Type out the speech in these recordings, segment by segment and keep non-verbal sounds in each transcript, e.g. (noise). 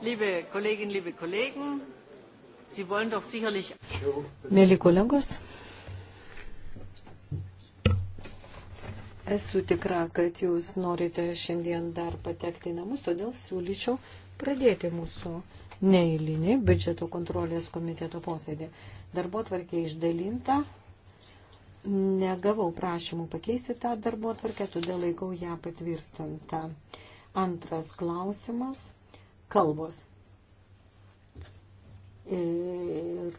Liebe Kolleginnen, liebe Kollegen, Sie wollen doch sicherlich. Mėly kolegos, esu tikra, kad Jūs norite šiandien dar patekti į namus, todėl siūlyčiau pradėti mūsų neįlinį biudžeto kontrolės komiteto posėdį. Darbo tvarkė išdalinta, negavau prašymų pakeisti tą darbo tvarkę, todėl laikau ją patvirtintą. Antras klausimas kalbos. Ir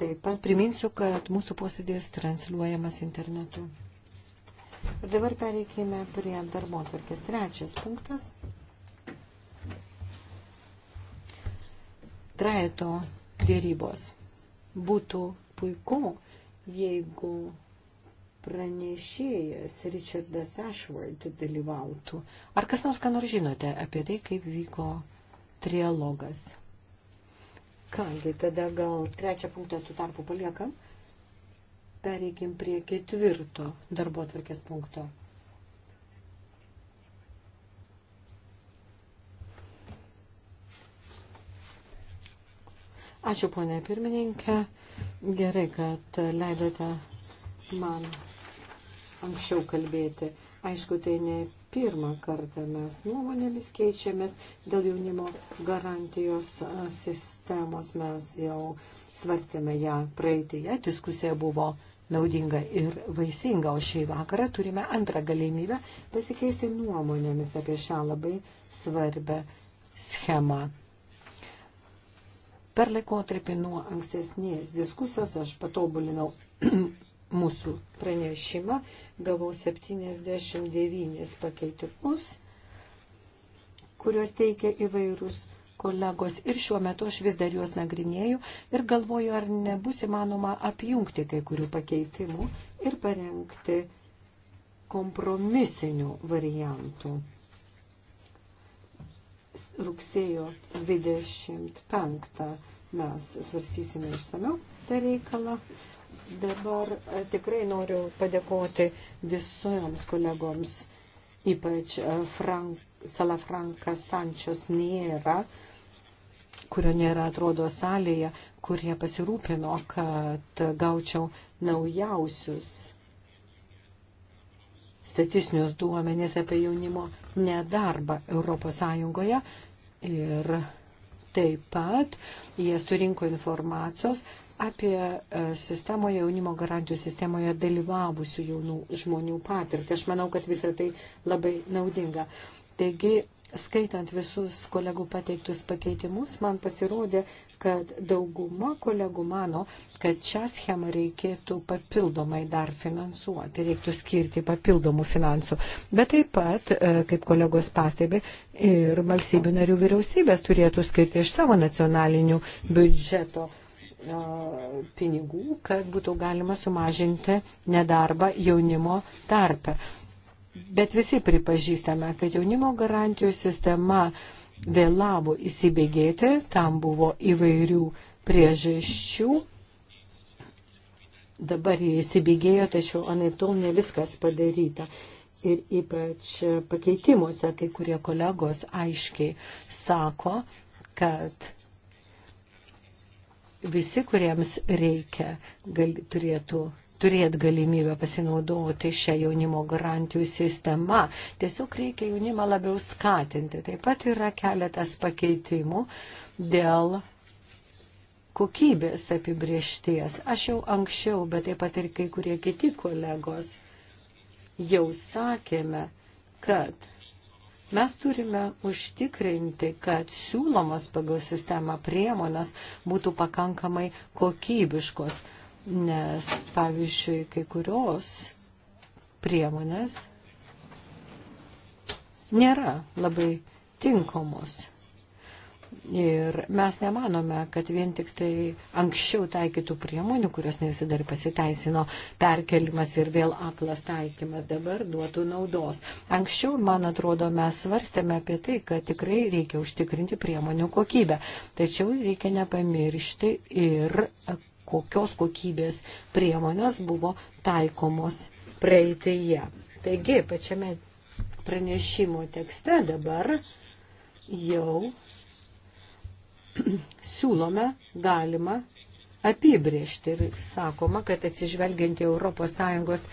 taip pat priminsiu, kad mūsų posėdės transliuojamas internetu. Ir dabar pereikime prie darbo atvarkės. Trečias punktas. Trajeto dėrybos. Būtų puiku, jeigu pranešėjas Richardas Ashworth dalyvautų. Ar kas nors ką nors žinote apie tai, kaip vyko trialogas. Kągi, tada gal trečią punktą tu tarpu paliekam. Pereikim prie ketvirto darbo atvarkės punkto. Ačiū, ponė pirmininkė. Gerai, kad leidote man anksčiau kalbėti. Aišku, tai ne pirmą kartą mes nuomonėmis keičiamės dėl jaunimo garantijos sistemos. Mes jau svarstėme ją praeitėje, diskusija buvo naudinga ir vaisinga, o šį vakarą turime antrą galimybę pasikeisti nuomonėmis apie šią labai svarbę schemą. Per laikotarpį nuo ankstesnės diskusijos aš patobulinau (clears throat) mūsų pranešimą. Gavau 79 pakeitimus, kuriuos teikia įvairūs kolegos ir šiuo metu aš vis dar juos nagrinėju ir galvoju, ar nebus įmanoma apjungti kai kurių pakeitimų ir parengti kompromisinių variantų. Rugsėjo 25 mes svarstysime išsameu tą reikalą Dabar e, tikrai noriu padėkoti visoms kolegoms, ypač e, Frank, Salafranka Sančios nėra, kurio nėra atrodo salėje, kurie pasirūpino, kad gaučiau naujausius statistinius duomenys apie jaunimo nedarbą Europos Sąjungoje ir Taip pat jie surinko informacijos apie e, sistemoje, jaunimo garantijų sistemoje dalyvavusių jaunų žmonių patirtį. Aš manau, kad visą tai labai naudinga. Taigi, skaitant visus kolegų pateiktus pakeitimus, man pasirodė, kad dauguma kolegų mano, kad šią schemą reikėtų papildomai dar finansuoti, reiktų skirti papildomų finansų. Bet taip pat, e, kaip kolegos pastebė, ir valstybių narių vyriausybės turėtų skirti iš savo nacionalinių biudžeto pinigų, kad būtų galima sumažinti nedarbą jaunimo tarpę. Bet visi pripažįstame, kad jaunimo garantijų sistema vėlavo įsibėgėti, tam buvo įvairių priežasčių. Dabar jie įsibėgėjo, tačiau anaiptol ne viskas padaryta ir ypač pakeitimuose kai kurie kolegos aiškiai sako, kad visi, kuriems reikia, gal, turėtų turėti galimybę pasinaudoti šią jaunimo garantijų sistemą. Tiesiog reikia jaunimą labiau skatinti. Taip pat yra keletas pakeitimų dėl kokybės apibriešties. Aš jau anksčiau, bet taip pat ir kai kurie kiti kolegos jau sakėme, kad Mes turime užtikrinti, kad siūlomas pagal sistemą priemonės būtų pakankamai kokybiškos, nes, pavyzdžiui, kai kurios priemonės nėra labai tinkamos. Ir mes nemanome, kad vien tik tai anksčiau taikytų priemonių, kurios ne visada ir pasiteisino, perkelimas ir vėl aklas taikymas dabar duotų naudos. Anksčiau, man atrodo, mes svarstėme apie tai, kad tikrai reikia užtikrinti priemonių kokybę. Tačiau reikia nepamiršti ir kokios kokybės priemonės buvo taikomos praeitėje. Taigi, pačiame pranešimo tekste dabar jau (clears throat) siūlome, galima apibriežti ir sakoma, kad atsižvelgiant į ES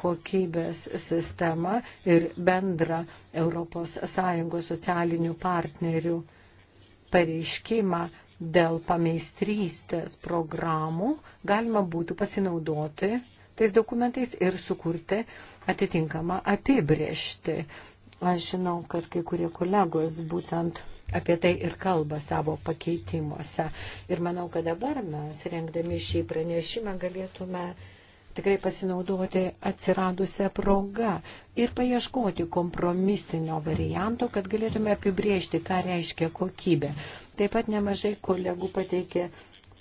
kokybės sistemą ir bendrą ES socialinių partnerių pareiškimą dėl pameistrystės programų galima būtų pasinaudoti tais dokumentais ir sukurti atitinkamą apibriežti. Aš žinau, kad kai kurie kolegos būtent apie tai ir kalba savo pakeitimuose. Ir manau, kad dabar mes, rengdami šį pranešimą, galėtume tikrai pasinaudoti atsiradusią progą ir paieškoti kompromisinio varianto, kad galėtume apibriežti, ką reiškia kokybė. Taip pat nemažai kolegų pateikė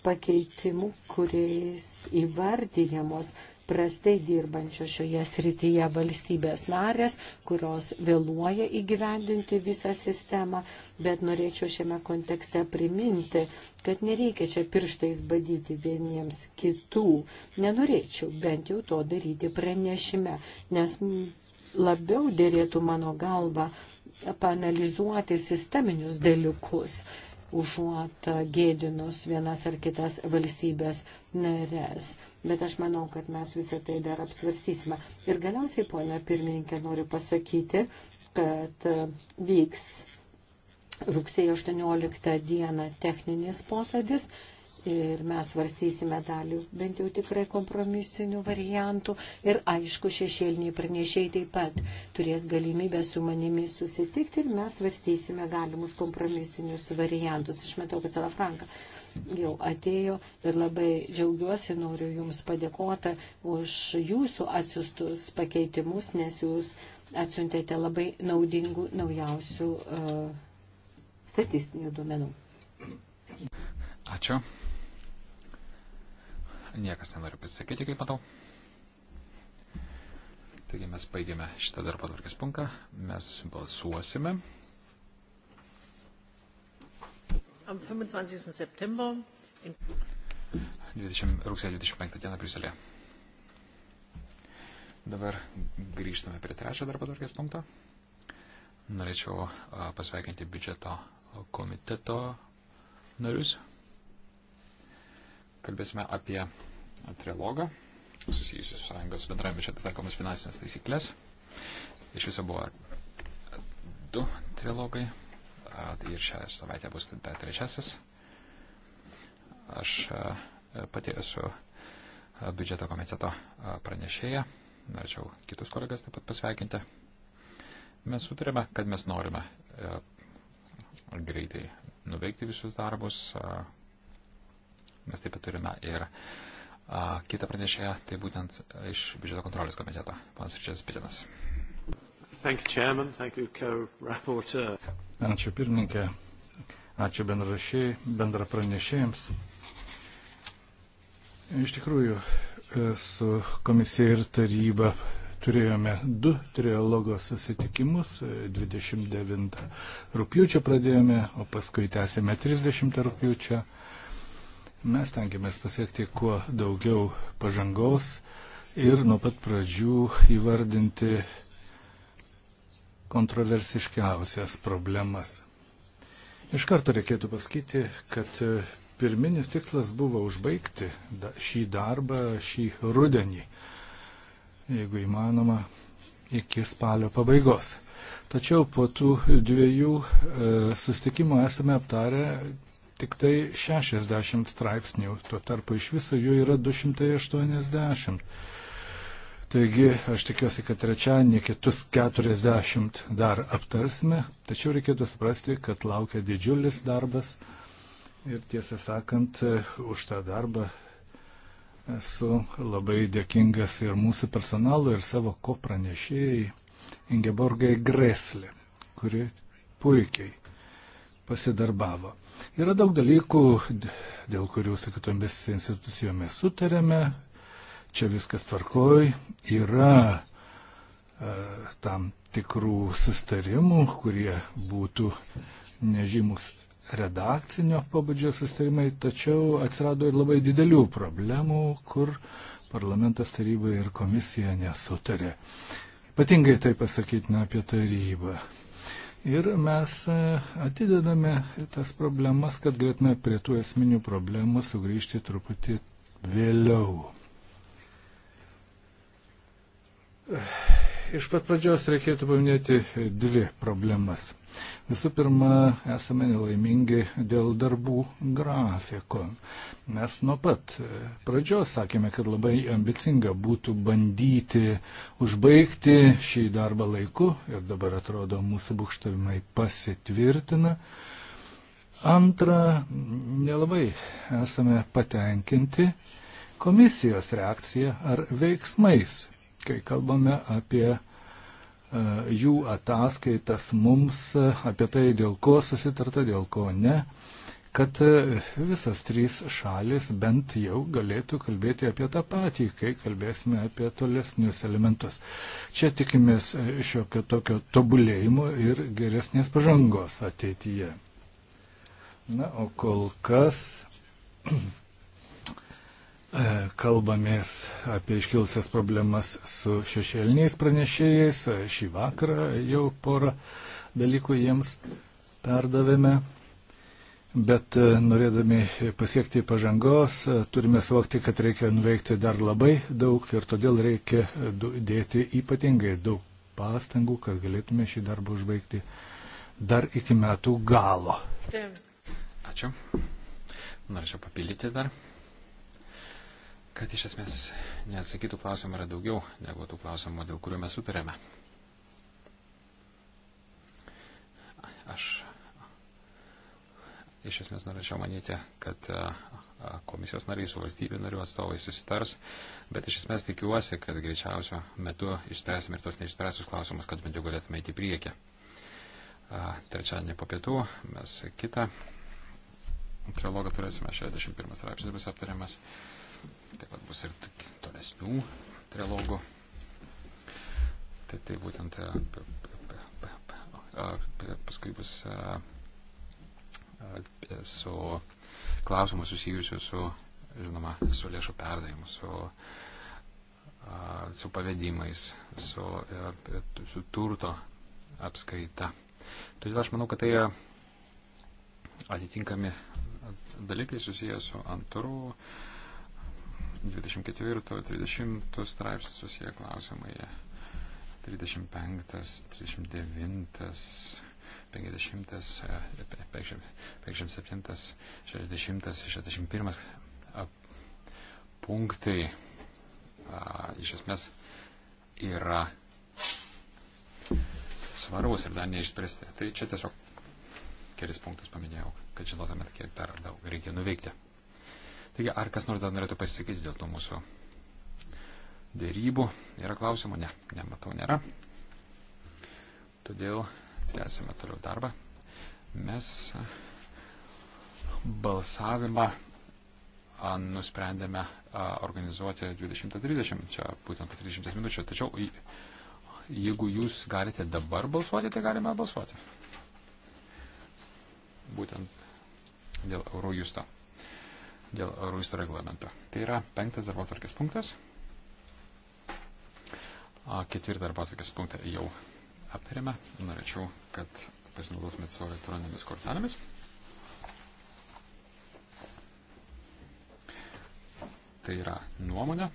pakeitimų, kuriais įvardyjamos prastai dirbančio šioje srityje valstybės narės, kurios vėluoja įgyvendinti visą sistemą, bet norėčiau šiame kontekste priminti, kad nereikia čia pirštais badyti vieniems kitų. Nenorėčiau bent jau to daryti pranešime, nes labiau dėrėtų mano galva panalizuoti sisteminius dalykus, užuot gėdinus vienas ar kitas valstybės narės bet aš manau, kad mes visą tai dar apsvarstysime. Ir galiausiai, ponia pirmininkė, noriu pasakyti, kad e, vyks rugsėjo 18 dieną techninis posėdis ir mes svarstysime dalį bent jau tikrai kompromisinių variantų ir aišku šešėliniai pranešėjai taip pat turės galimybę su manimi susitikti ir mes svarstysime galimus kompromisinius variantus. Aš matau, kad Salafranka jau atėjo ir labai džiaugiuosi, noriu Jums padėkoti už Jūsų atsiustus pakeitimus, nes Jūs atsiuntėte labai naudingų naujausių uh, statistinių duomenų. Ačiū. Niekas nenori pasisakyti, kaip matau. Taigi mes baigėme šitą darbo tvarkės punktą, mes balsuosime. am 25. September. In... 20, rugsėjo 25 dieną Briuselėje. Dabar grįžtame prie trečio darbo tvarkės punkto. Norėčiau pasveikinti biudžeto komiteto narius. Kalbėsime apie trilogą susijusius su sąjungos bendrajame biudžete taikomas finansinės taisyklės. Iš viso buvo du trilogai ir šią savaitę bus trečiasis. Aš e, pati esu e, biudžeto komiteto e, pranešėja. Norėčiau kitus kolegas taip pat pasveikinti. Mes sutarėme, kad mes norime greitai nuveikti visus darbus. Mes taip pat turime ir kitą pranešėją, tai būtent iš biudžeto kontrolės komiteto, panas Ričias Pitinas. Thank you, Chairman. Thank you, co-rapporteur. Ačiū pirmininkė. Ačiū bendra pranešėjams. Iš tikrųjų, e, su komisija ir taryba turėjome du trialogo susitikimus. 29 e, rūpiučio pradėjome, o paskui tęsėme 30 rūpiučio. Mes tenkėmės pasiekti kuo daugiau pažangos ir nuo pat pradžių įvardinti kontroversiškiausias problemas. Iš karto reikėtų pasakyti, kad e, pirminis tikslas buvo užbaigti šį darbą šį rudenį, jeigu įmanoma, iki spalio pabaigos. Tačiau po tų dviejų e, sustikimų esame aptarę tik tai 60 straipsnių, tuo tarpu iš viso jų yra 280. Taigi aš tikiuosi, kad trečiadienį kitus 40 dar aptarsime, tačiau reikėtų suprasti, kad laukia didžiulis darbas ir tiesą sakant, už tą darbą esu labai dėkingas ir mūsų personalui, ir savo ko pranešėjai Ingeborgai Greslė, kuri puikiai pasidarbavo. Yra daug dalykų, dėl kurių su kitomis institucijomis sutarėme, čia viskas tvarkoj, yra e, tam tikrų sustarimų, kurie būtų nežymus redakcinio pabudžio sustarimai, tačiau atsirado ir labai didelių problemų, kur parlamentas taryba ir komisija nesutarė. Ypatingai tai pasakytina apie tarybą. Ir mes e, atidedame tas problemas, kad galėtume prie tų esminių problemų sugrįžti truputį vėliau. Iš pat pradžios reikėtų paminėti dvi problemas. Visų pirma, esame nelaimingi dėl darbų grafiko. Mes nuo pat pradžios sakėme, kad labai ambicinga būtų bandyti užbaigti šį darbą laiku ir dabar atrodo mūsų būkštavimai pasitvirtina. Antra, nelabai esame patenkinti komisijos reakcija ar veiksmais Kai kalbame apie e, jų ataskaitas mums, e, apie tai, dėl ko susitarta, dėl ko ne, kad e, visas trys šalis bent jau galėtų kalbėti apie tą patį, kai kalbėsime apie tolesnius elementus. Čia tikimės šiokio tokio tobulėjimo ir geresnės pažangos ateityje. Na, o kol kas E, kalbamės apie iškilusias problemas su šešėliniais pranešėjais. E, šį vakarą jau porą dalykų jiems perdavėme. Bet e, norėdami pasiekti pažangos, turime suvokti, kad reikia nuveikti dar labai daug ir todėl reikia dėti ypatingai daug pastangų, kad galėtume šį darbą užbaigti dar iki metų galo. Ačiū. Norėčiau papildyti dar kad iš esmės neatsakytų klausimų yra daugiau negu tų klausimų, dėl kurių mes sutarėme. Aš iš esmės norėčiau manyti, kad komisijos nariai su valstybių narių atstovai susitars, bet iš esmės tikiuosi, kad greičiausio metu išspręsime ir tos neišspręstus klausimus, kad bent jau galėtume eiti į priekį. Trečiadienį po pietų mes kitą trilogą turėsime, 61 straipsnis bus aptariamas. Taip pat bus ir tolesnių trilogų. Tai, tai būtent e, e, paskui bus e, su klausimu susijusiu su, žinoma, su lėšų perdavimu, su, su pavedimais, su, su turto apskaita. Todėl aš manau, kad tai atitinkami dalykai susijęs su antrų 24-30 straipsnių susiję klausimai. 35, 39, 50, 57, 60, 61 punktai a, iš esmės yra svarbus ir dar neišspręsti. Tai čia tiesiog kelis punktus paminėjau, kad žinotumėt, kiek dar daug reikia nuveikti. Taigi, ar kas nors dar norėtų pasisakyti dėl to mūsų dėrybų? Yra klausimų? Ne, nematau, nėra. Todėl tęsime toliau darbą. Mes balsavimą nusprendėme organizuoti 20.30, čia būtent 30 minučių. Tačiau jeigu jūs galite dabar balsuoti, tai galime balsuoti. Būtent dėl Eurojusto dėl Ruisto reglamento. Tai yra penktas darbo atvarkės punktas. Ketvirtą darbo atvarkės punktą jau aptarėme. Norėčiau, kad pasinaudotumėt savo elektroninėmis kortelėmis. Tai yra nuomonė,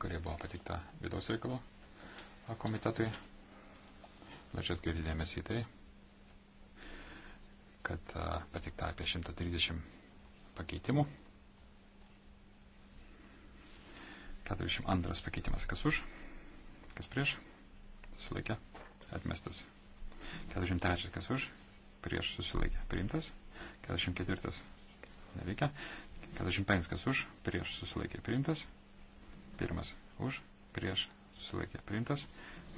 kurie buvo patikta vidaus reikalo komitetui. Norėčiau atkreipti dėmesį į tai, kad patikta apie 130 pakeitimų. 42 pakeitimas. Kas už? Kas prieš? Susilaikė. Atmestas. 43 kas už? Prieš susilaikė. Priimtas. 44 neveikia. 45 kas už? Prieš susilaikė. Priimtas. Pirmas už? Prieš susilaikė. Priimtas.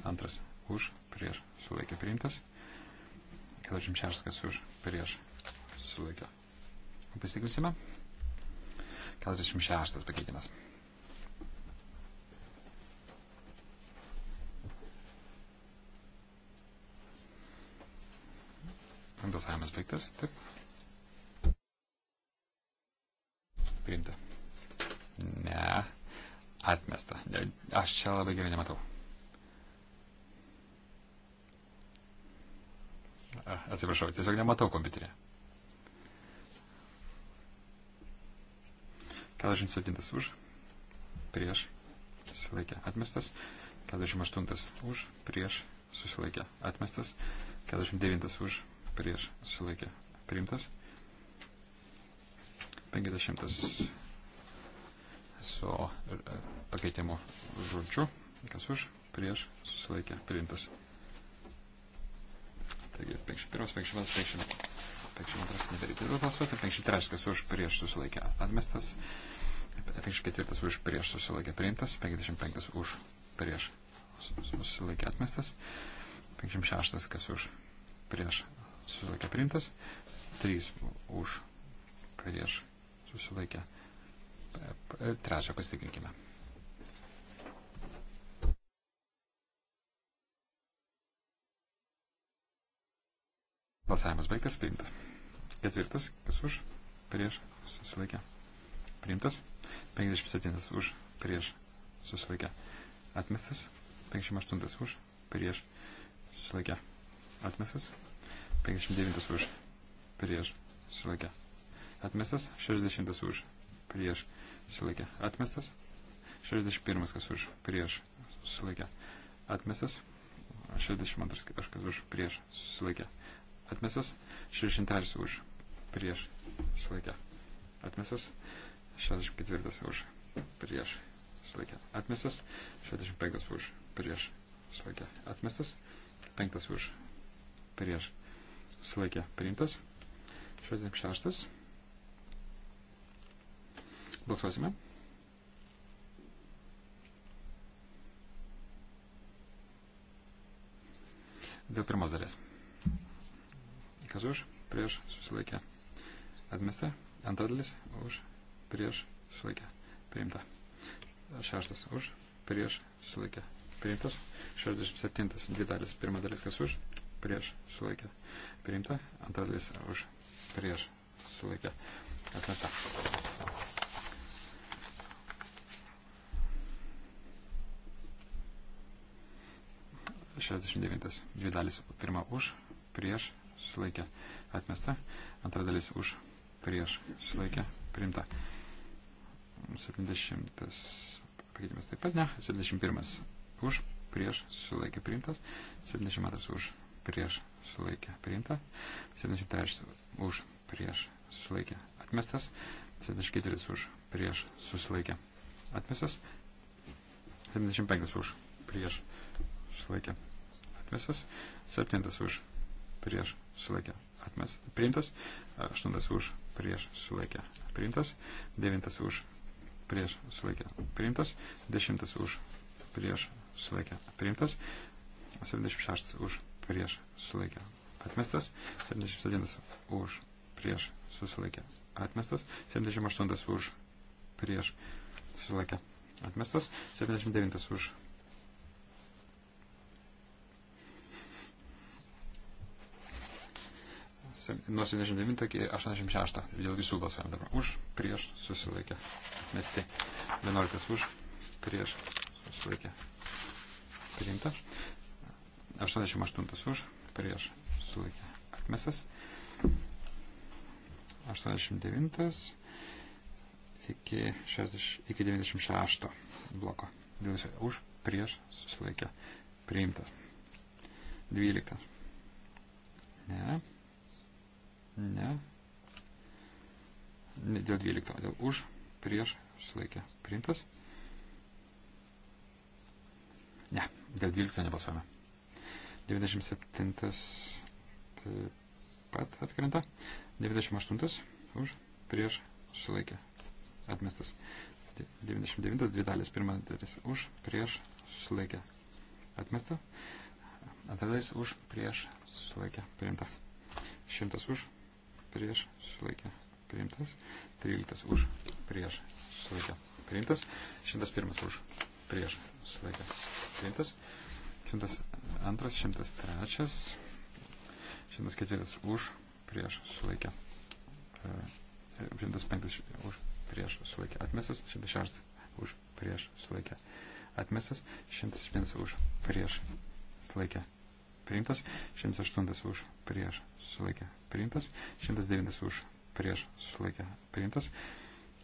Antras už? Prieš susilaikė. Priimtas. 46 už prieš sulaikė. Pasitikrinsime. 46 pakeitimas. Balsavimas baigtas. Taip. Priimta. Ne. Atmesta. Aš čia labai gerai nematau. Atsiprašau, tiesiog nematau kompiuterį. 47 už, prieš, susilaikė, atmestas. 48 už, prieš, susilaikė, atmestas. 49 už, prieš, susilaikė, priimtas. 50 su e, e, pakeitimu žodžiu, kas už, prieš, susilaikė, priimtas. Taigi 51, 52, 52 nebereikėtų balsuoti, 53 už prieš susilaikę atmestas, 54 už prieš susilaikę priimtas, 55 už prieš susilaikę atmestas, 56 kas už prieš susilaikę priimtas, 3 už prieš susilaikę. Trečio pasitikrinkime. Balsavimas baigtas, priimta. Ketvirtas, kas už, prieš, susilaikė. Priimtas. 57 už, prieš, susilaikė. Atmestas. 58 už, prieš, susilaikė. Atmestas. 59 už, prieš, susilaikė. Atmestas. 60 už, prieš, susilaikė. Atmestas. 61 kas už, prieš, susilaikė. Atmestas. 62 kažkas už, prieš, susilaikė atmestas, 63 už, prieš, sulaikė, atmestas, 64 už, prieš, sulaikė, atmestas, 65 už, prieš, sulaikė, atmestas, 5 už, prieš, sulaikė, priimtas, 66. Balsuosime. Dėl pirmos dalies. Kas už, prieš susilaikę atmesta. Antra dalis už, prieš susilaikę priimta. Šeštas už, prieš susilaikę priimtas. 67. Dvi dalis. Pirma dalis kas už, prieš susilaikę priimta. Antra dalis už, prieš susilaikę atmesta. Šešdešimt devintas. Dvi dalis. Pirma už, prieš susilaikė atmesta, antra dalis už prieš susilaikė priimta. 70 pakeitimas taip pat ne, 71 už prieš susilaikė priimtas, 72 už prieš susilaikė priimta, 73 už prieš susilaikė atmestas, 74 už prieš susilaikė atmestas, 75 už prieš susilaikė atmestas, 7 už prieš sulaikė atmes priimtas, aštuntas už prieš sulaikė priimtas, devintas už prieš sulaikė priimtas, dešimtas už prieš sulaikė priimtas, 76 už prieš sulaikė atmestas, 71 už prieš susilaikė atmestas, 78 už prieš susilaikė atmestas, 79 už nuo 79 iki 86. Dėl visų balsuojam dabar. Už, prieš, susilaikę. Mesti. 11 už, prieš, susilaikę. Priimta. 88 už, prieš, susilaikę. Atmestas. 89 iki, 60, iki 96 bloko. Dėl viso už, prieš, susilaikę. Priimta. 12. Ne. Ne. Dėl 12. Dėl už, prieš, susilaikė. Priimtas. Ne, dėl 12 nepasuojame. 97 taip pat atkrenta. 98 už, prieš, susilaikė. Atmestas. 99 dvi dalis. Pirma dalis už, prieš, susilaikė. Atmesta. Antra dalis už, prieš, susilaikė. Priimta. 100 už, prieš sulaikė priimtas, 13 už prieš sulaikė priimtas, 101 už prieš sulaikė priimtas, 102, 103, 104 už prieš sulaikė, 105 e, už prieš sulaikė atmestas, 106 už prieš sulaikė atmestas, 101 už prieš sulaikė priimtas, 108 už prieš sulaikę priimtas, 109 už prieš sulaikę priimtas,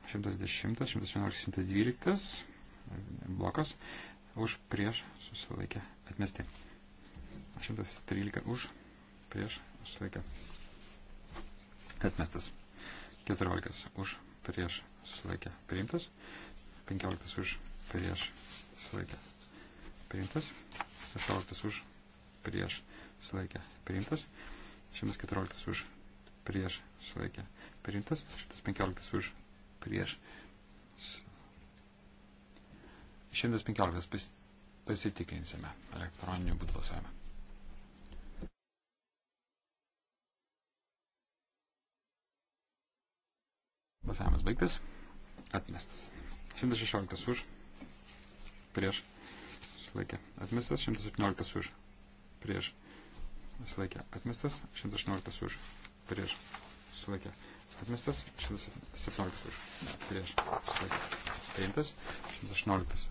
110, 111, 112 blokas už prieš susilaikę atmesti. 113 už prieš susilaikę atmestas. 14 už prieš susilaikę priimtas. 15 už prieš susilaikę priimtas. 16 už prieš susilaikę priimtas. 114 už prieš sulaikė priimtas, 115 už prieš. 115 pas, pasitikinsime elektroniniu būdu balsavimą. Balsavimas baigtas, atmestas. 116 už prieš sulaikė atmestas, 117 už prieš susilaikė atmestas, 118 už, prieš, susilaikė atmestas, 117 už, prieš, susilaikė priimtas, 118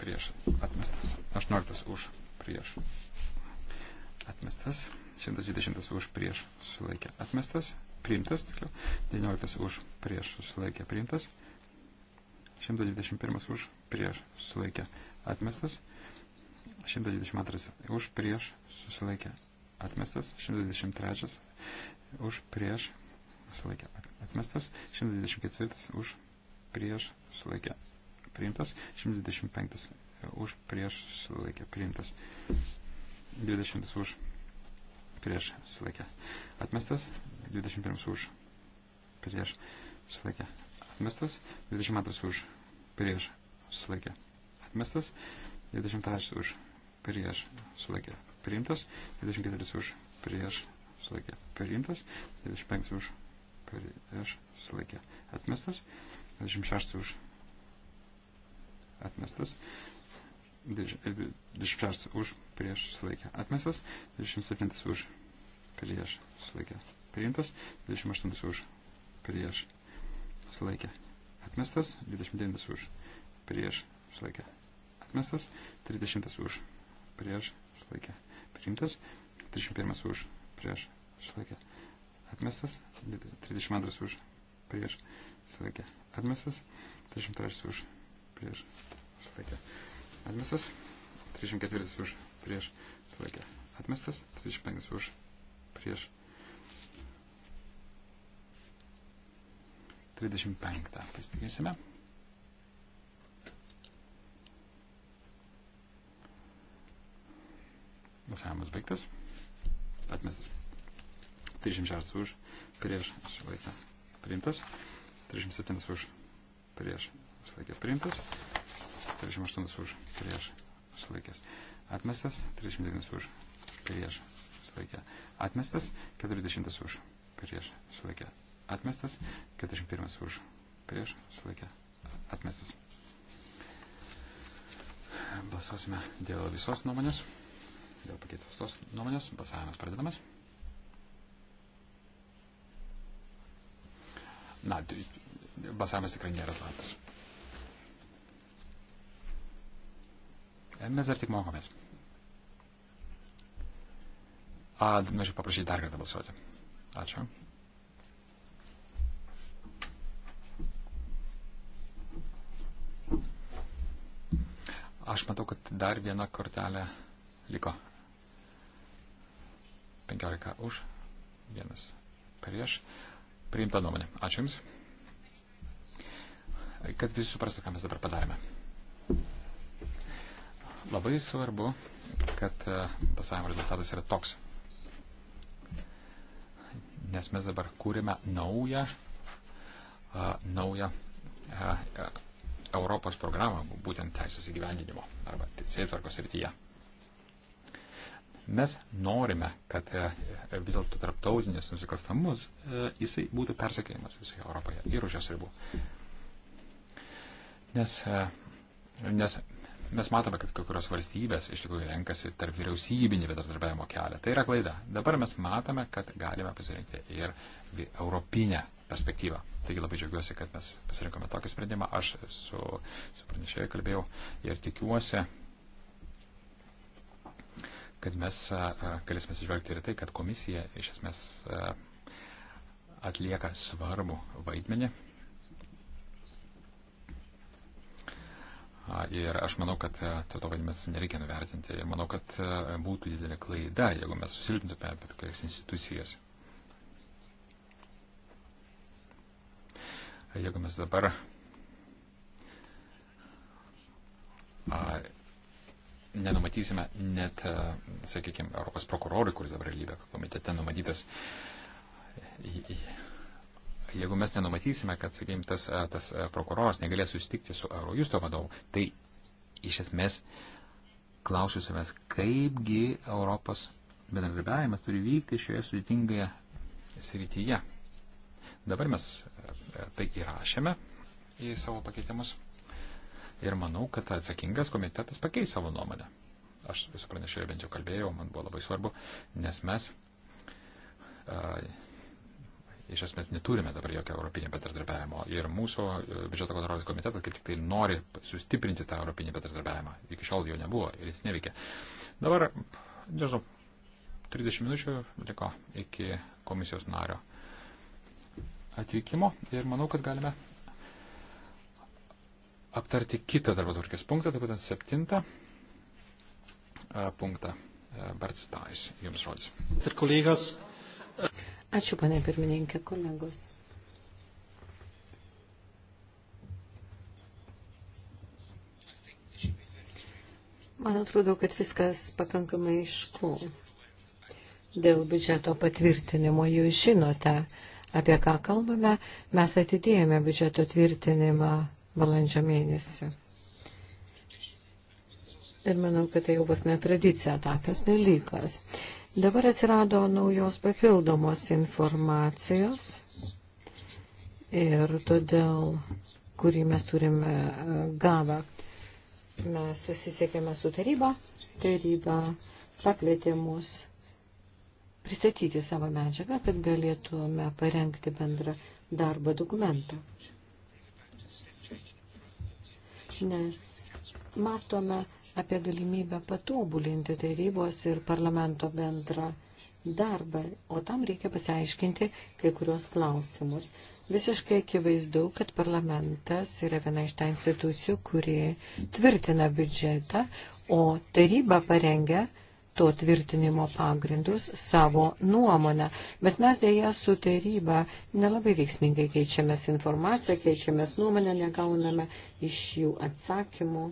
prieš, atmestas, 18 už, prieš, atmestas, 120 už, prieš, susilaikė atmestas, priimtas, tiksliau, 19 už, prieš, susilaikė priimtas, 121 už, prieš, susilaikė atmestas, 122 už prieš susilaikė atmestas, 123 už prieš susilaikė atmestas, 124 už prieš susilaikė priimtas, 125 už prieš susilaikė priimtas, 20 už prieš susilaikė atmestas, 21 už prieš susilaikė atmestas, 22 už prieš susilaikė atmestas. 22 už, prieš, 20 už prieš sulaikė priimtas, 24 už prieš sulaikė priimtas, 25 už prieš sulaikė atmestas, 26 už atmestas, 26 e, už prieš sulaikė atmestas, 27 už prieš sulaikė priimtas, 28 už prieš sulaikė atmestas, 29 už prieš sulaikė atmestas, 30 už prieš išlaikė priimtas, 31 už prieš išlaikė atmestas, 32 už prieš išlaikė atmestas, 33 už prieš išlaikė atmestas, 34 už prieš išlaikė atmestas, 35 už prieš 35. Pasitikėsime. Balsavimas baigtas. Atmestas. 36 už, prieš išlaikė priimtas. 37 už, prieš išlaikė priimtas. 38 už, prieš išlaikęs atmestas. 39 už, prieš išlaikė atmestas. 40 už, prieš išlaikė atmestas. 41 už, prieš išlaikė atmestas. Balsuosime dėl visos nuomonės dėl pakeistos nuomonės. Balsavimas pradedamas. Na, tai balsavimas tikrai nėra slaptas. Mes dar tik mokomės. A, norėčiau paprašyti dar kartą balsuoti. Ačiū. Aš matau, kad dar viena kortelė liko. 15 už, vienas prieš. Priimta nuomonė. Ačiū Jums. Kad visi suprastų, ką mes dabar padarėme. Labai svarbu, kad e, balsavimo rezultatas yra toks. Nes mes dabar kūrime naują, a, e, naują a, e, a, Europos programą, būtent teisės įgyvendinimo arba teisėtvarkos rytyje. Mes norime, kad e, e, vis dėlto tarptautinis nusikalstamus e, jisai būtų persekėjimas visoje Europoje ir už jos ribų. Nes, nes mes matome, kad kai kurios valstybės iš tikrųjų renkasi tarp vyriausybinį bendradarbiavimo kelią. Tai yra klaida. Dabar mes matome, kad galime pasirinkti ir europinę perspektyvą. Taigi labai džiaugiuosi, kad mes pasirinkome tokį sprendimą. Aš su, su pranešėjai kalbėjau ir tikiuosi, kad mes galėsime atsižvelgti ir tai, kad komisija iš esmės atlieka svarbų vaidmenį. Ir aš manau, kad to vaidmens nereikia nuvertinti. Ir manau, kad būtų didelė klaida, jeigu mes susilpintume bet kokias institucijas. Jeigu mes dabar a, nenumatysime net, e, sakykime, Europos prokurorui, kuris dabar lybė komitete numatytas. Jeigu mes nenumatysime, kad, sakykime, tas, e, tas e, prokuroras negalės susitikti su Eurojusto vadovu, tai iš esmės klausiu savęs, kaipgi Europos bendradarbiavimas turi vykti šioje sudėtingoje srityje. Dabar mes tai įrašėme į savo pakeitimus. Ir manau, kad atsakingas komitetas pakeis savo nuomonę. Aš su pranešėju bent jau kalbėjau, man buvo labai svarbu, nes mes a, iš esmės neturime dabar jokio europinio bendradarbiavimo. Ir mūsų e, biudžeto kontrolės komitetas kaip tik tai nori sustiprinti tą europinį bendradarbiavimą. Iki šiol jo nebuvo ir jis neveikia. Dabar, nežinau, 30 minučių liko iki komisijos nario atvykimo ir manau, kad galime aptarti kitą darbotvarkės punktą, tai būtent septintą e, punktą. E, Bartstais, jums žodis. Ir kolegas. Ačiū, panė pirmininkė, kolegos. Man atrodo, kad viskas pakankamai išku. Dėl biudžeto patvirtinimo jūs žinote, apie ką kalbame. Mes atidėjome biudžeto tvirtinimą balandžio mėnesį. Ir manau, kad tai jau bus netradicija tapęs dalykas. Dabar atsirado naujos papildomos informacijos ir todėl, kurį mes turime e, gavę, mes susisiekėme su taryba. Taryba pakvietė mus pristatyti savo medžiagą, kad galėtume parengti bendrą darbo dokumentą. nes mastome apie galimybę patobulinti tarybos ir parlamento bendrą darbą, o tam reikia pasiaiškinti kai kurios klausimus. Visiškai akivaizdu, kad parlamentas yra viena iš tą institucijų, kuri tvirtina biudžetą, o taryba parengia to tvirtinimo pagrindus savo nuomonę. Bet mes dėja su taryba nelabai veiksmingai keičiamės informaciją, keičiamės nuomonę, negauname iš jų atsakymų.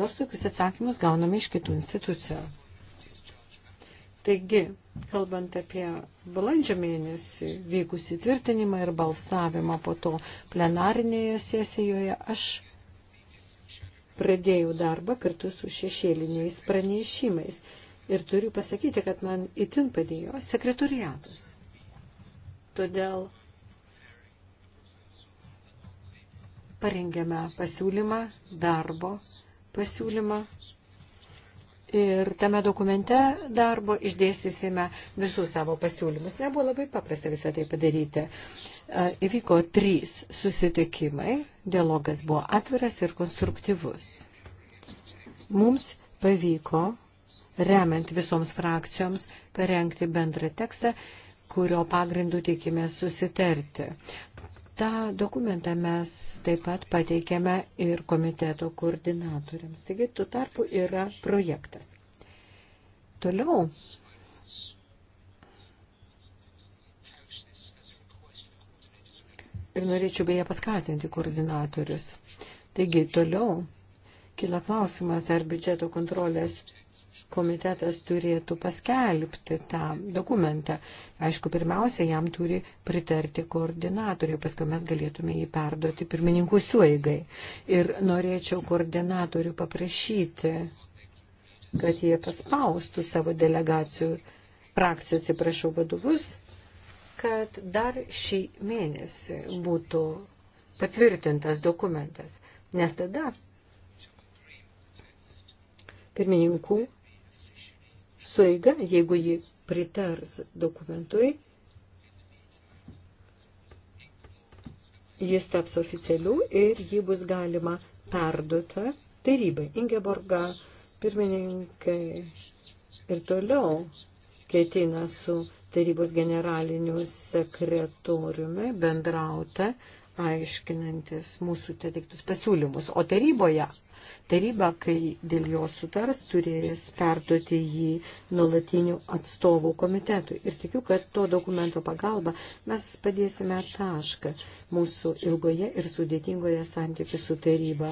Nors tokius atsakymus gauname iš kitų institucijų. Taigi, kalbant apie balandžio mėnesį vykusį tvirtinimą ir balsavimą po to plenarinėje sesijoje, aš pradėjau darbą kartu su šešėliniais pranešimais. Ir turiu pasakyti, kad man itin padėjo sekretoriatas. Todėl parengėme pasiūlymą, darbo pasiūlymą. Ir tame dokumente darbo išdėstysime visus savo pasiūlymus. Nebuvo labai paprasta visą tai padaryti. E, įvyko trys susitikimai, dialogas buvo atviras ir konstruktyvus. Mums pavyko remiant visoms frakcijoms, parengti bendrą tekstą, kurio pagrindų tikime susitarti. Ta dokumentą mes taip pat pateikėme ir komiteto koordinatoriams. Taigi, tu tarpu yra projektas. Toliau ir norėčiau beje paskatinti koordinatorius. Taigi toliau kila klausimas, ar biudžeto kontrolės komitetas turėtų paskelbti tą dokumentą. Aišku, pirmiausia, jam turi pritarti koordinatoriai, paskui mes galėtume jį perduoti pirmininkų suėgai. Ir norėčiau koordinatorių paprašyti, kad jie paspaustų savo delegacijų, frakcijų, atsiprašau, vadovus, kad dar šį mėnesį būtų patvirtintas dokumentas. Nes tada pirmininkų sueiga, jeigu ji pritars dokumentui, jis taps oficialių ir jį bus galima perduota tarybai. Ingeborga pirmininkai ir toliau ketina su tarybos generaliniu sekretoriumi bendrauta, aiškinantis mūsų teiktus pasiūlymus. O taryboje Taryba, kai dėl jo sutars, turės perduoti jį nuolatinių atstovų komitetui. Ir tikiu, kad to dokumento pagalba mes padėsime tašką mūsų ilgoje ir sudėtingoje santykių su taryba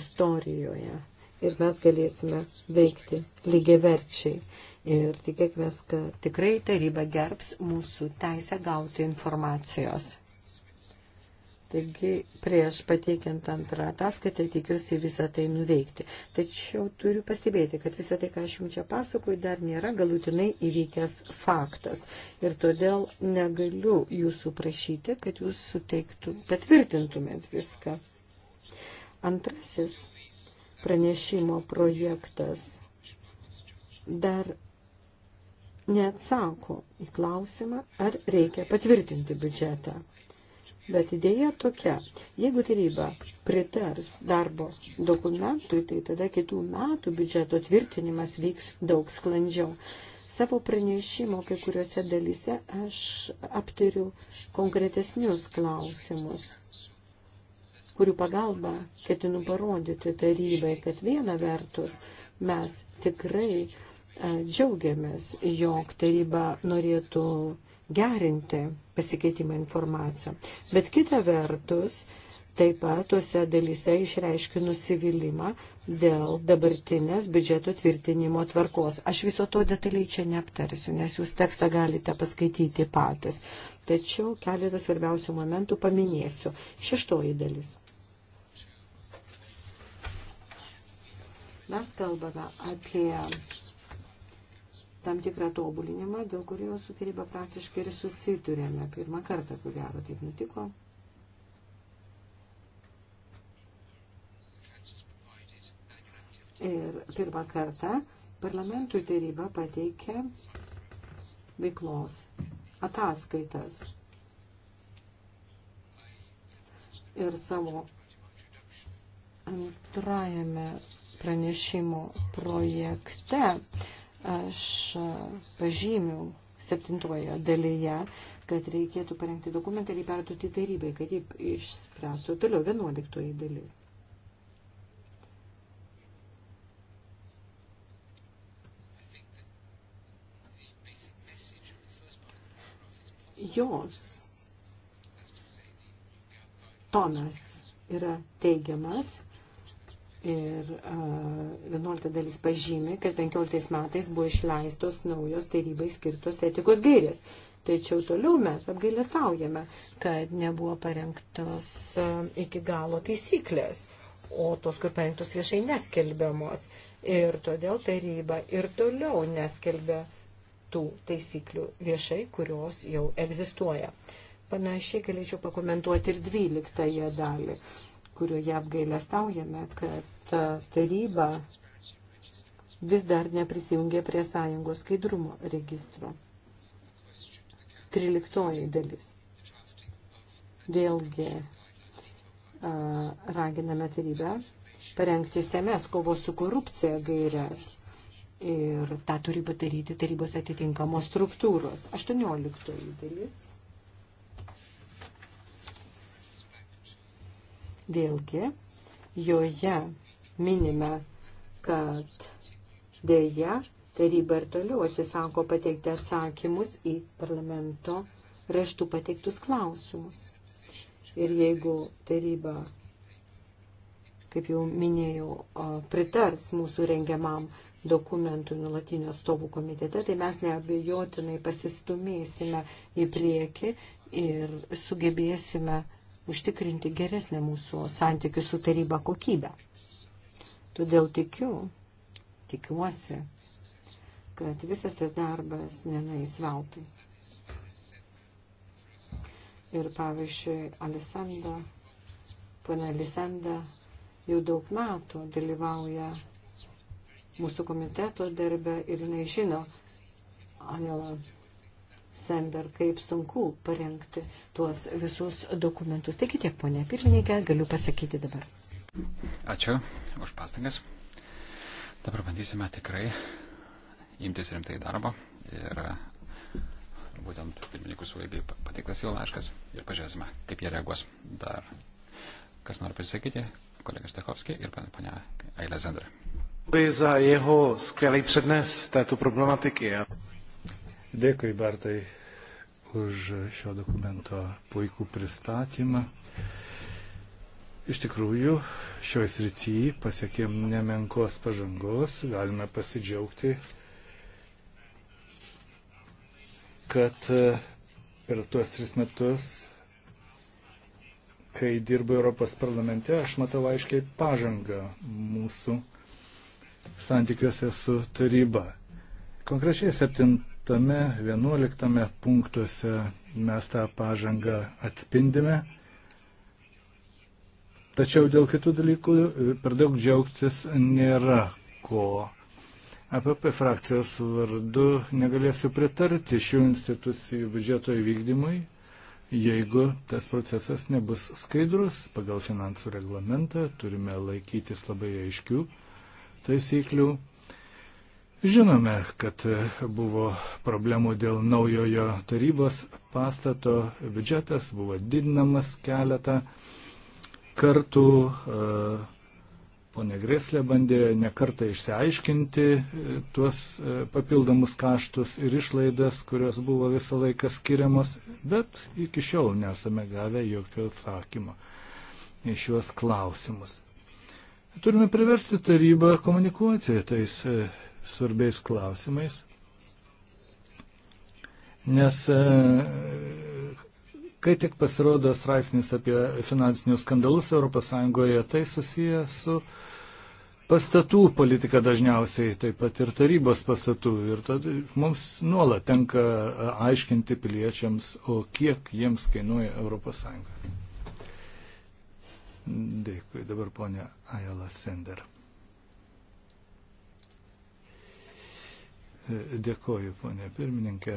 istorijoje. Ir mes galėsime veikti lygiaverčiai. Ir tikėkime, kad tikrai taryba gerbs mūsų teisę gauti informacijos. Taigi prieš pateikiant antrą ataskaitą tikiuosi visą tai nuveikti. Tačiau turiu pastebėti, kad visą tai, ką aš jums čia pasakoju, dar nėra galutinai įvykęs faktas. Ir todėl negaliu jūsų prašyti, kad jūs suteiktų, patvirtintumėt viską. Antrasis pranešimo projektas dar neatsako į klausimą, ar reikia patvirtinti biudžetą. Bet idėja tokia, jeigu taryba pritars darbo dokumentui, tai tada kitų metų biudžeto tvirtinimas vyks daug sklandžiau. Savo pranešimo kai kuriuose dalyse aš aptariu konkretesnius klausimus kurių pagalba ketinu parodyti tarybai, kad viena vertus mes tikrai e, džiaugiamės, jog taryba norėtų gerinti pasikeitimą informaciją. Bet kita vertus, taip pat tuose dalyse išreiškiu nusivylimą dėl dabartinės biudžeto tvirtinimo tvarkos. Aš viso to detaliai čia neaptarsiu, nes jūs tekstą galite paskaityti patys. Tačiau keletą svarbiausių momentų paminėsiu. Šeštoji dalis. Mes kalbame apie tam tikrą tobulinimą, dėl kurio su taryba praktiškai ir susiturėme. Pirmą kartą, ko gero, taip nutiko. Ir pirmą kartą parlamentui taryba pateikė veiklos ataskaitas ir savo antrajame pranešimo projekte aš pažymiu septintojo dalyje, kad reikėtų parengti dokumentą ir jį perduoti tarybai, kad jį išspręstų toliau vienuoliktoji dalis. Jos tonas yra teigiamas Ir uh, 11 dalis pažymi, kad 15 metais buvo išleistos naujos tarybai skirtos etikos gairės. Tačiau toliau mes apgailestaujame, kad nebuvo parengtos uh, iki galo taisyklės, o tos, kur parengtos viešai neskelbiamos. Ir todėl taryba ir toliau neskelbia tų taisyklių viešai, kurios jau egzistuoja. Panašiai galėčiau pakomentuoti ir 12 dalį kurioje apgailestaujame, kad taryba vis dar neprisijungė prie sąjungos skaidrumo registro. Triliktoji dalis. Vėlgi raginame tarybę parengti semes kovos su korupcija gairias. Ir tą turi padaryti tarybos atitinkamos struktūros. 18 dalis. Vėlgi, joje minime, kad dėja taryba ir toliau atsisako pateikti atsakymus į parlamento raštų pateiktus klausimus. Ir jeigu taryba, kaip jau minėjau, pritars mūsų rengiamam dokumentų nulatinio atstovų komitete, tai mes neabejotinai pasistumėsime į priekį ir sugebėsime užtikrinti geresnę mūsų santykių su taryba kokybę. Todėl tikiu, tikiuosi, kad visas tas darbas nenais veltui. Ir pavyzdžiui, Alisanda, pana Alisanda jau daug metų dalyvauja mūsų komiteto darbę ir jinai žino, Anela Sender, kaip sunku parengti tuos visus dokumentus. Taigi tiek, ponė pirmininkė, galiu pasakyti dabar. Ačiū už pastangas. Dabar bandysime tikrai imtis rimtai darbo ir būtent pirmininkų suvaigai pateiktas jau laiškas ir pažiūrėsime, kaip jie reaguos dar. Kas nori pasisakyti? Kolega Stachovský ir ponia Aile Zendra. Děkuji za jeho skvělý přednes této problematiky. Dėkui, Bartai, už šio dokumento puikų pristatymą. Iš tikrųjų, šioje srityje pasiekėm nemenkos pažangos, galime pasidžiaugti, kad e, per tuos tris metus, kai dirbu Europos parlamente, aš matau aiškiai pažangą mūsų santykiuose su taryba. Konkrečiai septintą 11 punktuose mes tą pažangą atspindime. Tačiau dėl kitų dalykų per daug džiaugtis nėra ko. APP frakcijos vardu negalėsiu pritarti šių institucijų biudžeto įvykdymui, jeigu tas procesas nebus skaidrus. Pagal finansų reglamentą turime laikytis labai aiškių taisyklių Žinome, kad buvo problemų dėl naujojo tarybos pastato, biudžetas buvo didinamas keletą kartų. E, ponė Greslė bandė nekartą išsiaiškinti e, tuos e, papildomus kaštus ir išlaidas, kurios buvo visą laiką skiriamos, bet iki šiol nesame gavę jokio atsakymo į šiuos klausimus. Turime priversti tarybą komunikuoti tais e, svarbiais klausimais, nes e, kai tik pasirodo straipsnis apie finansinius skandalus ES, tai susiję su pastatų politika dažniausiai, taip pat ir tarybos pastatų. Ir tad mums nuolat tenka e, aiškinti piliečiams, o kiek jiems kainuoja ES. Dėkui, dabar ponia Ajala Sender. Dėkoju, ponė pirmininkė.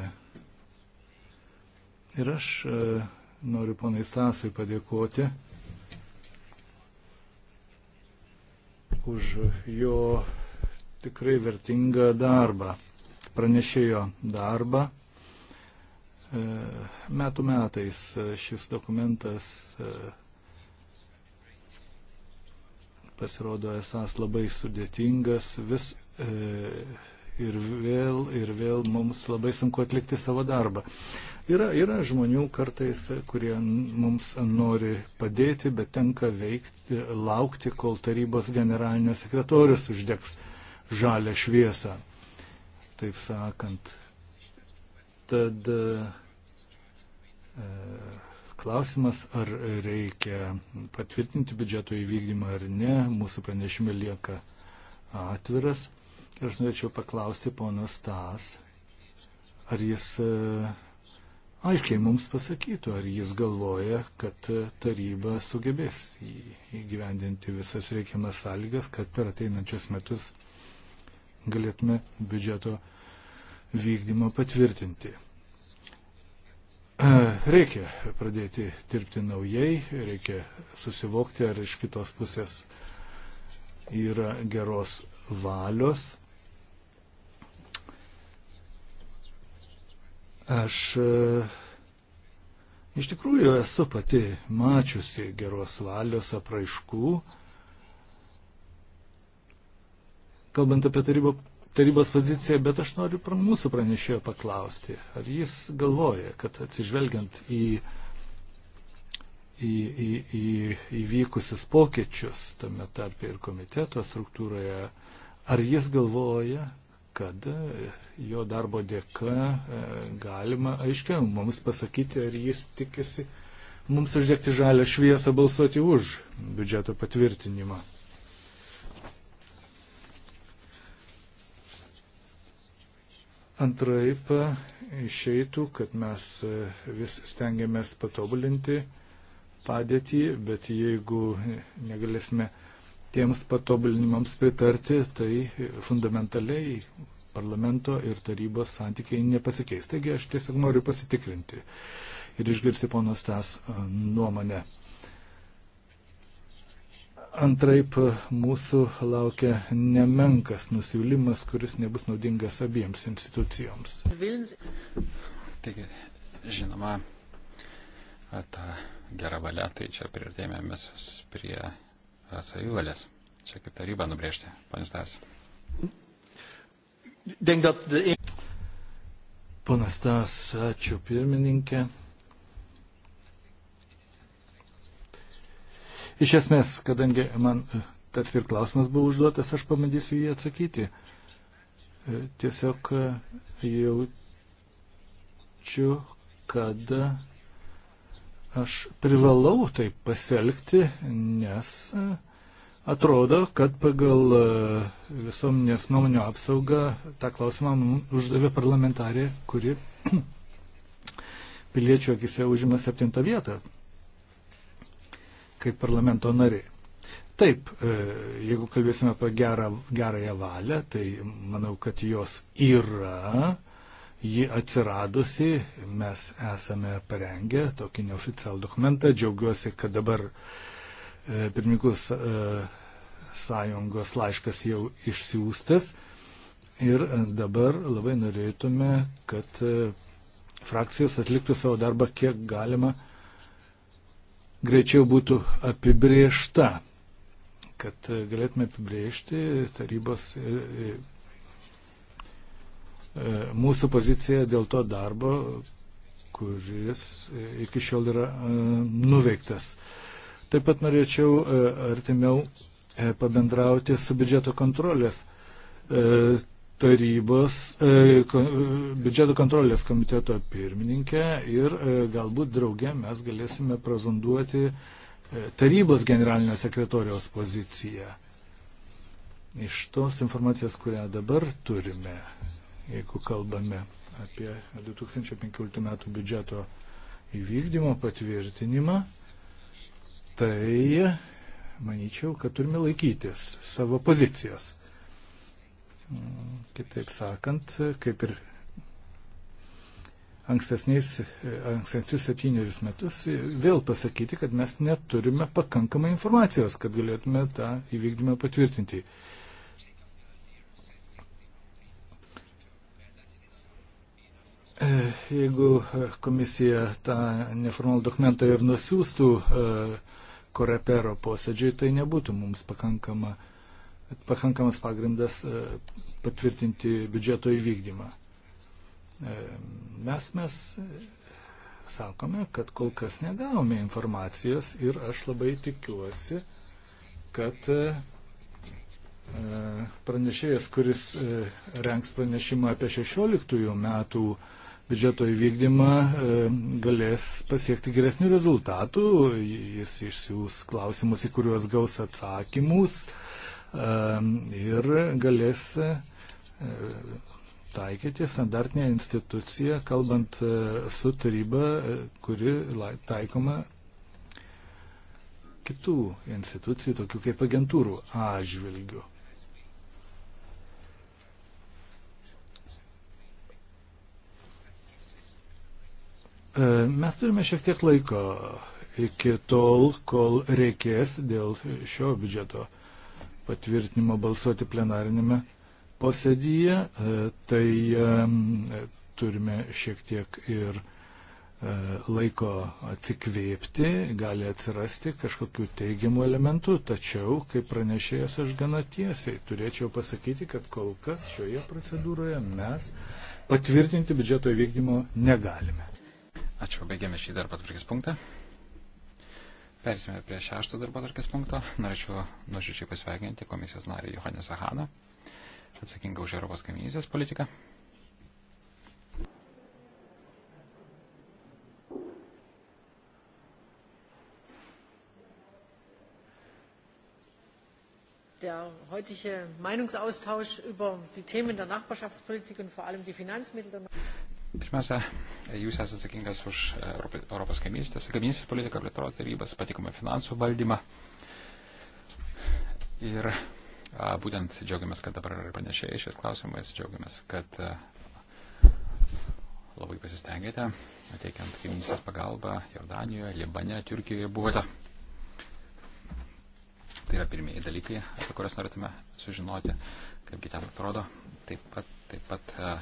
Ir aš e, noriu ponai Stasai padėkoti už jo tikrai vertingą darbą, pranešėjo darbą. E, metų metais šis dokumentas e, pasirodo esas labai sudėtingas, vis ir vėl, ir vėl mums labai sunku atlikti savo darbą. Yra, yra žmonių kartais, kurie mums nori padėti, bet tenka veikti, laukti, kol tarybos generalinio sekretorius uždegs žalę šviesą, taip sakant. Tad e, klausimas, ar reikia patvirtinti biudžeto įvykdymą ar ne, mūsų pranešime lieka atviras. Ir aš norėčiau paklausti ponas Tas, ar jis e, aiškiai mums pasakytų, ar jis galvoja, kad taryba sugebės įgyvendinti visas reikiamas sąlygas, kad per ateinančius metus galėtume biudžeto vykdymą patvirtinti. E, reikia pradėti dirbti naujai, reikia susivokti, ar iš kitos pusės yra geros valios Aš e, iš tikrųjų esu pati mačiusi geros valios apraiškų. Kalbant apie tarybą, tarybos poziciją, bet aš noriu mūsų pranešėjo paklausti, ar jis galvoja, kad atsižvelgiant į, į, į, į įvykusius pokyčius, tame tarpe ir komiteto struktūroje, ar jis galvoja, kad e, jo darbo dėka e, galima aiškiau mums pasakyti, ar jis tikisi mums uždegti žalę šviesą balsuoti už biudžeto patvirtinimą. Antraip e, išeitų, kad mes vis stengiamės patobulinti padėtį, bet jeigu negalėsime tiems patobulinimams pritarti, tai fundamentaliai parlamento ir tarybos santykiai nepasikeis. Taigi aš tiesiog noriu pasitikrinti ir išgirsti ponos tas e, nuomonę. Antraip e, mūsų laukia nemenkas nusivylimas, kuris nebus naudingas abiems institucijoms. Taigi, žinoma, ta gera valia, tai čia prieartėmėmės prie savivalės. Čia kaip taryba nubrėžti, panas Tas. Panas Tas, ačiū pirmininkė. Iš esmės, kadangi man e, tarsi ir klausimas buvo užduotas, aš pamėdysiu jį atsakyti. E, tiesiog e, jaučiu, kad Aš privalau taip pasielgti, nes e, atrodo, kad pagal e, visuomenės nuomonio apsaugą tą klausimą uždavė parlamentarė, kuri (clears throat) piliečių akise užima septintą vietą kaip parlamento nariai. Taip, e, jeigu kalbėsime apie gerą, gerąją valią, tai manau, kad jos yra ji atsiradusi, mes esame parengę tokį neoficialų dokumentą. Džiaugiuosi, kad dabar e, pirmininkus e, sąjungos laiškas jau išsiųstas. Ir e, dabar labai norėtume, kad frakcijos atliktų savo darbą kiek galima greičiau būtų apibriešta, kad galėtume apibriežti tarybos E, mūsų poziciją dėl to darbo, kuris iki šiol yra e, nuveiktas. Taip pat norėčiau e, artimiau pabendrauti su biudžeto kontrolės tarybos, biudžeto kontrolės komiteto pirmininkė ir galbūt drauge mes galėsime prazonduoti tarybos generalinio sekretorijos poziciją. Iš tos informacijos, kurią dabar turime, jeigu kalbame apie 2015 metų biudžeto įvykdymo patvirtinimą, tai manyčiau, kad turime laikytis savo pozicijas. Kitaip sakant, kaip ir ankstesniais, ankstesnius septynerius metus, vėl pasakyti, kad mes neturime pakankamai informacijos, kad galėtume tą įvykdymą patvirtinti. jeigu komisija tą neformalų dokumentą ir nusiųstų e, korepero posėdžiui, tai nebūtų mums pakankama, pakankamas pagrindas e, patvirtinti biudžeto įvykdymą. E, mes mes sakome, kad kol kas negavome informacijos ir aš labai tikiuosi, kad pranešėjas, kuris renks pranešimą apie 16 metų biudžeto įvykdymą e, galės pasiekti geresnių rezultatų, jis išsiūs klausimus, į kuriuos gaus atsakymus e, ir galės e, taikyti standartinę instituciją, kalbant su taryba, kuri taikoma kitų institucijų, tokių kaip agentūrų atžvilgių. E, mes turime šiek tiek laiko iki tol, kol reikės dėl šio biudžeto patvirtinimo balsuoti plenarinėme posėdyje. E, tai e, turime šiek tiek ir laiko atsikvėpti, gali atsirasti kažkokių teigiamų elementų, tačiau, kaip pranešėjas, aš gana tiesiai turėčiau pasakyti, kad kol kas šioje procedūroje mes patvirtinti biudžeto įvykdymo negalime. Ačiū, baigėme šį darbo atvarkės punktą. Persime prie šešto darbo atvarkės punkto. Norėčiau nuoširdžiai pasveikinti komisijos narį Johanę Sahaną, atsakingą už Europos kaimynystės politiką. der heutige Meinungsaustausch über die Themen der Nachbarschaftspolitik und vor allem die Finanzmittel der Pirmiausia, jūs esate atsakingas už e, Europos kaimynystės, kaimynystės politiką, plėtros darybas, patikimą finansų valdymą. Ir a, būtent džiaugiamės, kad dabar yra panešėjai šiais klausimais, džiaugiamės, kad a, e, labai pasistengėte, teikiant kaimynystės pagalbą Jordanijoje, Libane, Turkijoje buvote. Tai yra pirmieji dalykai, apie kuriuos norėtume sužinoti, kaipgi ten atrodo. Taip pat, taip pat e,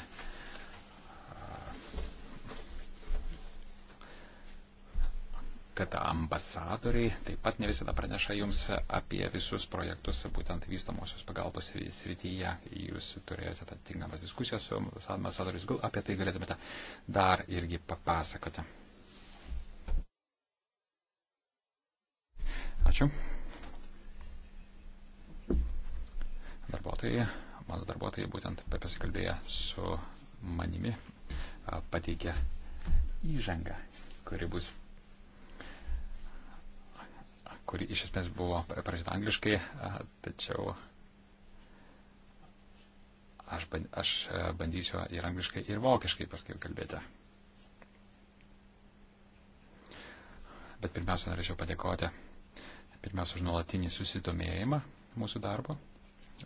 kad ambasadoriai taip pat ne visada praneša jums apie visus projektus būtent vystamosios pagalbos srityje. Jūs turėjote atitinkamas diskusijas su ambasadoriais, gal apie tai galėtumėte dar irgi papasakoti. Ačiū. Darbuotojai, mano darbuotojai būtent pasikalbėję su manimi pateikė įžangą, kuri bus kuri iš esmės buvo parašyta angliškai, tačiau aš, aš bandysiu ir angliškai, ir vokiškai paskui tai kalbėti. Bet pirmiausia, norėčiau padėkoti pirmiausia už nuolatinį susidomėjimą mūsų darbo.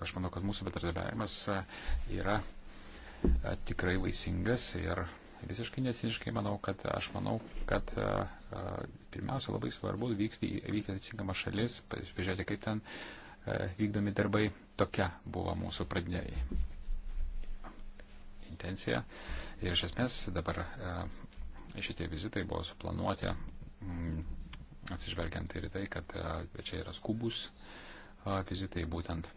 Aš manau, kad mūsų bendradarbiavimas yra tikrai vaisingas ir visiškai nesiškai manau, kad aš manau, kad e, e, pirmiausia labai svarbu vykti į atsinkamą šalis, pažiūrėti, kaip ten e, vykdomi darbai. Tokia buvo mūsų pradinė intencija. Ir iš esmės dabar šitie vizitai buvo suplanuoti mm, atsižvelgiant ir tai, kad čia yra skubus vizitai būtent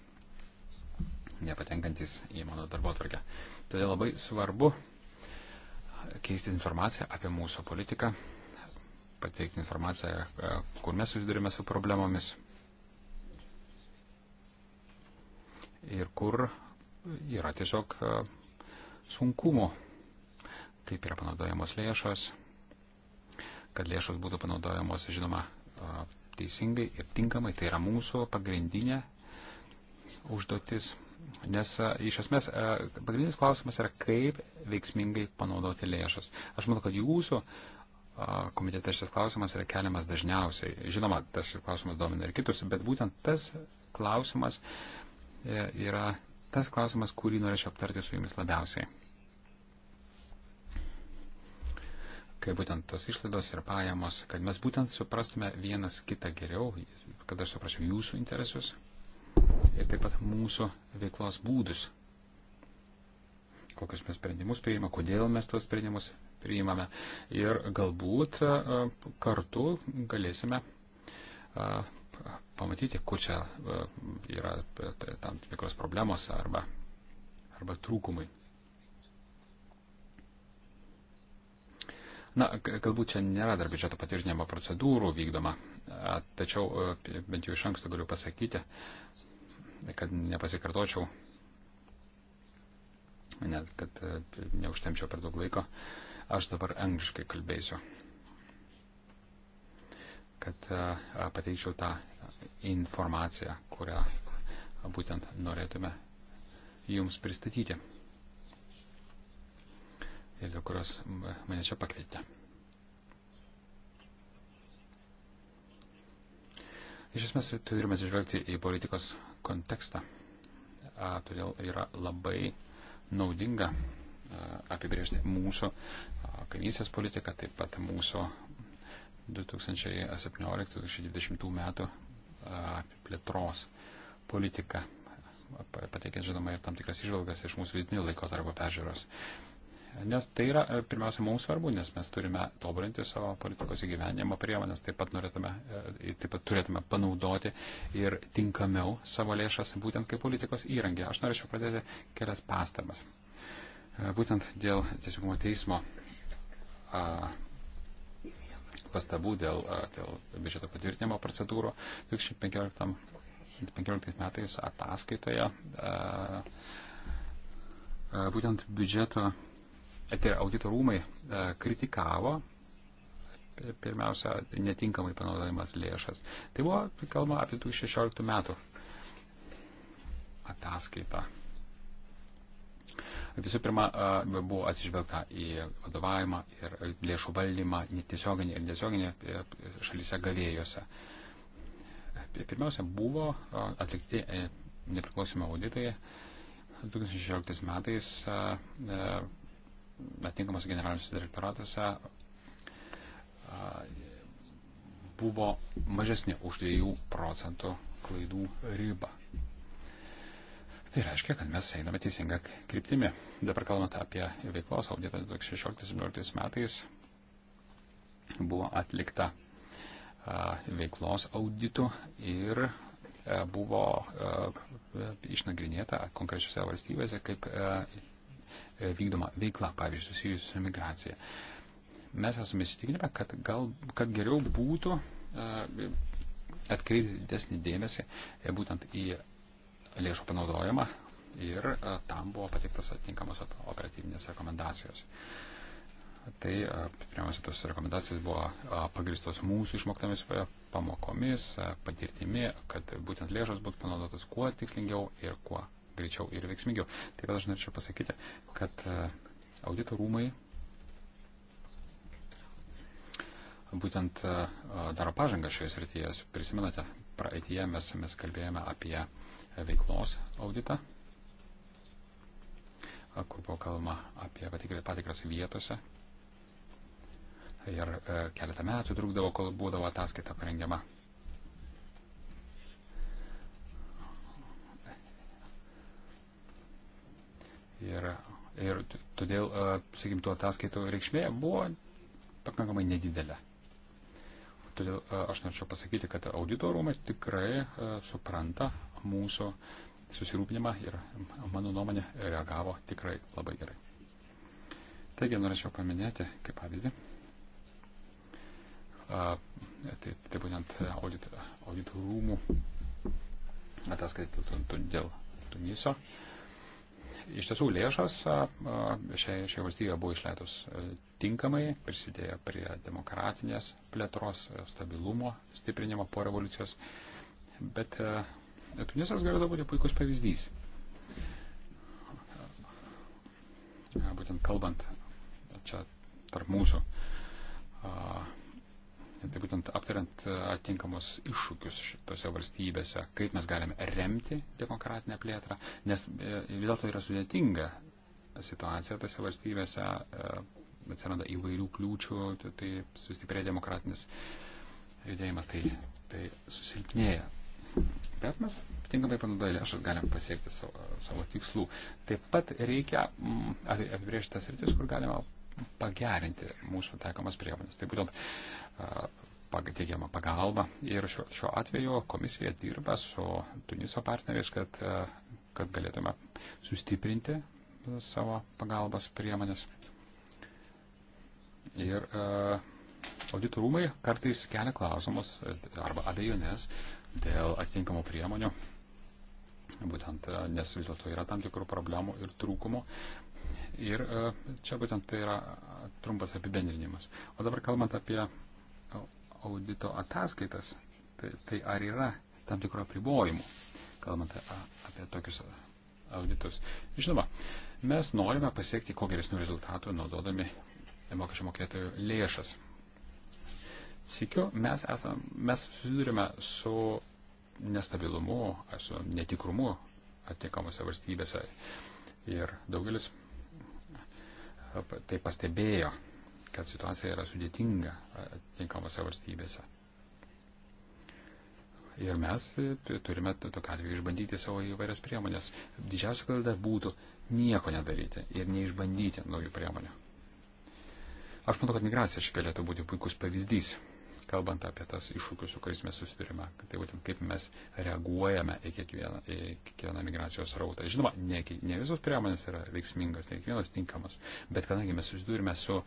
nepatenkantis į mano darbo atvarkę. Todėl labai svarbu keistis informaciją apie mūsų politiką, pateikti informaciją, e, kur mes susidurime su problemomis ir kur yra tiesiog e, sunkumo, kaip yra panaudojamos lėšos, kad lėšos būtų panaudojamos, žinoma, e, teisingai ir tinkamai. Tai yra mūsų pagrindinė užduotis Nes e, iš esmės e, pagrindinis klausimas yra, kaip veiksmingai panaudoti lėšas. Aš manau, kad jūsų e, komitete šis klausimas yra keliamas dažniausiai. Žinoma, tas klausimas domina ir kitus, bet būtent tas klausimas yra tas klausimas, kurį norėčiau aptarti su jumis labiausiai. Kai būtent tos išlaidos ir pajamos, kad mes būtent suprastume vienas kitą geriau, kad aš suprasčiau jūsų interesus ir taip pat mūsų veiklos būdus, kokius mes sprendimus priima, kodėl mes tos sprendimus priimame. Ir galbūt kartu galėsime pamatyti, kur čia yra tam tikros problemos arba, arba trūkumai. Na, galbūt čia nėra dar biudžeto patvirtinimo procedūrų vykdoma, tačiau bent jau iš anksto galiu pasakyti, kad nepasikartočiau, net kad e, neužtemčiau per daug laiko, aš dabar angliškai kalbėsiu, kad e, pateikčiau tą informaciją, kurią būtent norėtume jums pristatyti ir dėl kurios mane čia pakvietė. Iš esmės turime atsižvelgti į politikos kontekstą. Todėl yra labai naudinga apibriežti mūsų kaimynės politiką, taip pat mūsų 2017-2020 metų plėtros politiką, pateikiant žinoma ir tam tikras išvalgas iš mūsų vidinio laiko tarpo peržiūros. Nes tai yra e, pirmiausia mums svarbu, nes mes turime tobulinti savo politikos įgyvenimo priemonės, taip pat, norėtume, e, taip pat turėtume panaudoti ir tinkamiau savo lėšas būtent kaip politikos įrankį. Aš norėčiau pradėti kelias pastabas. E, būtent dėl tiesiogumo teismo pastabų dėl, dėl biudžeto patvirtinimo procedūrų 2015 2015 metais ataskaitoje būtent biudžeto tai yra auditorumai e, kritikavo tai pirmiausia netinkamai panaudojimas lėšas. Tai buvo kalba apie 2016 metų ataskaitą. Visų pirma, e, buvo atsižvelgta į vadovavimą ir lėšų valdymą netiesioginį ir tiesioginį e, šalyse gavėjose. Pirmiausia, buvo atlikti nepriklausomi auditai 2016 metais atinkamos generaliniuose direktoratuose buvo mažesnė už 2 procentų klaidų ribą. Tai reiškia, kad mes einame teisingą kryptimį. Dabar kalbant apie veiklos auditą 2016-2017 metais buvo atlikta veiklos auditų ir e, buvo e, išnagrinėta konkrečiose valstybėse, kaip e, E, vykdoma veikla, pavyzdžiui, susijusi su migracija. Mes esame įsitikinę, kad, gal, kad geriau būtų e, atkreipti didesnį dėmesį e, būtent į lėšų panaudojimą ir tam buvo pateiktas atinkamos operatyvinės rekomendacijos. Tai, pirmiausia, tos rekomendacijos buvo pagristos mūsų išmoktomis pamokomis, patirtimi, kad būtent lėšos būtų panaudotos kuo tikslingiau ir kuo greičiau ir veiksmingiau. Taip pat aš norėčiau pasakyti, kad e, audito rūmai būtent e, daro pažangą šioje srityje. Prisimenate, praeitie mes, mes kalbėjome apie veiklos auditą, kur buvo kalbama apie patikras vietose. Ir e, keletą metų trukdavo, kol būdavo ataskaita parengiama. Ir, ir todėl, sakykim, tų ataskaitų reikšmė buvo pakankamai nedidelė. Todėl aš norėčiau pasakyti, kad audito rūmai tikrai supranta mūsų susirūpinimą ir mano nuomonė reagavo tikrai labai gerai. Taigi norėčiau paminėti kaip pavyzdį. A, tai, tai būtent audito, audito rūmų ataskaita dėl Tuniso. Tu, tu, iš tiesų lėšas šiai, šiai valstybė buvo išleidus e, tinkamai, prisidėjo prie demokratinės plėtros, e, stabilumo stiprinimo po revoliucijos. Bet e, Tunisas galėtų būti puikus pavyzdys. Būtent kalbant čia tarp mūsų. Uh, būtent, tai būtent aptariant e, atitinkamus iššūkius šitose valstybėse, kaip mes galime remti demokratinę plėtrą, nes e, vis dėlto yra sudėtinga situacija tose valstybėse, e, atsiranda įvairių kliūčių, tai, tai sustiprėja demokratinis judėjimas, tai, tai susilpnėja. Bet mes tinkamai panaudoję lėšas galim pasiekti savo, savo tikslų. Taip pat reikia mm, apibriežti tas rytis, kur galima pagerinti mūsų taikomas priemonės. Tai būtent teigiama pagalba. Ir šiuo, šiuo atveju komisija dirba su Tuniso partneriais, kad, kad galėtume sustiprinti savo pagalbos priemonės. Ir uh, auditorumai kartais kelia klausimus arba abejonės dėl atitinkamų priemonių, būtent nes vis dėlto yra tam tikrų problemų ir trūkumų, Ir e, čia būtent tai yra trumpas apibendrinimas. O dabar kalbant apie audito ataskaitas, tai, tai ar yra tam tikro apribojimų, kalbant apie tokius auditus. Žinoma, mes norime pasiekti kuo geresnių rezultatų, naudodami mokesčių mokėtojų lėšas. Sikiu, mes, esam, mes susidurime su nestabilumu, su netikrumu atitinkamose valstybėse. Ir daugelis tai pastebėjo, kad situacija yra sudėtinga tinkamose valstybėse. Ir mes turime tokiu atveju išbandyti savo įvairias priemonės. Didžiausia klaida būtų nieko nedaryti ir neišbandyti naujų priemonių. Aš manau, kad migracija čia galėtų būti puikus pavyzdys kalbant apie tas iššūkius, su kuriais mes susidurime. Tai būtent kaip mes reaguojame į kiekvieną, į kiekvieną migracijos rautą. Žinoma, ne, ne visos priemonės yra veiksmingos, ne kiekvienos tinkamos, bet kadangi mes susidurime su,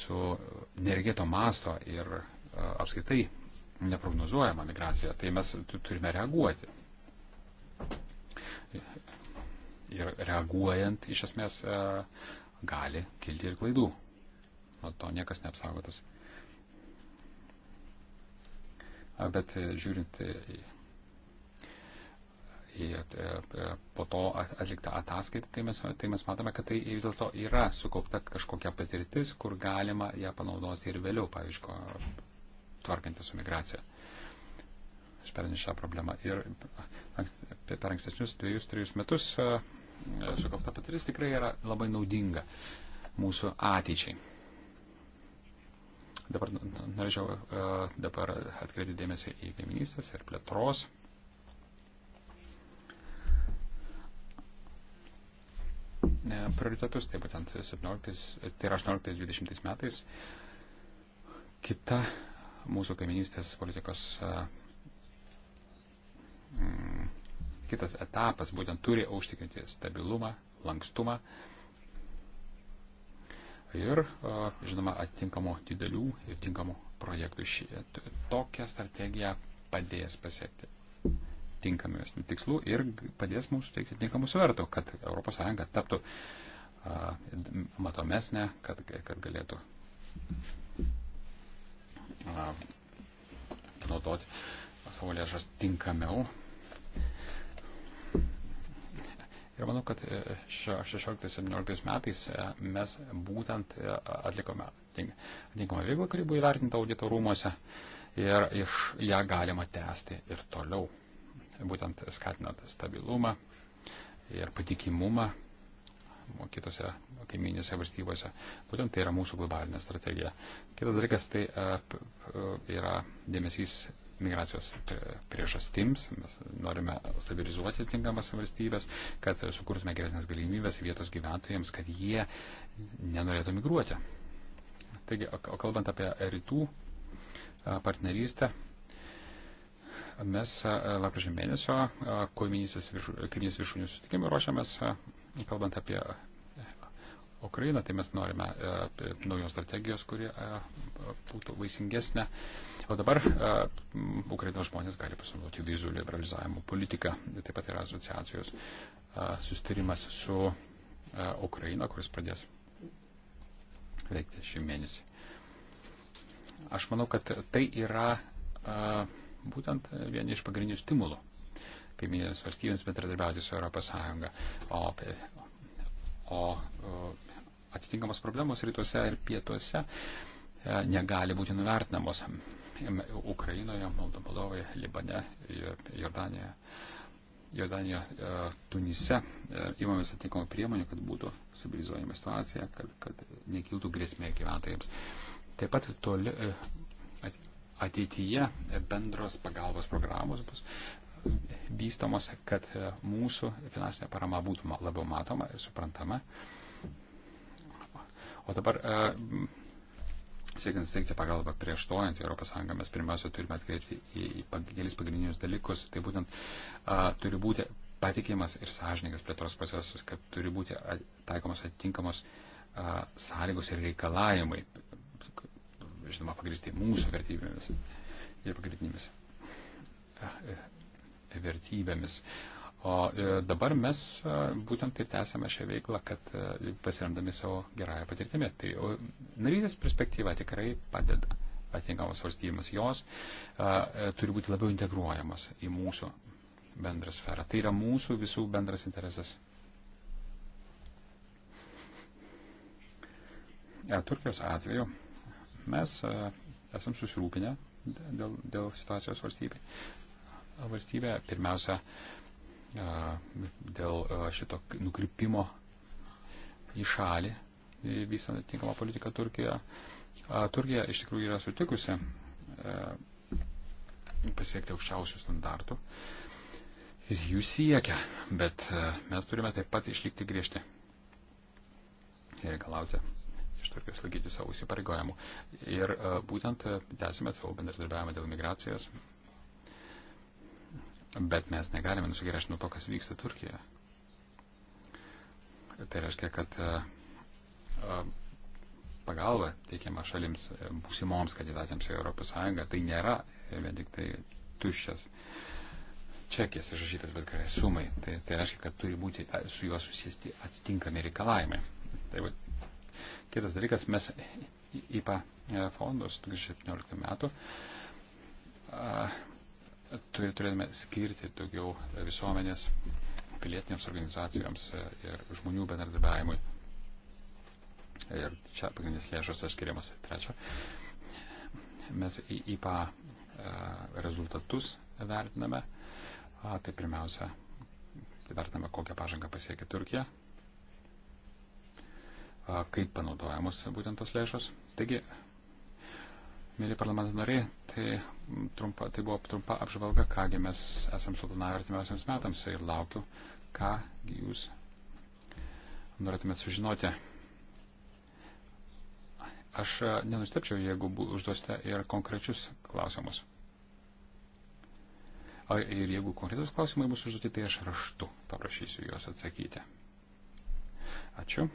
su neregėto masto ir apskaitai neprognozuojama migracija, tai mes turime reaguoti. Ir reaguojant, iš esmės, gali kilti ir klaidų. Nuo to niekas neapsaugotas bet e, žiūrint į e, e, po to atliktą ataskaitą, tai mes, tai mes matome, kad tai vis dėlto yra sukaupta kažkokia patirtis, kur galima ją panaudoti ir vėliau, pavyzdžiui, tvarkantis su migracija. Sprendžiant šią problemą. Ir per ankstesnius dviejus, trejus metus sukaupta patirtis tikrai yra labai naudinga mūsų ateičiai. Dabar norėčiau e, dabar atkreipti dėmesį į kaiminystės ir plėtros. E, prioritetus, tai būtent 17, tai yra 18-20 metais. Kita mūsų kaiminystės politikos e, kitas etapas būtent turi užtikrinti stabilumą, lankstumą. Uh, ir, žinoma, atitinkamų didelių ir tinkamų projektų. Šį, tokia strategija padės pasiekti tinkamesnių tikslų ir padės mums suteikti tinkamų svertų, kad ES taptų a, matomesnė, kad, kad galėtų a, naudoti savo lėšas tinkamiau Ir manau, kad 16-17 e, metais e, mes būtent e, atlikome atitinkamą veiklą, kuri buvo įvertinta audito rūmose ir iš ją galima tęsti ir toliau, būtent skatinant stabilumą ir patikimumą kitose kaiminėse valstybėse. Būtent tai yra mūsų globalinė strategija. Kitas dalykas tai yra dėmesys migracijos e, priežastims, mes norime stabilizuoti tinkamas valstybės, kad sukursime geresnės galimybės vietos gyventojams, kad jie nenorėtų migruoti. Taigi, o kalbant apie rytų e, partnerystę, mes e, lapkričio mėnesio kaiminis viršūnių sutikimų ruošiamės, kalbant apie Ukrainą, tai mes norime e, naujos strategijos, kuri e, būtų vaisingesnė. O dabar e, Ukrainos žmonės gali pasinaudoti vizų liberalizavimo politiką. Taip pat yra asociacijos e, sustarimas su e, Ukraina, kuris pradės veikti šį mėnesį. Aš manau, kad tai yra e, būtent vieni iš pagrindinių stimulų kaiminės valstybėms bendradarbiauti su ES. O, o, o atitinkamos problemos rytuose ir pietuose e, negali būti nuvertinamos Ukrainoje, Moldovoje, Libane ir Jordanijoje. Jordanija, e, Tunise įmamės e, atitinkamų priemonių, kad būtų stabilizuojama situacija, kad, kad nekiltų grėsmė gyventojams. Taip pat toli, ateityje bendros pagalbos programos bus vystomos, kad mūsų finansinė parama būtų labiau matoma ir suprantama. Uh, O dabar, e, siekiant suteikti pagalbą prieš stojant į ES, mes pirmiausia turime atkreipti į kelis pagrindinius dalykus. Tai būtent a, e, turi būti patikimas ir sąžininkas plėtros procesas, kad turi būti taikomos atitinkamos a, e, sąlygos ir reikalavimai, žinoma, pagristai mūsų vertybėmis ir pagrindinėmis vertybėmis. O e, dabar mes e, būtent taip tęsiame šią veiklą, kad e, pasiremdami savo gerąją patirtimį. Tai narystės perspektyva tikrai padeda atitinkamos valstybėms. Jos a, turi būti labiau integruojamos į mūsų bendrą sferą. Tai yra mūsų visų bendras interesas. A, Turkijos atveju mes a, esam susirūpinę dėl, dėl situacijos valstybė. Valstybė pirmiausia a, dėl šito nukrypimo į šalį visą tinkamą politiką Turkijoje. Turkija iš tikrųjų yra sutikusi pasiekti aukščiausių standartų ir jų siekia, bet mes turime taip pat išlikti griežti ir reikalauti iš Turkijos laikyti savo įsipareigojimų. Ir būtent tęsime savo bendradarbiavimą dėl migracijos, Bet mes negalime nusigręžti nuo to, kas vyksta Turkijoje. Tai reiškia, kad pagalba teikiama šalims būsimoms kandidatėms į Europos Sąjungą, tai nėra vien tik tai tuščias čekis išrašytas bet kuriai sumai. Tai, tai reiškia, kad turi būti su juo susijęsti atitinkami reikalavimai. Tai va, kitas dalykas, mes IPA fondus 2017 metų turėtume skirti daugiau visuomenės pilietinėms organizacijoms ir žmonių bendradarbiavimui. Ir čia pagrindinės lėšos skiriamos. Trečia, mes į IPA e, rezultatus vertiname. Tai pirmiausia, vertiname, kokią pažangą pasiekė Turkija, kaip panaudojamos būtent tos lėšos. Taigi, Mėly parlamento nariai, tai, trumpa, tai buvo trumpa apžvalga, kągi mes esam suplanavę artimiausiams metams ir laukiu, ką jūs norėtumėt sužinoti. Aš e, nenustepčiau, jeigu užduosite ir konkrečius klausimus. Ir jeigu konkretus klausimai bus užduoti, tai aš raštu paprašysiu juos atsakyti. Ačiū.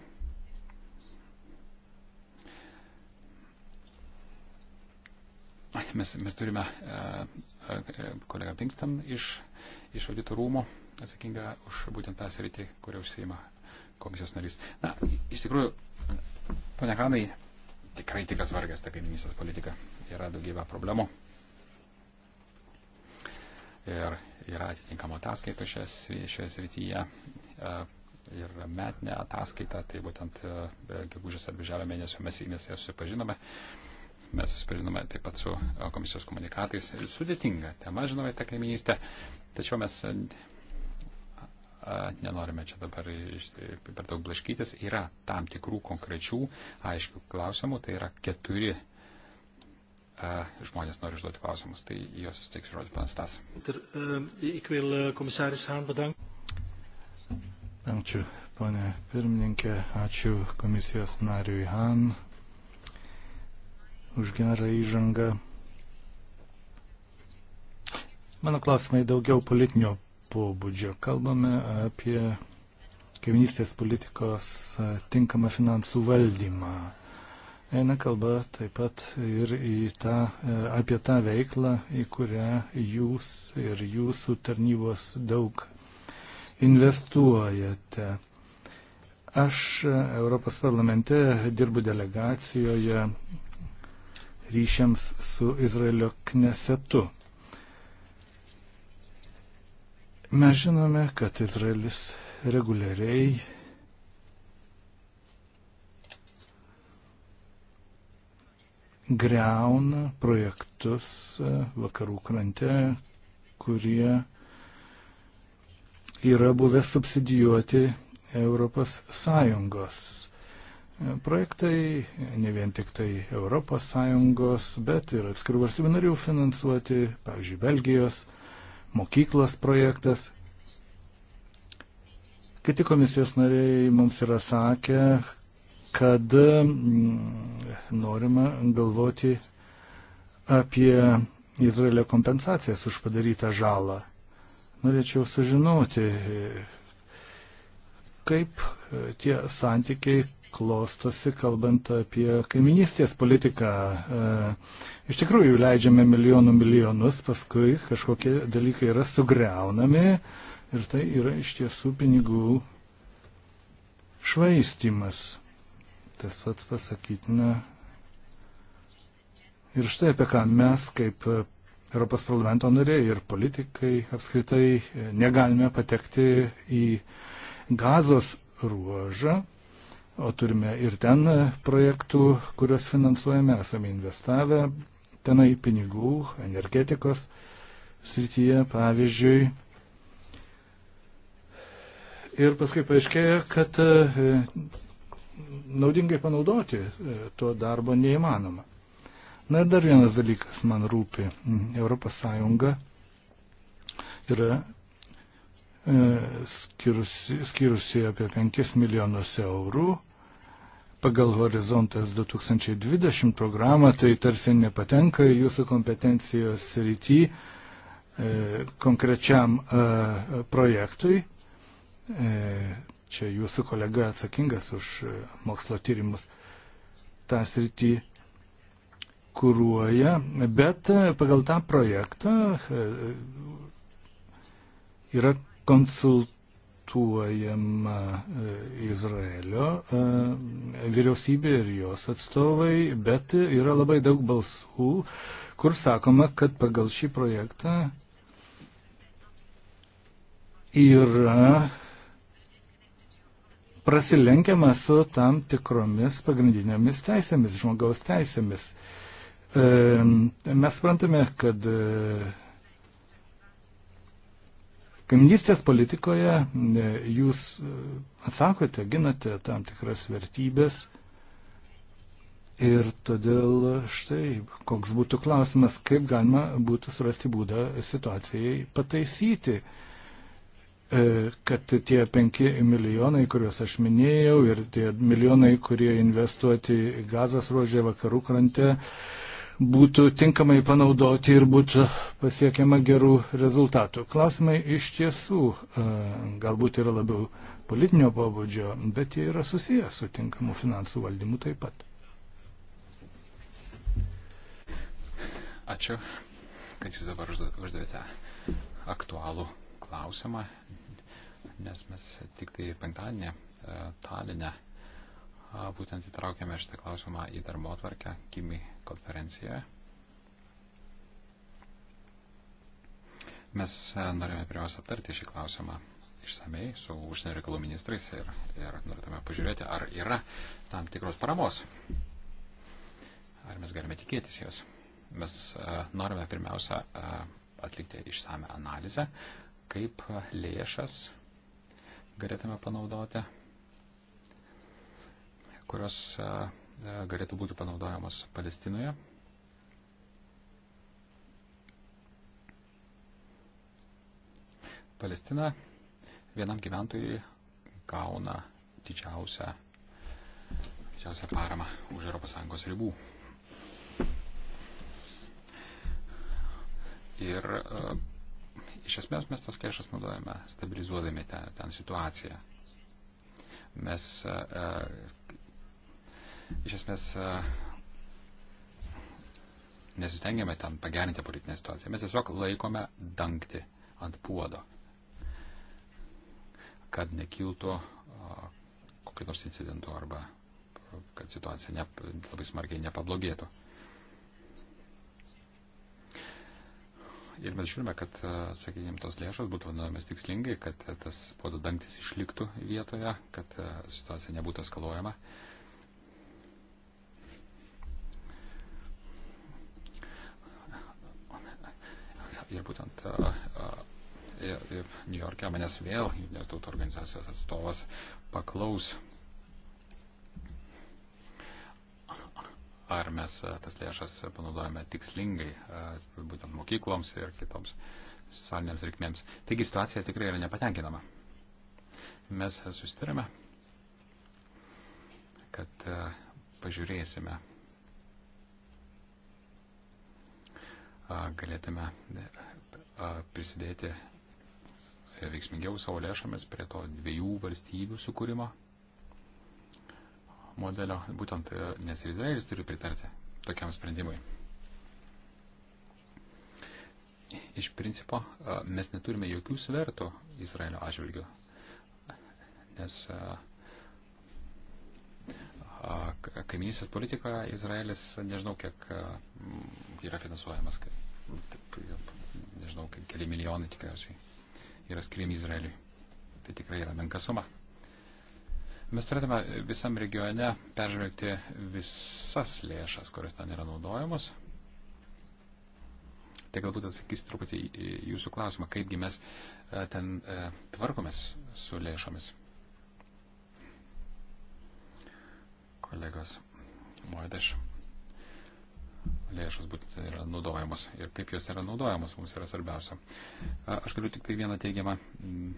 Mes, mes turime e, e, kolegą Pinkston iš, iš audito rūmų atsakingą už būtent tą sritį, kurią užsieima komisijos narys. Na, iš tikrųjų, ponia Hanai, tikrai tikras vargas ta kaiminystės politika. Yra daugybė problemų. Ir yra atitinkamo ataskaito šioje srityje. E, ir metinė ataskaita, tai būtent gegužės ar birželio mėnesio mes įmės ją susipažinome. Uh, Mes susipažinome taip pat su e, komisijos komunikatais. Sudėtinga tema, žinome, ta kaiminystė. Tačiau mes e, nenorime čia dabar e, per daug blaškytis. Yra tam tikrų konkrečių, aiškių klausimų. Tai yra keturi žmonės nori užduoti klausimus. Tai jos teiks žodį panastas. Ačiū, ponė pirmininkė. Ačiū komisijos nariui Han už gerą įžangą. Mano klausimai daugiau politinio pobūdžio. Kalbame apie kaiminystės politikos tinkamą finansų valdymą. Eina kalba taip pat ir tą, apie tą veiklą, į kurią jūs ir jūsų tarnybos daug investuojate. Aš Europos parlamente dirbu delegacijoje ryšiams su Izraelio knesetu. Mes žinome, kad Izraelis reguliariai greuna projektus e, vakarų krante, kurie yra buvę subsidijuoti Europos Sąjungos projektai, ne vien tik tai ES, bet ir atskirų valstybių narių finansuoti, pavyzdžiui, Belgijos mokyklos projektas. Kiti komisijos nariai mums yra sakę, kad mm, norima galvoti apie Izraelio kompensacijas už padarytą žalą. Norėčiau sužinoti, kaip tie santykiai klostosi, kalbant apie kaiminystės politiką. E, iš tikrųjų, leidžiame milijonų milijonus, paskui kažkokie dalykai yra sugriaunami ir tai yra iš tiesų pinigų švaistimas. Tas pats pasakytina. Ir štai apie ką mes kaip Europos parlamento nariai ir politikai apskritai negalime patekti į gazos ruožą, O turime ir ten projektų, kuriuos finansuojame, esame investavę tenai pinigų, energetikos srityje, pavyzdžiui. Ir paskui paaiškėjo, kad e, naudingai panaudoti e, to darbo neįmanoma. Na ir dar vienas dalykas man rūpi. ES yra E, skirusi, skirusi apie 5 milijonus eurų. Pagal Horizontas 2020 programą tai tarsi nepatenka jūsų kompetencijos rytį e, konkrečiam e, projektui. Čia jūsų kolega atsakingas už mokslo tyrimus tą sritį kūruoja, bet pagal tą projektą yra konsultuojama e, Izraelio e, vyriausybė ir jos atstovai, bet yra labai daug balsų, kur sakoma, kad pagal šį projektą yra prasilenkiama su tam tikromis pagrindinėmis teisėmis, žmogaus teisėmis. E, mes suprantame, kad Kaimynystės politikoje e, jūs e, atsakote, ginate tam tikras vertybės ir todėl štai koks būtų klausimas, kaip galima būtų surasti būdą situacijai pataisyti e, kad tie 5 milijonai, kuriuos aš minėjau, ir tie milijonai, kurie investuoti gazas ruožė vakarų krante, būtų tinkamai panaudoti ir būtų pasiekiama gerų rezultatų. Klausimai iš tiesų e, galbūt yra labiau politinio pobūdžio, bet jie yra susiję su tinkamu finansų valdymu taip pat. Ačiū, kad jūs dabar uždavėte aktualų klausimą, nes mes tik tai penktadienį e, Talinę būtent įtraukėme šitą klausimą į darbo atvarkę Kimi konferencijoje. Mes e, norėjome pirmiausia aptarti šį klausimą išsamei su užsienio reikalų ministrais ir, ir norėtume pažiūrėti, ar yra tam tikros paramos. Ar mes galime tikėtis jos. Mes e, norime pirmiausia e, atlikti išsame analizę, kaip lėšas galėtume panaudoti kurios e, e, galėtų būti panaudojamos Palestinoje. Palestina vienam gyventojui gauna didžiausią, didžiausią paramą už ES ribų. Ir e, iš esmės mes tos lėšas naudojame stabilizuodami ten, ten situaciją. Mes e, Iš esmės, e, nesistengiame ten pagerinti politinę situaciją. Mes tiesiog laikome dangti ant puodo, kad nekiltų e, kokiu nors incidentu arba kad situacija ne, labai smarkiai nepablogėtų. Ir mes žiūrime, kad, e, sakykime, tos lėšos būtų vadinamas tikslingai, kad tas puodo dangtis išliktų vietoje, kad situacija nebūtų eskaluojama. Uh, ir būtent New York'e manęs vėl Junktinių tautų organizacijos atstovas paklaus, ar mes tas lėšas panaudojame tikslingai būtent mokykloms ir kitoms socialinėms reikmėms. Taigi situacija tikrai yra nepatenkinama. Mes susitarėme, kad pažiūrėsime galėtume prisidėti e, veiksmingiau savo lėšomis prie to dviejų valstybių sukūrimo modelio, būtent e, nes ir Izraelis turi pritarti tokiam sprendimui. Iš principo mes neturime jokių svertų Izraelio atžvilgių, nes kaiminysės politika Izraelis nežinau kiek yra finansuojamas Nu, taip, tai nežinau, keli milijonai tikriausiai yra skiriami Izraeliui. Tai tikrai yra menka suma. Mes turėtume visam regione peržvelgti visas lėšas, kurias ten yra naudojamos. Tai galbūt atsakys truputį į jūsų klausimą, kaipgi mes e, ten e, tvarkomės su lėšomis. Kolegos Moedaš lėšos būtent yra naudojamos ir kaip jos yra naudojamos mums yra svarbiausia. Aš galiu tik tai vieną teigiamą mm,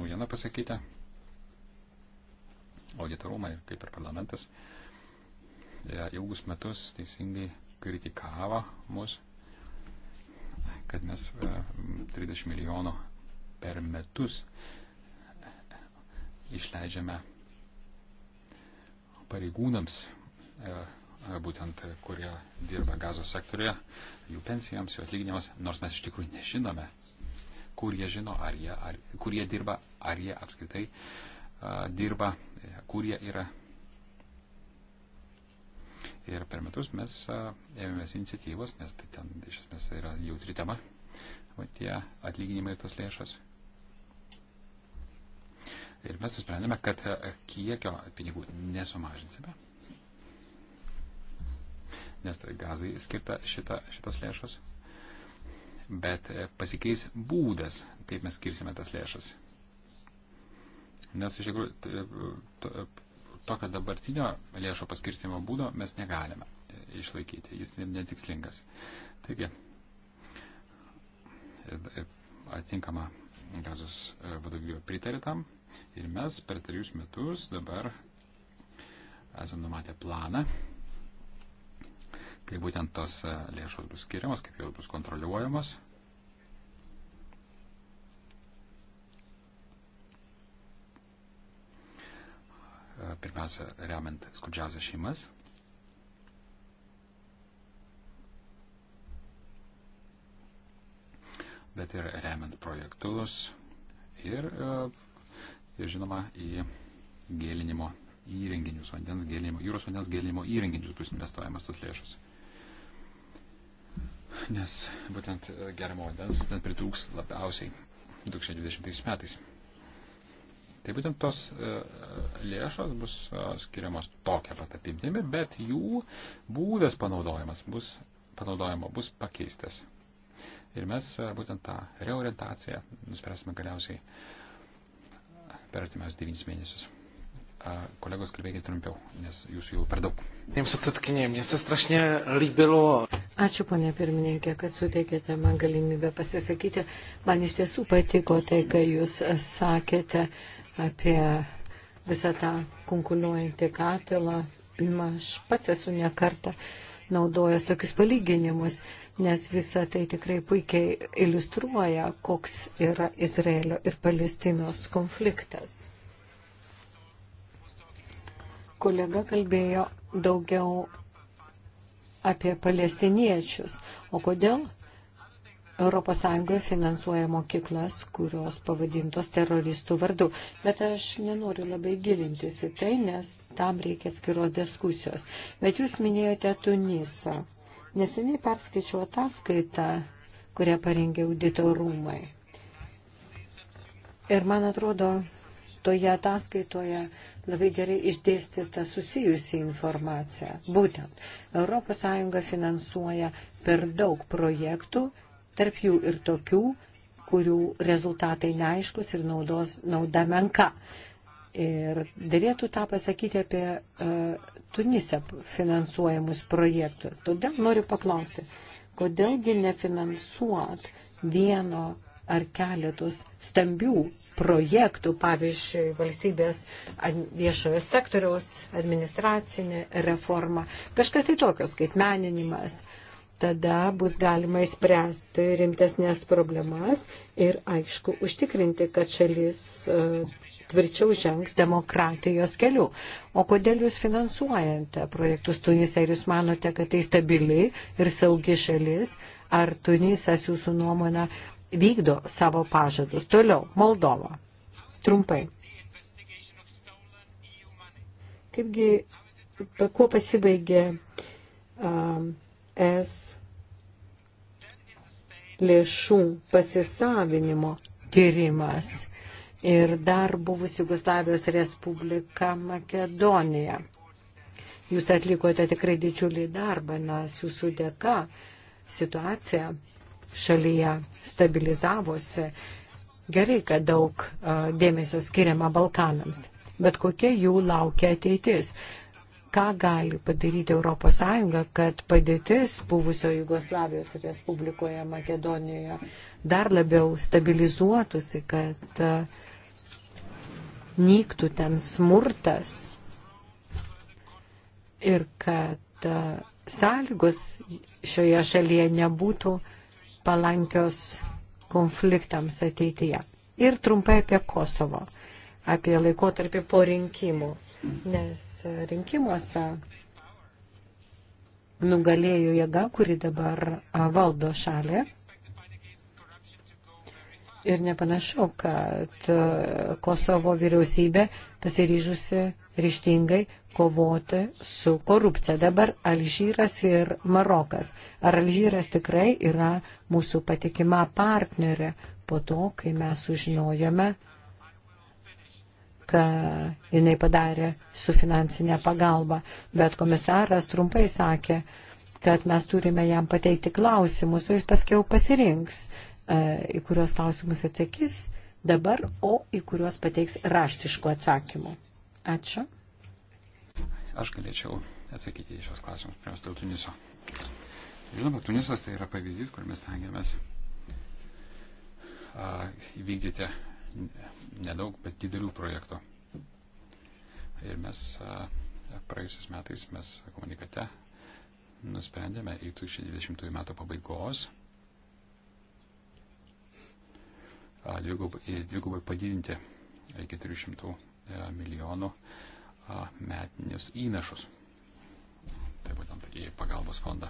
naujieną pasakyti. Auditorumai, kaip ir parlamentas, ilgus metus teisingai kritikavo mus, kad mes 30 e, milijonų per metus išleidžiame pareigūnams e, būtent kurie dirba gazos sektorėje, jų pensijams, jų atlyginimas, nors mes iš tikrųjų nežinome, kur jie žino, ar jie, ar, kur jie dirba, ar jie apskritai uh, dirba, kur jie yra. Ir per metus mes uh, ėmėmės iniciatyvos, nes tai ten iš esmės tai yra jautri tema, va tie atlyginimai ir tos lėšas. Ir mes nusprendėme, kad kiekio pinigų nesumažinsime nes tai gazai skirta šita, šitos lėšos, bet e, pasikeis būdas, kaip mes skirsime tas lėšas. Nes iš tikrųjų e, tokio to, to, dabartinio lėšų paskirstimo būdo mes negalime e, išlaikyti, jis netikslingas. Taigi, atitinkama gazos vadovybė pritarė tam ir mes per trejus metus dabar esame numatę planą kai būtent tos e, lėšos bus skiriamas, kaip jau bus kontroliuojamas. E, pirmiausia, remiant skurdžiausias šeimas. bet ir remiant projektus ir, e, ir žinoma, į gėlinimo įrenginius, vandens gėlinimo, jūros vandens gėlinimo įrenginius bus investuojamas tas lėšas nes būtent e, gerimo vandens ten pritrūks labiausiai 2020 metais. Tai būtent tos e, lėšos bus e, skiriamos tokia pat apimtimi, bet jų būdas panaudojimas bus, panaudojimo bus pakeistas. Ir mes būtent tą reorientaciją nuspręsime galiausiai per artimiausius 9 mėnesius. Kolegos, kalbėkite trumpiau, nes jūsų jau per daug. Jums atsitkinė, jums strašnė lybilo. Ačiū, ponė pirmininkė, kad suteikėte man galimybę pasisakyti. Man iš tiesų patiko tai, ką jūs sakėte apie visą tą konkuliuojantį katilą. Aš pats esu nekarta naudojęs tokius palyginimus, nes visa tai tikrai puikiai iliustruoja, koks yra Izraelio ir Palestinos konfliktas kolega kalbėjo daugiau apie palestiniečius. O kodėl ES finansuoja mokyklas, kurios pavadintos teroristų vardu. Bet aš nenoriu labai gilintis į tai, nes tam reikia atskiros diskusijos. Bet jūs minėjote Tunisą. Neseniai perskaičiau ataskaitą, kurią parengė audito rūmai. Ir man atrodo, toje ataskaitoje labai gerai išdėstyta susijusi informacija. Būtent, ES finansuoja per daug projektų, tarp jų ir tokių, kurių rezultatai neaiškus ir naudos, nauda menka. Ir dėlėtų tą pasakyti apie uh, e, Tunise finansuojamus projektus. Todėl noriu paklausti, kodėlgi nefinansuot vieno ar keletus stambių projektų, pavyzdžiui, valstybės viešojo sektoriaus administracinė reforma, kažkas tai tokios kaip meninimas. Tada bus galima įspręsti rimtesnės problemas ir, aišku, užtikrinti, kad šalis e, tvirčiau žengs demokratijos keliu. O kodėl jūs finansuojate projektus Tunisą ir jūs manote, kad tai stabili ir saugi šalis? Ar Tunisas jūsų nuomonė vykdo savo pažadus. Toliau, Moldova. Trumpai. Kaipgi, kuo pasibaigė um, S lėšų pasisavinimo tyrimas ir dar buvus Jugoslavijos Respublika Makedonija. Jūs atlikote tikrai didžiulį darbą, nes jūsų dėka situacija šalyje stabilizavosi, gerai, kad daug dėmesio skiriama Balkanams, bet kokia jų laukia ateitis. Ką gali padaryti ES, kad padėtis buvusio Jugoslavijos Respublikoje Makedonijoje dar labiau stabilizuotųsi, kad nyktų ten smurtas ir kad sąlygos šioje šalyje nebūtų uh, palankios konfliktams ateityje. Ir trumpai apie Kosovo, apie laikotarpį po rinkimų, nes rinkimuose nugalėjo jėga, kuri dabar valdo šalį. Ir nepanašu, kad Kosovo vyriausybė pasiryžusi ryštingai kovoti su korupcija. Dabar Alžyras ir Marokas. Ar Alžyras tikrai yra mūsų patikima partnerė po to, kai mes sužinojome, ką jinai padarė su finansinė pagalba. Bet komisaras trumpai sakė, kad mes turime jam pateikti klausimus, o jis paskiau pasirinks, e, į kuriuos klausimus atsakys dabar, o į kuriuos pateiks raštiškų atsakymų. Ačiū aš galėčiau atsakyti į šios klausimus, pirmiausia, dėl Tuniso. Žinoma, Tunisas tai yra pavyzdys, kur mes tengiamės įvykdyti nedaug, bet didelių projektų. Ir mes praėjusius metais mes komunikate nusprendėme iki 2020 metų pabaigos dvigubai padidinti iki 300 milijonų metinius įnašus. Tai būtent į pagalbos fondą.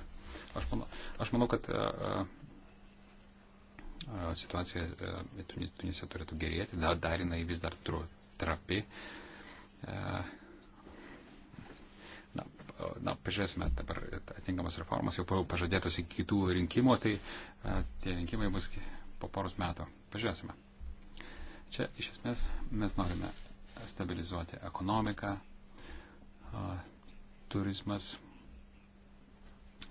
Aš manau, aš manau kad a, e, e, a, situacija a, e, Tunise turėtų gerėti, dar, dar jinai vis dar tru, trapi. A, na, na, pažiūrėsime dabar atinkamas reformas, jau pažadėtos iki kitų rinkimų, tai a, tie rinkimai bus po poros metų. Pažiūrėsime. Čia iš esmės mes norime stabilizuoti ekonomiką, turizmas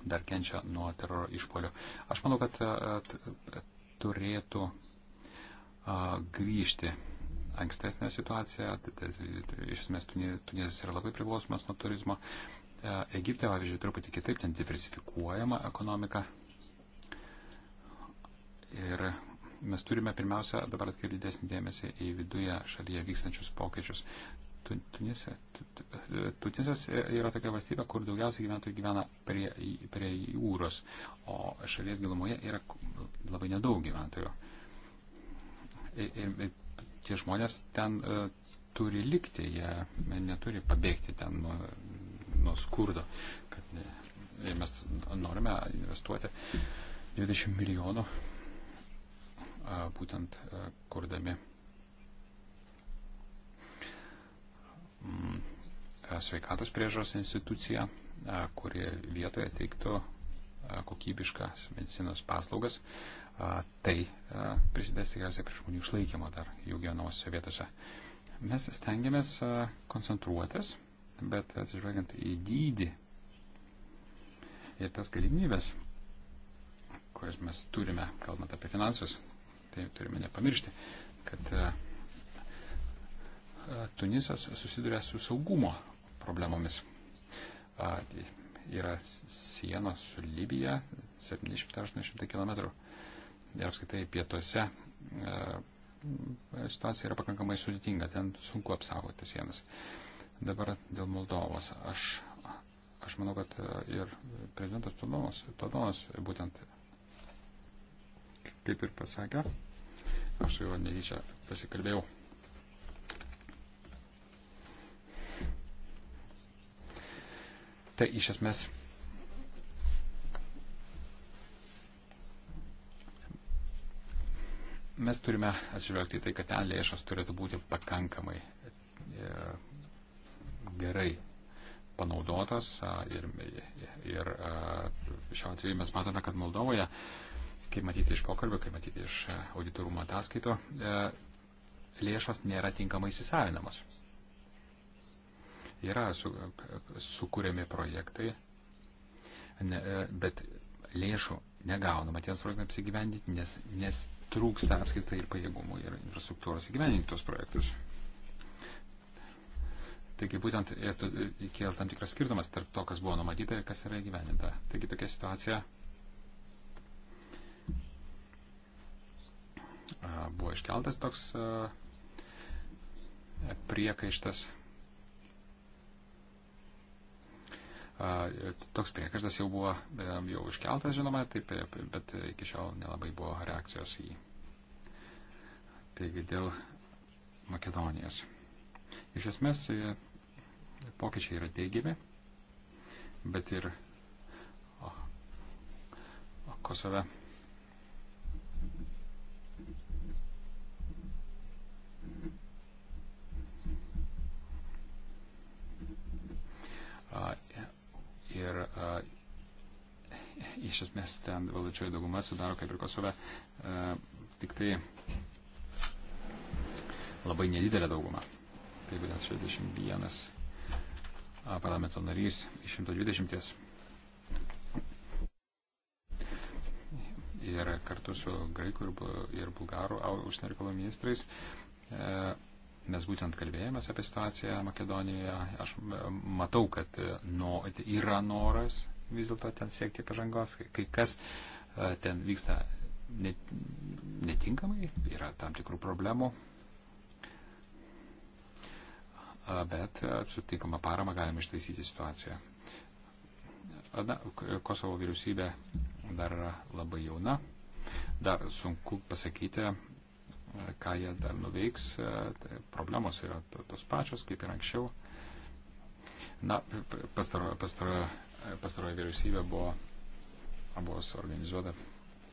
dar kenčia nuo teroro išpolio. Aš manau, kad turėtų grįžti ankstesnė situacija. Iš esmės, Tunizas yra labai priklausomas nuo turizmo. Egipte, pavyzdžiui, truputį kitaip ten diversifikuojama ekonomika. Ir mes turime pirmiausia dabar atkreipti didesnį dėmesį į viduje šalyje vykstančius pokyčius. Tunisas, Tunisas yra tokia valstybė, kur daugiausiai gyventojų gyvena prie, prie jūros, o šalies gilumoje yra labai nedaug gyventojų. Ir, ir, ir tie žmonės ten uh, turi likti, jie neturi pabėgti ten nuo, nuo skurdo. Kad, mes norime investuoti 20 milijonų uh, būtent uh, kurdami Mm, e, sveikatos priežos instituciją, e, kuri vietoje teiktų e, kokybiškas medicinos paslaugas, tai prisidės tikriausiai prie žmonių išlaikymo dar jų gyvenamosiose vietose. Mes stengiamės koncentruotis, bet atsižvelgiant į dydį ir tas galimybės, kurias mes turime, kalbant apie finansus, tai turime nepamiršti, kad Tunisas susiduria su saugumo problemomis. Tai yra sienos su Libija 780 km. Ir apskaitai pietuose situacija yra pakankamai sudėtinga, ten sunku apsaugoti sienas. Dabar dėl Moldovos. Aš, aš manau, kad ir prezidentas Todonas, Todonas būtent kaip ir pasakė, aš su juo netyčia pasikalbėjau Tai iš esmės mes turime atsižvelgti į tai, kad ten lėšos turėtų būti pakankamai e, gerai panaudotos ir, ir šiuo atveju mes matome, kad Moldovoje, kaip matyti iš pokalbio, kaip matyti iš auditorumo ataskaito, e, lėšos nėra tinkamai įsisavinamos yra su, sukūrėmi projektai, ne, bet lėšų negaunama tiems projektams įgyvendinti, nes, nes trūksta apskaitai ir pajėgumų ir infrastruktūros įgyvendinti tos projektus. Taigi būtent e, e, kėl tam tikras skirtumas tarp to, kas buvo numatyta ir kas yra įgyvendinta. Taigi tokia situacija buvo iškeltas toks priekaištas Toks priekaštas jau buvo jau iškeltas, žinoma, taip, bet iki šiol nelabai buvo reakcijos į jį. Taigi dėl Makedonijos. Iš esmės e, pokyčiai yra teigiami, bet ir o, o Kosove. Uh, ir a, iš esmės ten valdančioji dauguma sudaro kaip ir Kosove a, tik tai labai nedidelė dauguma. Tai būtent 61 a, parlamento narys iš 120. Ir kartu su graikų ir bulgarų užsienio reikalų ministrais a, mes būtent kalbėjomės apie situaciją Makedonijoje. Aš e, matau, kad e, no, yra noras vis dėlto ten siekti pažangos. Kai kas e, ten vyksta netinkamai, yra tam tikrų problemų. Bet sutinkama parama galima ištaisyti situaciją. Na, Kosovo vyriausybė dar yra labai jauna. Dar sunku pasakyti, ką jie dar nuveiks, e, tai problemos yra tos pačios, kaip ir anksčiau. Na, pastarojo, pastarojo, pastarojo vyriausybė buvo, buvo suorganizuota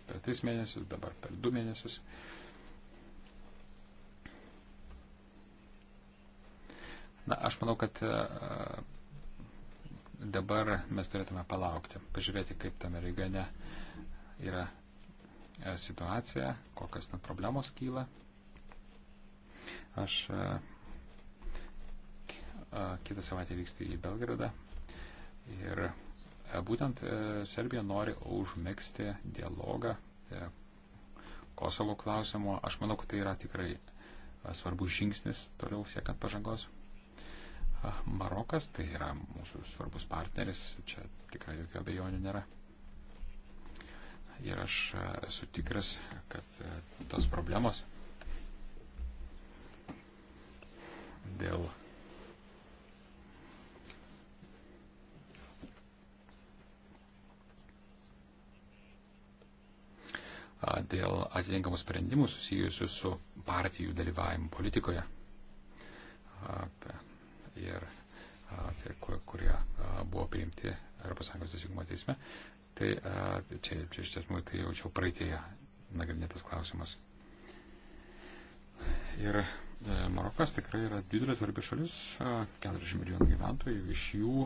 per tris mėnesius, dabar per du mėnesius. Na, aš manau, kad e, dabar mes turėtume palaukti, pažiūrėti, kaip tame regione yra E, situaciją, kokios ten problemos kyla. Aš e, e, kitą savaitę vyksti į Belgradą ir būtent Serbija nori užmėgsti dialogą Kosovo klausimo. Aš manau, kad tai yra tikrai svarbus žingsnis toliau siekiant pažangos. Marokas tai yra mūsų svarbus partneris, čia tikrai jokio abejonių nėra ir aš e, esu tikras, kad e, tos problemos dėl dėl atitinkamų sprendimų susijusių su partijų dalyvavimu politikoje ir tai, kurie buvo priimti ES teisingumo teisme, Tai čia, čia iš tiesų tai jau čia praeitėje nagrinėtas klausimas. Ir e, Marokas tikrai yra didelė svarbi šalis, 40 milijonų gyventojų, iš jų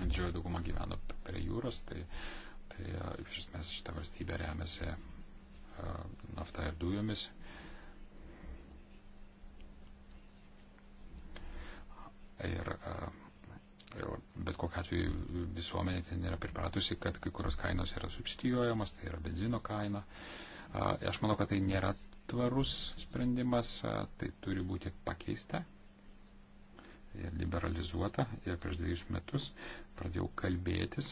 didžioji dauguma gyvena prie jūros, tai, tai iš esmės šitą valstybę remiasi nafta ir dujomis. Ir uh, Bet kokiu atveju visuomenė ten yra pripratusi, kad kai kurios kainos yra subsidijuojamos, tai yra benzino kaina. Aš manau, kad tai nėra tvarus sprendimas, tai turi būti pakeista ir liberalizuota. Ir prieš dviejus metus pradėjau kalbėtis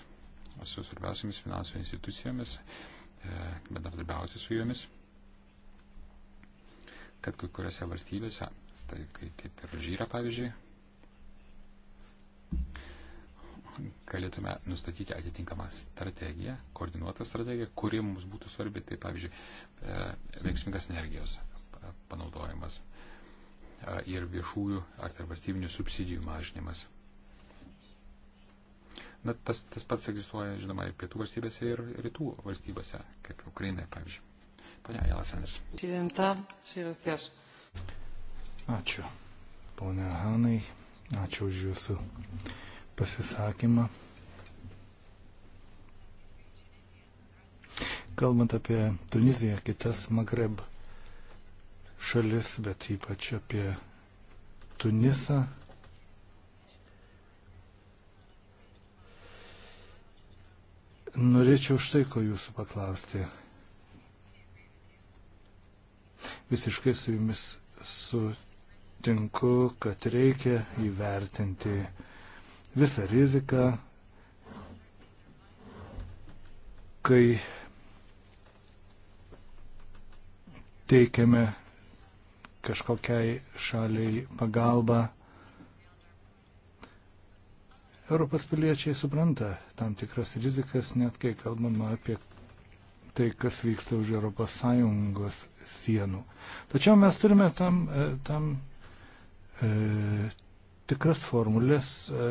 su svarbiausiamis finansų institucijomis, e, bendradarbiauti su jomis, kad kai kuriuose valstybėse, tai kaip ir Žyra pavyzdžiui, galėtume nustatyti atitinkamą strategiją, koordinuotą strategiją, kuri mums būtų svarbi, tai pavyzdžiui, e, veiksmingas energijos panaudojimas e, ir viešųjų ar tarp valstybinių subsidijų mažinimas. Na, tas, tas pats egzistuoja, žinoma, ir pietų valstybėse, ir rytų valstybėse, kaip Ukrainai, pavyzdžiui. Pane Jelas Anders. Ačiū. Pone Hanai, Ačiū už Jūsų pasisakymą. Kalbant apie Tuniziją, kitas Magreb šalis, bet ypač apie Tunisą, Norėčiau štai ko jūsų paklausti. Visiškai su jumis su sutinku, kad reikia įvertinti visą riziką, kai teikiame kažkokiai šaliai pagalbą. Europos piliečiai supranta tam tikras rizikas, net kai kalbama apie tai, kas vyksta už Europos Sąjungos sienų. Tačiau mes turime tam, e, tam E, tikras formulės, e,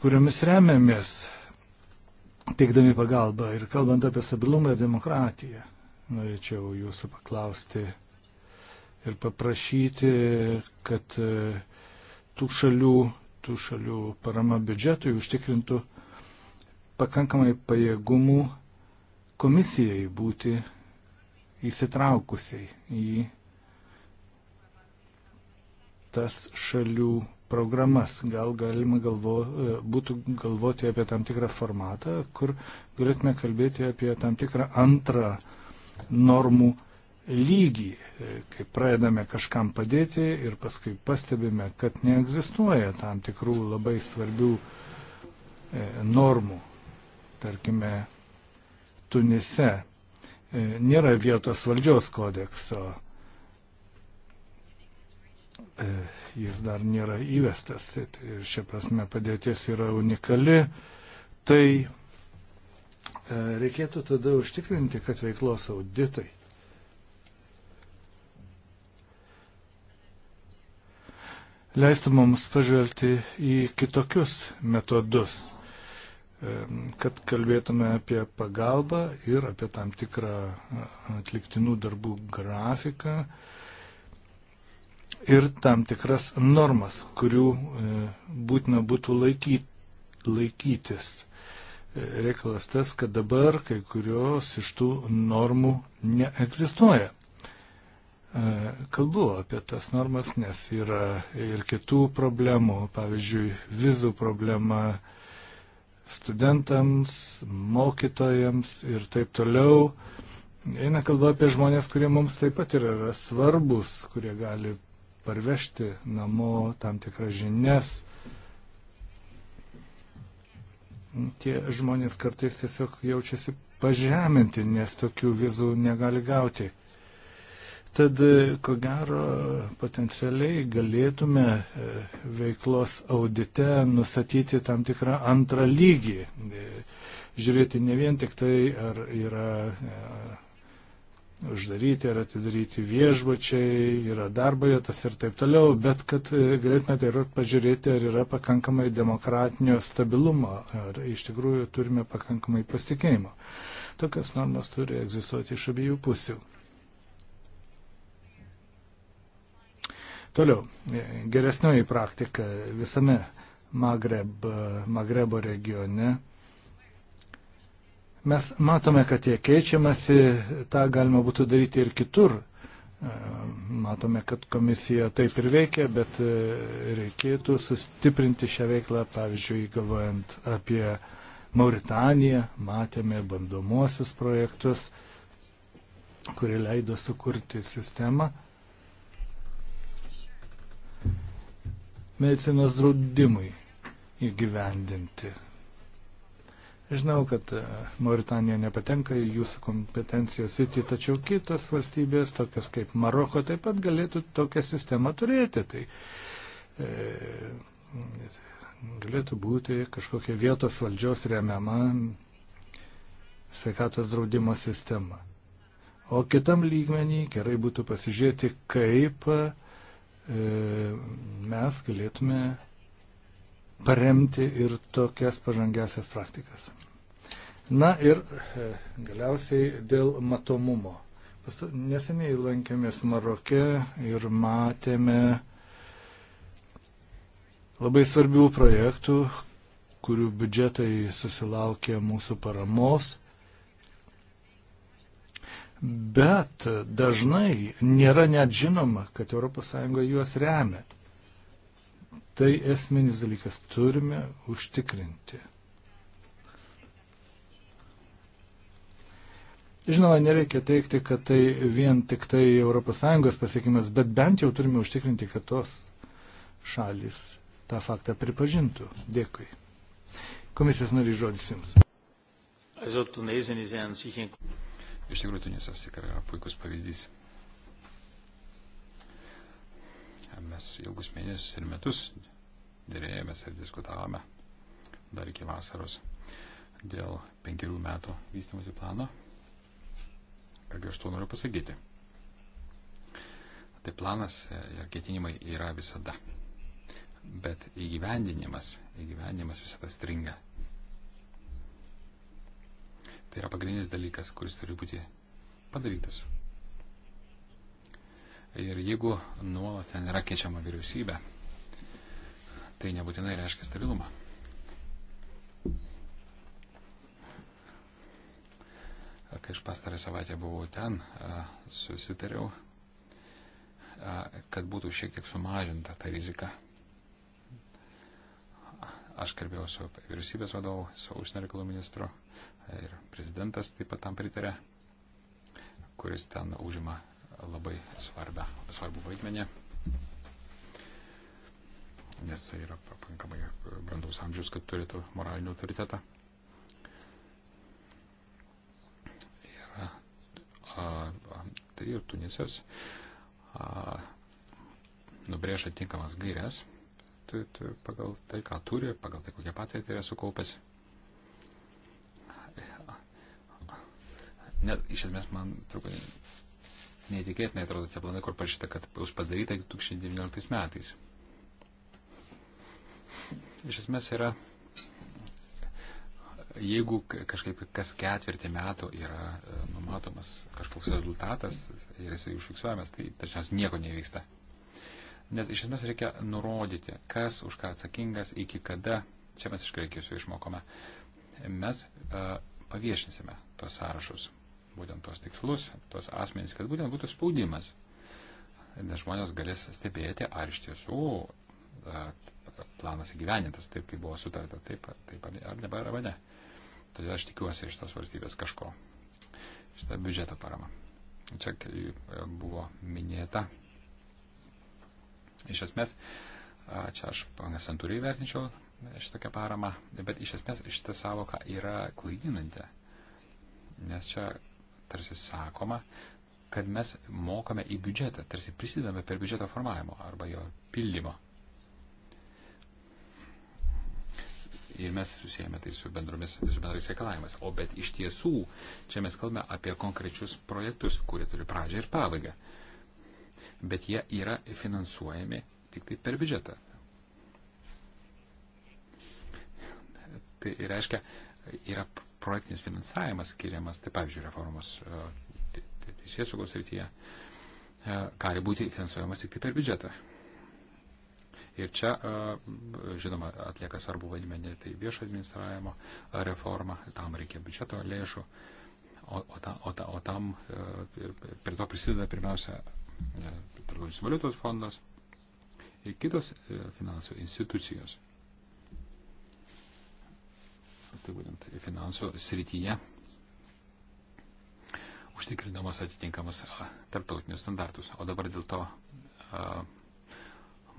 kuriomis remiamės teikdami pagalbą ir kalbant apie stabilumą ir demokratiją. Norėčiau jūsų paklausti ir paprašyti, kad e, tų šalių, tų šalių parama biudžetui užtikrintų pakankamai pajėgumų komisijai būti įsitraukusiai į tas šalių programas. Gal galima galvo, e, būtų galvoti apie tam tikrą formatą, kur galėtume kalbėti apie tam tikrą antrą normų lygį, e, kai pradedame kažkam padėti ir paskui pastebime, kad neegzistuoja tam tikrų labai svarbių e, normų. Tarkime, Tunise nėra vietos valdžios kodekso E, jis dar nėra įvestas ir šia prasme padėties yra unikali, tai e, reikėtų tada užtikrinti, kad veiklos auditai leistų mums pažvelgti į kitokius metodus, e, kad kalbėtume apie pagalbą ir apie tam tikrą atliktinų darbų grafiką, ir tam tikras normas, kurių e, būtina būtų laiky, laikytis. E, reikalas tas, kad dabar kai kurios iš tų normų neegzistuoja. E, kalbu apie tas normas, nes yra ir kitų problemų, pavyzdžiui, vizų problema studentams, mokytojams ir taip toliau. Eina kalba apie žmonės, kurie mums taip pat yra svarbus, kurie gali parvežti namo tam tikras žinias. Tie žmonės kartais tiesiog jaučiasi pažeminti, nes tokių vizų negali gauti. Tad, ko gero, potencialiai galėtume e, veiklos audite nustatyti tam tikrą antrą lygį. E, žiūrėti ne vien tik tai, ar yra e, uždaryti ar atidaryti viešbučiai, yra darbo vietas ir taip toliau, bet kad e, galėtume taip pat pažiūrėti, ar yra pakankamai demokratinio stabilumo, ar iš tikrųjų turime pakankamai pasitikėjimo. Tokias normas turi egzistuoti iš abiejų pusių. Toliau, e, geresnioji praktika visame Magreb, Magrebo regione Mes matome, kad jie keičiamasi, tą galima būtų daryti ir kitur. E, matome, kad komisija taip ir veikia, bet e, reikėtų sustiprinti šią veiklą, pavyzdžiui, galvojant apie Mauritaniją, matėme bandomuosius projektus, kurie leido sukurti sistemą. Medicinos draudimui įgyvendinti. Žinau, kad e, Mauritanija nepatenka į jūsų kompetencijos sritį, tačiau kitos valstybės, tokios kaip Maroko, taip pat galėtų tokią sistemą turėti. Tai e, galėtų būti kažkokia vietos valdžios remiama sveikatos draudimo sistema. O kitam lygmenį gerai būtų pasižiūrėti, kaip e, mes galėtume paremti ir tokias pažangiasias praktikas. Na ir e, galiausiai dėl matomumo. Neseniai lankėmės Maroke ir matėme labai svarbių projektų, kurių biudžetai susilaukė mūsų paramos. Bet dažnai nėra net žinoma, kad ES juos remia. Tai esminis dalykas turime užtikrinti. Žinoma, nereikia teikti, kad tai vien tik tai ES pasiekimas, bet bent jau turime užtikrinti, kad tos šalis tą faktą pripažintų. Dėkui. Komisijos narys žodis jums. Iš tikrųjų, Tunisas tikrai puikus pavyzdys. Mes ilgus mėnesius ir metus dėrėjomės ir diskutavome dar iki vasaros dėl penkerių metų vystimosi plano. Kągi aš to noriu pasakyti. Tai planas e, ir ketinimai yra visada. Bet įgyvendinimas, įgyvendinimas visada stringa. Tai yra pagrindinis dalykas, kuris turi būti padarytas. Ir jeigu nuolat ten yra keičiama vyriausybė, tai nebūtinai reiškia stabilumą. Kai aš pastarą savaitę buvau ten, susitariau, kad būtų šiek tiek sumažinta ta rizika. Aš kalbėjau su vyriausybės vadovu, su užsienio reikalų ministru ir prezidentas taip pat tam pritarė, kuris ten užima labai svarbę, svarbų vaidmenį nes tai yra pakankamai brandaus amžius, kad turėtų moralinį autoritetą. Ir a, a, tai ir Tunisas a, nubrėžia tinkamas gairias tu, tu, pagal tai, ką turi, pagal tai, kokią patirtį yra sukaupęs. Net iš esmės man truputį neįtikėtinai atrodo tie planai, kur parašyta, kad bus padaryta 2019 metais iš esmės yra, jeigu kažkaip kas ketvirtį metų yra e, numatomas kažkoks rezultatas ir jisai užfiksuojamas, tai dažniausiai nieko nevyksta. Nes iš esmės reikia nurodyti, kas už ką atsakingas, iki kada, čia mes iš greikėsiu išmokome, mes uh, paviešinsime tos sąrašus, būtent tos tikslus, tos asmenys, kad būtent būtų spaudimas. Nes žmonės galės stebėti, ar iš tiesų uh, planas įgyvenintas taip, kaip buvo sutarta, taip, taip ar dabar arba ne. Todėl aš tikiuosi iš tos valstybės kažko. Šitą biudžeto paramą. Čia e, buvo minėta. Iš esmės, čia aš panas Antūrai vertinčiau e, šitokią paramą, bet iš esmės šitą savoką yra klaidinanti. Nes čia tarsi sakoma, kad mes mokame į biudžetą, tarsi prisidame per biudžeto formavimo arba jo pildymą. ir mes susijęme tai su, bendromis, su bendrais reikalavimas. O bet iš tiesų, čia mes kalbame apie konkrečius projektus, kurie turi pradžią ir pabaigą. Bet jie yra finansuojami tik tai per biudžetą. Tai reiškia, yra projektinis finansavimas skiriamas, tai pavyzdžiui, reformos e, teisės saugos rytyje, e, gali būti finansuojamas tik tai per biudžetą. Ir čia, žinoma, atlieka svarbu vaidmenį tai viešo administravimo reforma, tam reikia biudžeto lėšų, o, o, ta, o, ta, o tam e, prie to prisideda pirmiausia e, Tarptautinis valiutos fondas ir kitos e, finansų institucijos. Tai būtent finansų srityje užtikrinamos atitinkamos tarptautinius standartus. O dabar dėl to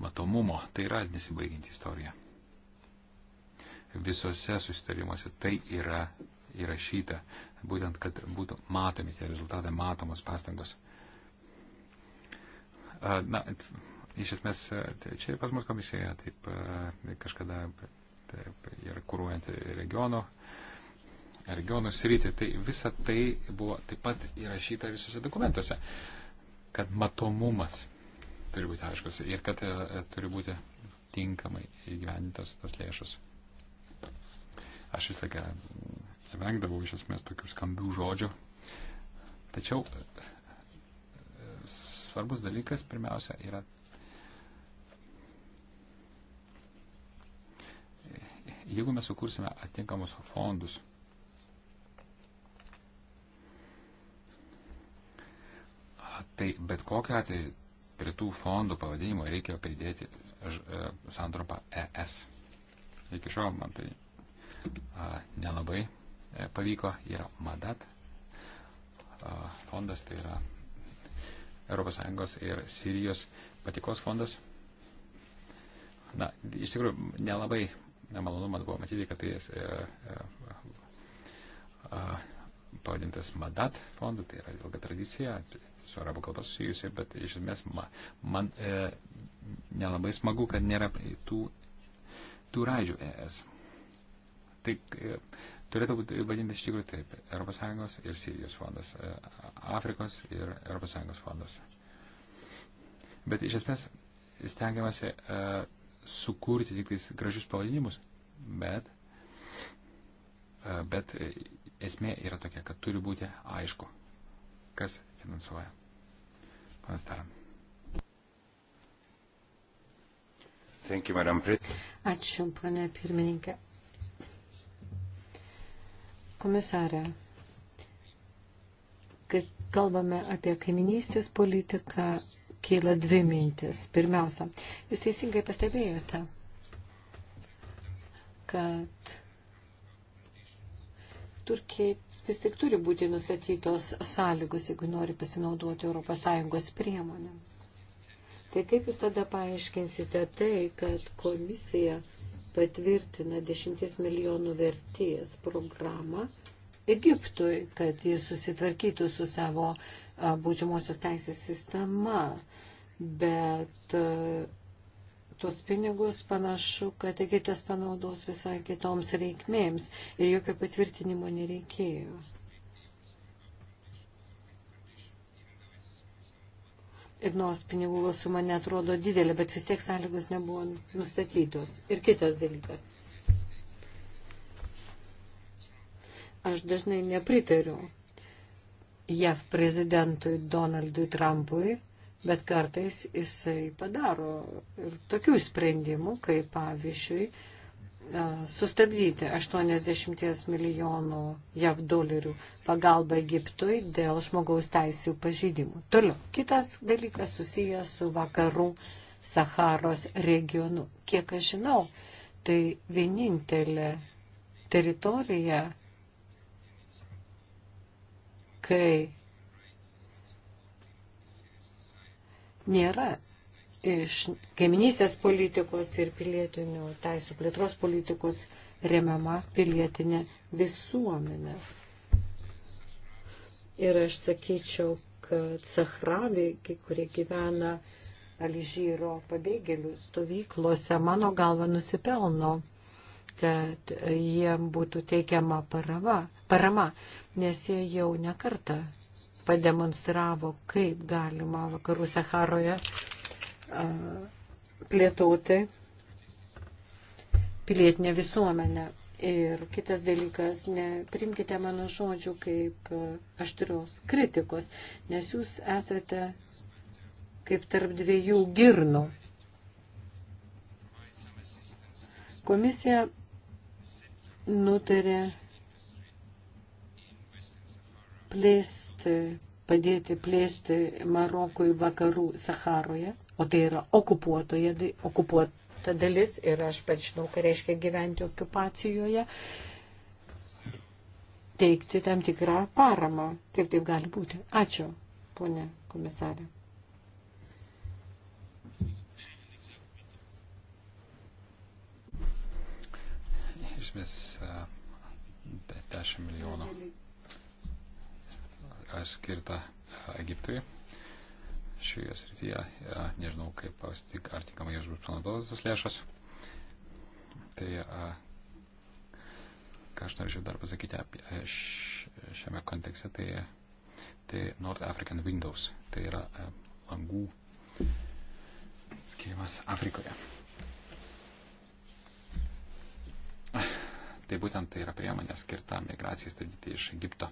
matomumo. Tai yra nesibaigianti istorija. Visose susitarimuose tai yra įrašyta, būtent, kad būtų matomi tie rezultatai, matomos pastangos. Na, iš esmės, čia pas mus komisijoje taip kažkada taip, ir kūruojant regiono, regionų sritį, tai visa tai buvo taip pat įrašyta visose dokumentuose, kad matomumas turi būti aiškus ir kad e, turi būti tinkamai įgyvendintas tas lėšas. Aš visą laiką vengdavau iš esmės tokių skambių žodžių. Tačiau e, svarbus dalykas pirmiausia yra jeigu mes sukursime atitinkamus fondus, tai bet kokiu atveju prie tų fondų pavadinimo reikia pridėti e, santropą ES. Iki šiol man tai a, nelabai e, pavyko. Yra MADAT a, fondas, tai yra ES ir Sirijos patikos fondas. Na, iš tikrųjų, nelabai nemalonu man buvo matyti, kad tai jis, e, a, a, a, pavadintas MADAT fondu, tai yra ilga tradicija, su arabų kalba susijusi, bet iš esmės man, man e, nelabai smagu, kad nėra tų, tų raidžių ES. Tai e, turėtų būti vadinti iš tikrųjų taip. ES ir Sirijos fondas, e, Afrikos ir ES fondas. Bet iš esmės stengiamasi e, sukurti tik tais gražius pavadinimus, bet, e, bet e, esmė yra tokia, kad turi būti aišku, kas finansuoja. Ponas Taram. Ačiū, ponė pirmininkė. Komisarė, kai kalbame apie kaiminystės politiką, kyla dvi mintis. Pirmiausia, jūs teisingai pastebėjote, kad Turkija vis tik turi būti nustatytos sąlygos, jeigu nori pasinaudoti ES priemonėms. Tai kaip jūs tada paaiškinsite tai, kad komisija patvirtina 10 milijonų vertės programą Egiptui, kad jis susitvarkytų su savo būdžiamosios teisės sistema, bet tuos pinigus panašu, kad Egiptas panaudos visai kitoms reikmėms ir jokio patvirtinimo nereikėjo. Ir nors pinigų suma netrodo didelė, bet vis tiek sąlygos nebuvo nustatytos. Ir kitas dalykas. Aš dažnai nepritariu JAV prezidentui Donaldui Trumpui Bet kartais jisai padaro ir tokių sprendimų, kaip pavyzdžiui, e, sustabdyti 80 milijonų JAV dolerių pagalbą Egiptui dėl žmogaus teisų pažeidimų. Toliau, kitas dalykas susijęs su vakarų Saharos regionu. Kiek aš žinau, tai vienintelė teritorija, kai nėra iš kaiminysės politikos ir pilietinių teisų plėtros politikos remiama pilietinė visuomenė. Ir aš sakyčiau, kad Sahravikai, kurie gyvena Alžyro pabėgėlių stovyklose, mano galva nusipelno, kad jiem būtų teikiama parama, parama nes jie jau nekarta pademonstravo, kaip galima vakarų Saharoje plėtoti pilietinę visuomenę. Ir kitas dalykas, neprimkite mano žodžių kaip aštrios kritikos, nes jūs esate kaip tarp dviejų girnų. Komisija nutarė plėsti, padėti plėsti Marokui vakarų Saharoje, o tai yra okupuotoje, okupuota dalis ir aš pats žinau, ką reiškia gyventi okupacijoje, teikti tam tikrą paramą. Kaip taip gali būti? Ačiū, ponė komisarė. Iš vis 10 milijonų skirta e, Egiptui šioje srityje. E, nežinau, kaip, ar tinkamai jos bus panaudotas tas lėšas. Tai e, ką aš norėčiau dar pasakyti apie šiame kontekste, tai, tai North African Windows, tai yra langų skirimas Afrikoje. Tai būtent tai yra priemonė skirta migracijai stabdyti iš Egipto.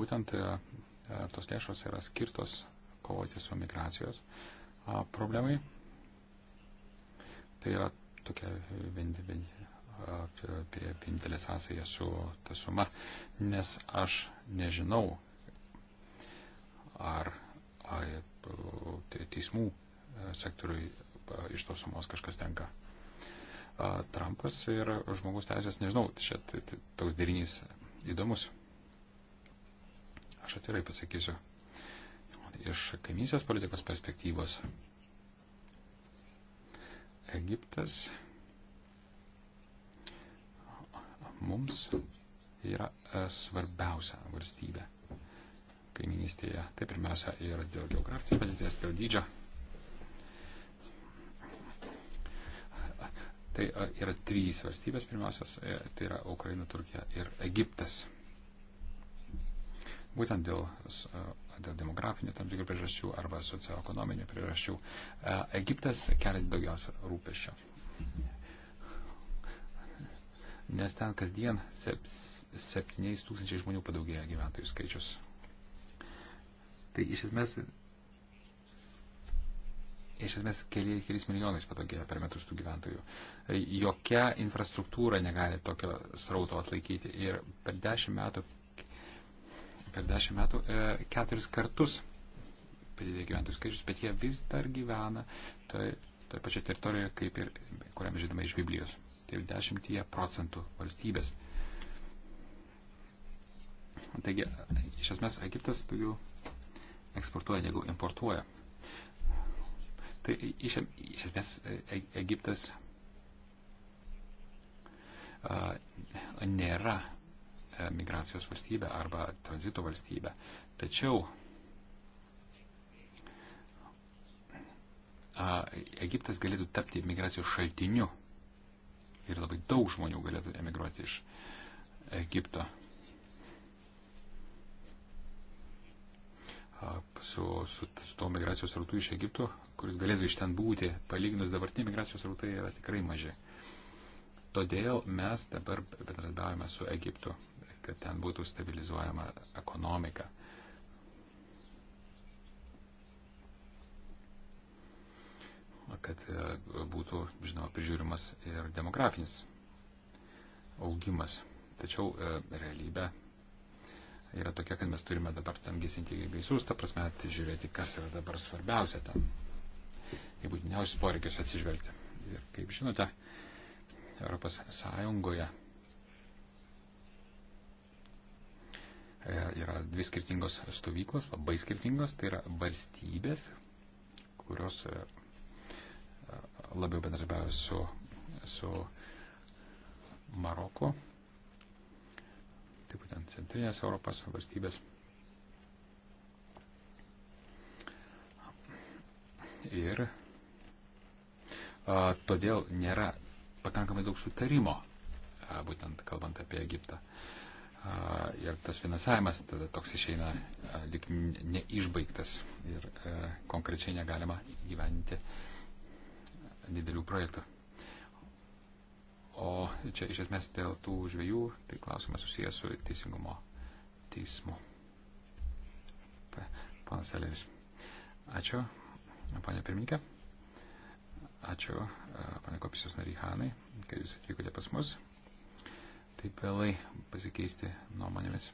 Būtent e, e, tos lėšos yra skirtos kovoti su migracijos problemai. Tai yra tokia vienintelė sąsaja su ta suma, nes aš nežinau, ar, ar teismų e, sektoriui iš tos sumos kažkas tenka. Trumpas ir žmogus teisės, nežinau, čia toks derinys įdomus aš atvirai pasakysiu, iš kaimynės politikos perspektyvos Egiptas mums yra e, svarbiausia valstybė kaiminystėje. Tai pirmiausia ir dėl geografinės padėties, dėl dydžio. Tai e, yra trys valstybės pirmiausios, e, tai yra Ukraina, Turkija ir Egiptas būtent dėl, e, dėl demografinių tam tikrų priežasčių arba socioekonominių priežasčių e, Egiptas kelia daugiausia rūpešio. Nes ten kasdien 7 tūkstančiai žmonių padaugėja gyventojų skaičius. Tai iš esmės iš esmės keli, keliais milijonais patogėja per metus tų gyventojų. Jokia infrastruktūra negali tokio srauto atlaikyti ir per dešimt metų per dešimt metų e, keturis kartus padidėjo gyventojų skaičius, bet jie vis dar gyvena toje toj pačioje teritorijoje, kaip ir kuriam žinome iš Biblijos. Tai 10 procentų valstybės. Taigi, iš esmės, Egiptas daugiau eksportuoja negu importuoja. Tai iš, iš esmės e, e, Egiptas a, nėra E, migracijos valstybę arba tranzito valstybę. Tačiau Egiptas galėtų tapti migracijos šaltiniu ir labai daug žmonių galėtų emigruoti iš Egipto. Su, su, su to migracijos rautu iš Egipto, kuris galėtų iš ten būti, palyginus dabartiniai migracijos rautai yra tikrai maži. Todėl mes dabar bendradarbiavame su Egiptu kad ten būtų stabilizuojama ekonomika. kad e, būtų, žinoma, prižiūrimas ir demografinis augimas. Tačiau e, realybė yra tokia, kad mes turime dabar tam gesinti gaisus, ta prasme, tai žiūrėti, kas yra dabar svarbiausia tam, į būtiniausius poreikius atsižvelgti. Ir kaip žinote, Europos Sąjungoje E, yra dvi skirtingos stovyklos, labai skirtingos, tai yra valstybės, kurios e, e, labiau bendradarbiavo su, su Maroko, tai būtent centrinės Europos valstybės. Ir a, todėl nėra pakankamai daug sutarimo, a, būtent kalbant apie Egiptą. A, ir tas finansavimas tada toks išeina lik neišbaigtas ir e, konkrečiai negalima gyventi didelių projektų. O čia iš esmės dėl tų žvėjų, tai klausimas susijęs su teisingumo teismu. Panas Saleris. Ačiū, panė pirmininkė. Ačiū, e, panė komisijos nariai Hanai, kad jūs atvykote pas mus taip vėlai pasikeisti nuomonėmis.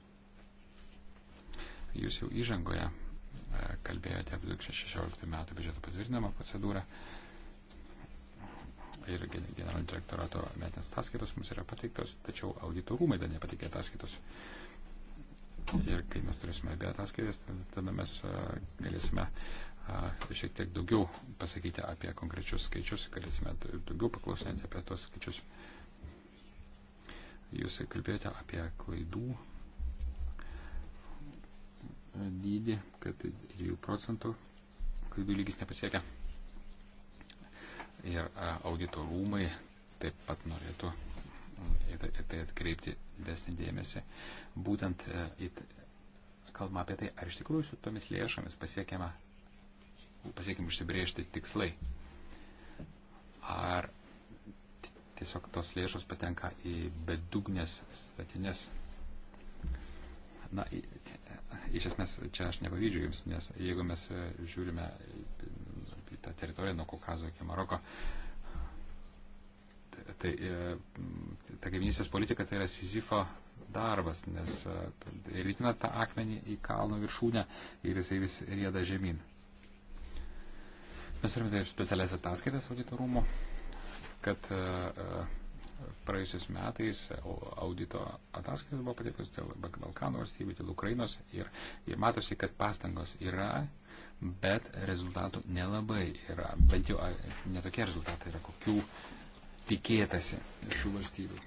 Jūs jau įžangoje e, kalbėjote apie 2016 metų biudžeto patvirtinamą procedūrą ir generalinio direktorato metinės ataskaitos mums yra pateiktos, tačiau audito rūmai dar nepateikė ataskaitos. Ir kai mes turėsime abi ataskaitas, tada mes e, galėsime e, šiek tiek daugiau pasakyti apie konkrečius skaičius, galėsime daugiau paklausinėti apie tos skaičius. Jūs kalbėjote apie klaidų dydį, kad 2 tai procentų klaidų lygis nepasiekia. Ir audito rūmai taip pat norėtų tai, į tai atkreipti desnį dėmesį. Būtent e, kalbama apie tai, ar iš tikrųjų su tomis lėšomis pasiekiama, pasiekim užsibriežti tikslai. Ar tiesiog tos lėšos patenka į bedugnės statinės. Na, iš esmės čia aš nepavyzdžiu jums, nes jeigu mes e, žiūrime į tą teritoriją nuo Kaukazo iki Maroko, tai e, ta kaiminystės politika tai yra Sizifo darbas, nes e, rytina tą akmenį į kalno viršūnę ir jisai vis rieda žemyn. Mes turime taip specialias ataskaitas auditorumo. rūmų kad e, e, praėjusiais metais audito ataskaitos buvo pateiktos dėl Balkanų valstybių, dėl Ukrainos ir, ir matosi, kad pastangos yra, bet rezultatų nelabai yra. Bent jau netokie rezultatai yra, kokių tikėtasi iš šių valstybių.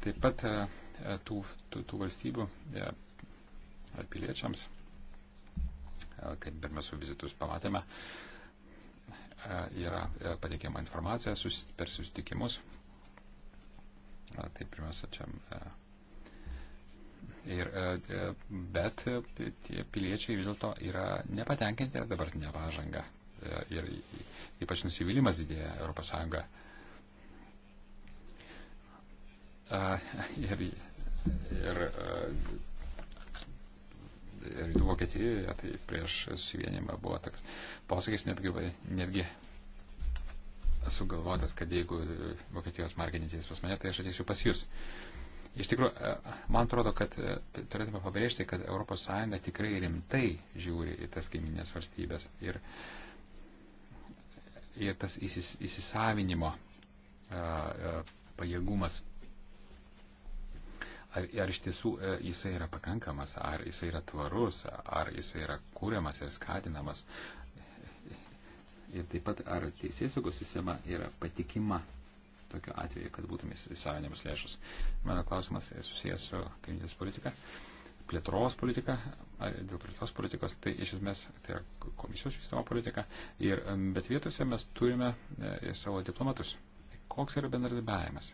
Taip pat e, tų, tų, tų valstybių piliečiams, kaip per mūsų vizitus pamatėme, E, yra e, pateikiama informacija per susitikimus. Tai pirmiausia, čia. E, ir, bet tie piliečiai vis dėlto yra nepatenkinti dabartinę pažangą. Ir ypač nusivylimas didėja ES. Ir, ir rytų Vokietijoje, tai prieš suvienimą buvo toks posakis netgi, netgi sugalvotas, kad jeigu Vokietijos markė neteis pas mane, tai aš ateisiu pas jūs. Iš tikrųjų, e, man atrodo, kad e, turėtume pabrėžti, kad ES tikrai rimtai žiūri į tas kaiminės valstybės ir, ir tas įsis, įsisavinimo a, e, a, pajėgumas ar, ar iš tiesų e, jisai yra pakankamas, ar jisai yra tvarus, ar jisai yra kūriamas ir skatinamas. Ir taip pat, ar teisėsaugos sistema yra patikima tokiu atveju, kad būtum įsavinimas lėšus. Mano klausimas susijęs su kaiminės politika, plėtros politika, dėl plėtros politikos, tai iš esmės tai yra komisijos vystamo politika, ir, bet vietose mes turime ir e, savo diplomatus. Koks yra bendradarbiavimas?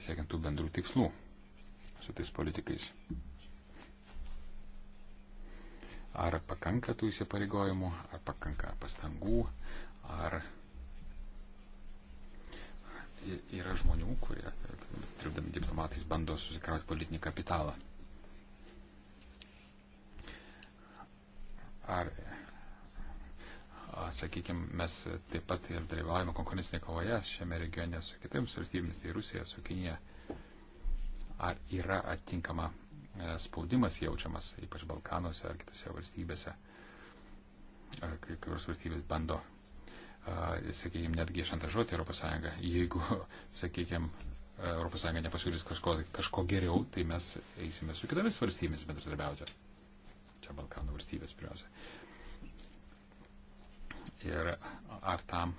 siekiant tų bendrų tikslų su tais politikais. Ar pakanka tų įsipareigojimų, ar pakanka pastangų, ar yra žmonių, kurie, dirbdami diplomatais, bando susikrauti politinį kapitalą. Ar sakykime, mes taip pat ir dalyvaujame konkurencinėje kovoje šiame regione su kitoms valstybėmis, tai Rusija, su Kinija. Ar yra atitinkama e, spaudimas jaučiamas, ypač Balkanuose ar kitose valstybėse, ar kai kurios valstybės bando, sakykime, netgi šantažuoti ES. Jeigu, (laughs) sakykime, ES nepasiūlys kažko, kažko geriau, tai mes eisime su kitomis valstybėmis bendradarbiauti. Čia Balkanų valstybės pirmiausia ir ar tam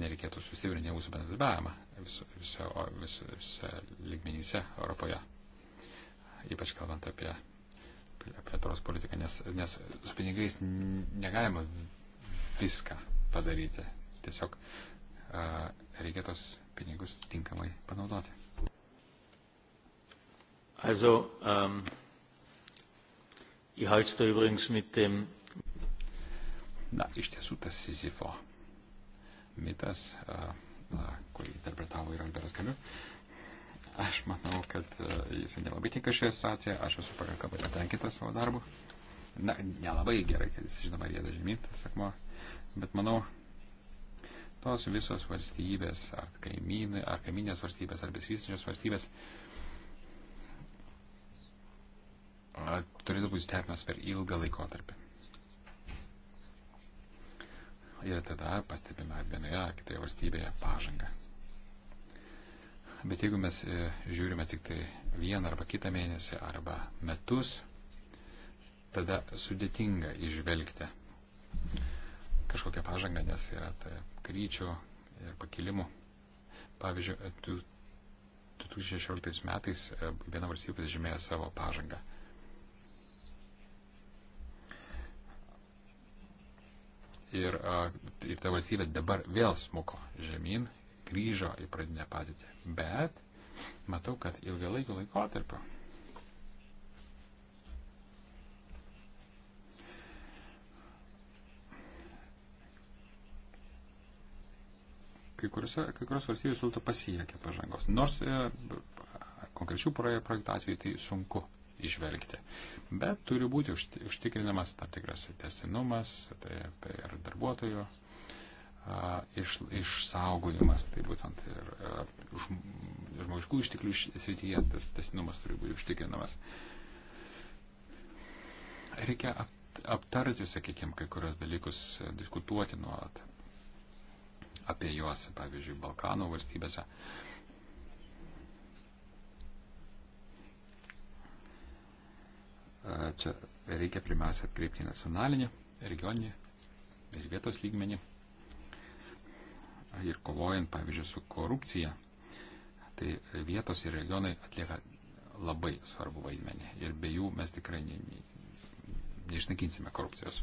nereikėtų sustiprinti mūsų bendradarbiavimą viso, viso, viso, viso lygmenyse Europoje, ypač kalbant apie plėtros politiką, nes, nes su pinigais negalima viską padaryti. Tiesiog uh, reikia tos pinigus tinkamai panaudoti. Also, ähm, um, ich halte es da übrigens mit dem Na, iš tiesų tas Sizifo mitas, kurį interpretavo ir Alberas Kamiu, aš manau, kad jis nelabai tinka šioje situacijoje, aš esu pakankamai patenkintas savo darbu. Na, nelabai gerai, kad jis, žinoma, rėda žemytas, sakoma, bet manau, tos visos valstybės, ar kaimynai, ar kaiminės valstybės, ar besivystančios valstybės, turėtų būti stebimas per ilgą laikotarpį ir tada pastebime vienoje ar kitoje valstybėje pažangą. Bet jeigu mes e, žiūrime tik tai vieną arba kitą mėnesį arba metus, tada sudėtinga išvelgti kažkokią pažangą, nes yra tai kryčių ir pakilimų. Pavyzdžiui, 2016 metais e, viena valstybė žymėjo savo pažangą. ir, ir ta valstybė dabar vėl smuko žemyn, grįžo į pradinę padėtį. Bet matau, kad ilgalaikio laikotarpio kai kurios, kai kurios valstybės vis dėlto pasiekė pažangos. Nors e, konkrečių projektų atveju tai sunku išvelgti. Bet turi būti užtikrinamas tam tikras tesinumas tai ir darbuotojų iš, išsaugojimas. Tai būtent ir žmogiškų išteklių srityje tas tesinumas turi būti užtikrinamas. Reikia aptarti, sakykime, kai kurios dalykus, diskutuoti nuolat apie juos, pavyzdžiui, Balkanų valstybėse. Uh, Čia reikia pirmiausia atkreipti nacionalinį, regioninį ir vietos lygmenį. Ir kovojant, pavyzdžiui, su korupcija, tai vietos ir regionai atlieka labai svarbu vaidmenį. Ir be jų mes tikrai ne, ne, neišnaikinsime korupcijos.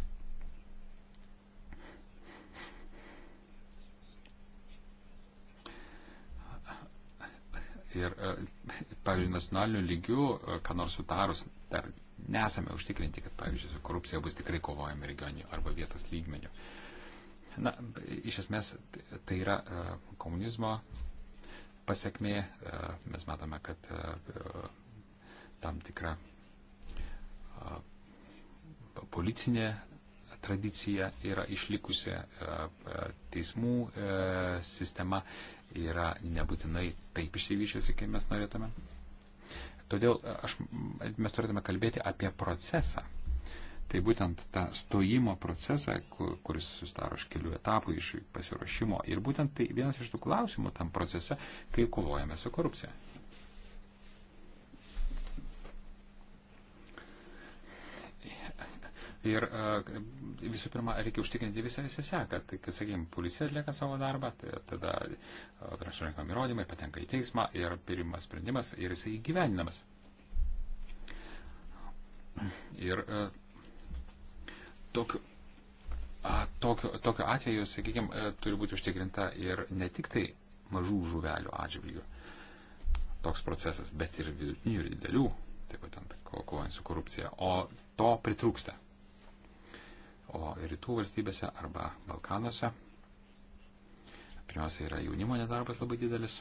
Ir, e, pavyzdžiui, nacionaliniu lygiu, e, ką nors sutarus, dar nesame užtikrinti, kad, pavyzdžiui, su korupcija bus tikrai kovojami regionių arba vietos lygmenių. Na, iš esmės, tai yra e, komunizmo pasiekmė. E, mes matome, kad e, tam tikra policinė tradicija yra išlikusi, teismų sistema yra nebūtinai taip išsivyščiusi, kaip mes norėtume. Todėl e, aš, mes turėtume kalbėti apie procesą. Tai būtent tą stojimo procesą, kuris sustaro iš kelių etapų, iš pasiruošimo. Ir būtent tai vienas iš tų klausimų tam procese, kai kovojame su korupcija. Ir e, visų pirma, reikia užtikrinti visą visą seką. Tai, kad, sakykime, policija atlieka savo darbą, tai tada rašorenkam e, įrodymai, patenka į teismą ir pirimas sprendimas ir jisai įgyveninamas. Ir e, tokiu, tokiu, tokiu atveju, sakykime, turi būti užtikrinta ir ne tik tai mažų žuvelių atžvilgių toks procesas, bet ir vidutinių ir didelių, taip pat kovojant su korupcija. O to pritrūksta o rytų valstybėse arba Balkanuose pirmiausia yra jaunimo nedarbas labai didelis.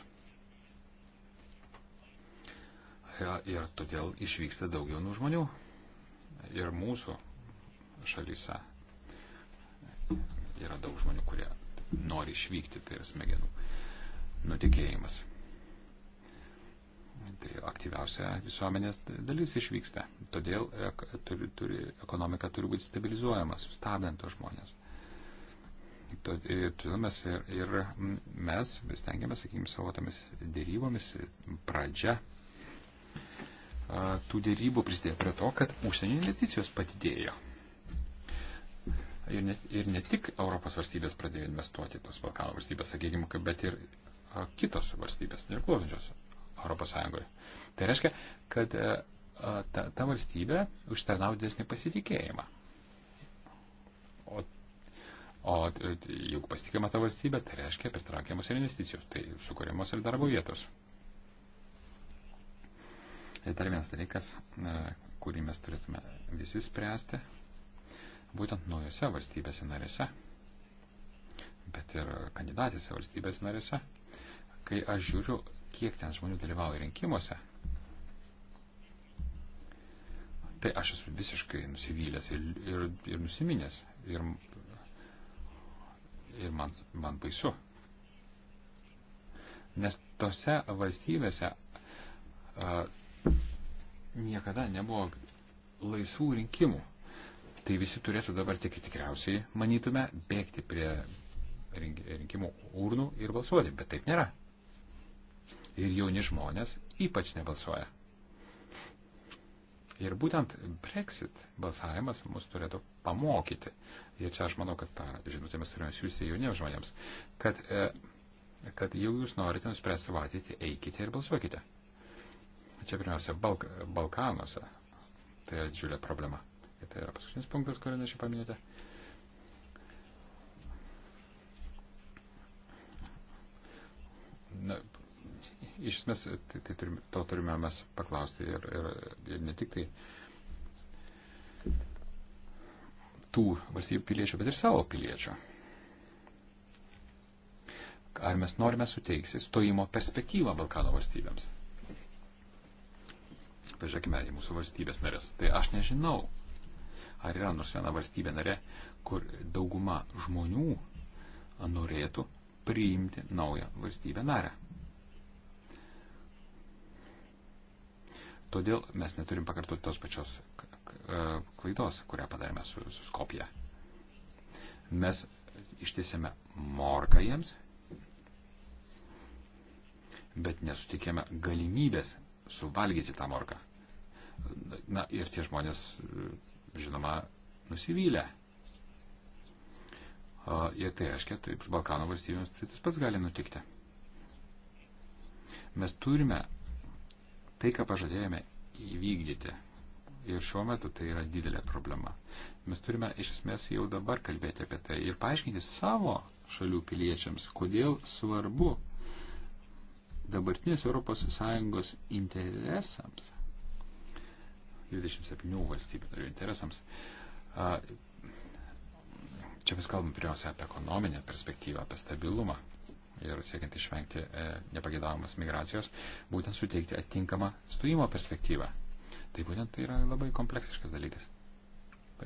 Ir todėl išvyksta daug jaunų žmonių. Ir mūsų šalyse yra daug žmonių, kurie nori išvykti, tai yra smegenų nutikėjimas tai aktyviausia visuomenės dalis išvyksta. Todėl turi, turi, ekonomika turi būti stabilizuojama, sustabdant tos žmonės. Todėl mes ir, ir mes stengiamės, sakykime, savo tomis dėrybomis pradžia tų dėrybų prisidėjo prie to, kad užsienio investicijos padidėjo. Ir ne, ir ne tik Europos valstybės pradėjo investuoti tos Balkanų valstybės, sakykime, bet ir kitos valstybės, neklausančios ES. Tai reiškia, kad e, ta, ta valstybė užtarnau didesnį pasitikėjimą. O, o jeigu pasitikima ta valstybė, tai reiškia pritraukiamos ir investicijos, tai sukūrimos ir darbo vietos. Ir dar vienas dalykas, e, kurį mes turėtume visi spręsti, būtent naujose valstybėse narėse, bet ir kandidatėse valstybės narėse, kai aš žiūriu kiek ten žmonių dalyvauja rinkimuose, tai aš esu visiškai nusivylęs ir, ir, ir nusiminęs. Ir, ir man, man baisu. Nes tose valstybėse a, niekada nebuvo laisvų rinkimų. Tai visi turėtų dabar tik tikriausiai, manytume, bėgti prie rinkimų urnų ir balsuoti, bet taip nėra ir jauni žmonės ypač nebalsuoja. Ir būtent Brexit balsavimas mus turėtų pamokyti. Ir čia aš manau, kad tą žinutę mes turime siūsti jauniems žmonėms, kad, e, kad jau jūs norite nuspręsti savo ateitį, eikite ir balsuokite. Čia pirmiausia, Balk Balkanuose tai yra didžiulė problema. Ir tai yra paskutinis punktas, kurį norėčiau paminėti. Na, iš esmės, tai, tai turime, to turime mes paklausti ir, ir, ir ne tik tai tų valstybių piliečių, bet ir savo piliečių. Ar mes norime suteikti stojimo perspektyvą Balkano valstybėms? Pažiūrėkime į mūsų valstybės narės. Tai aš nežinau, ar yra nors viena valstybė narė, kur dauguma žmonių norėtų priimti naują valstybę narę. Todėl mes neturim pakartoti tos pačios e, klaidos, kurią padarėme su, su Skopija. Mes ištiesėme morką jiems, bet nesutikėme galimybės suvalgyti tą morką. Na ir tie žmonės, žinoma, nusivylę. Ir tai reiškia, taip, Balkanų valstybėms tai tas pats gali nutikti. Mes turime tai, ką pažadėjome įvykdyti. Ir šiuo metu tai yra didelė problema. Mes turime iš esmės jau dabar kalbėti apie tai ir paaiškinti savo šalių piliečiams, kodėl svarbu dabartinės ES interesams, 27 valstybių narių interesams, čia mes kalbam pirmiausia apie ekonominę perspektyvą, apie stabilumą, ir siekiant išvengti e, nepagėdavimas migracijos, būtent suteikti atitinkamą stojimo perspektyvą. Tai būtent tai yra labai kompleksiškas dalykas.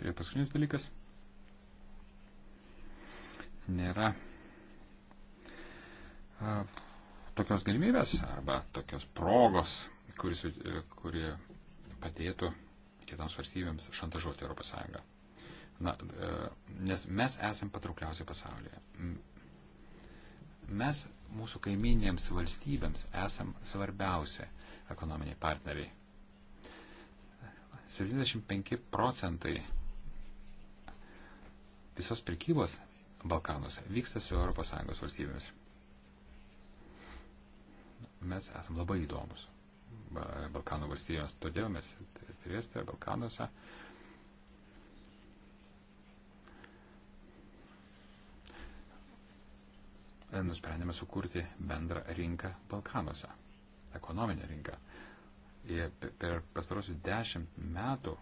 Ir paskutinis dalykas nėra a, tokios galimybės arba tokios progos, kuris, e, kuri padėtų kitoms valstybėms šantažuoti ES. Na, e, nes mes esame patraukliausi pasaulyje. Mes mūsų kaiminėms valstybėms esam svarbiausia ekonominiai partneriai. 75 procentai visos prekybos Balkanuose vyksta su ES valstybėmis. Mes esame labai įdomus Balkanų valstybėms, todėl mes Trieste, Balkanuose uh, nusprendėme sukurti bendrą rinką Balkanuose, ekonominę rinką. Ir per pastarosius dešimt metų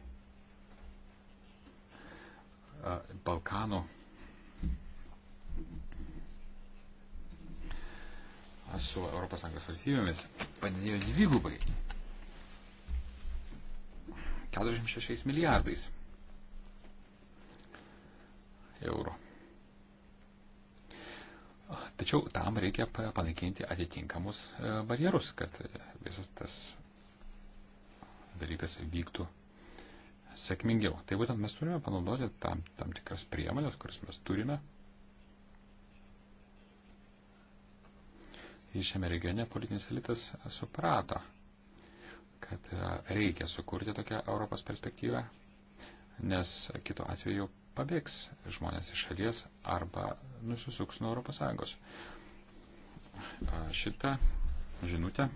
Balkanų su ES valstybėmis padidėjo dvigubai 46 milijardais eurų. Tačiau tam reikia panaikinti atitinkamus e, barjerus, kad visas tas dalykas vyktų sėkmingiau. Tai būtent mes turime panaudoti tam, tam tikras priemonės, kuris mes turime. Ir šiame regione politinis elitas suprato, kad e, reikia sukurti tokią Europos perspektyvą, nes kito atveju pabėgs žmonės iš šalies arba nusisuks nuo ES. Šitą žinutę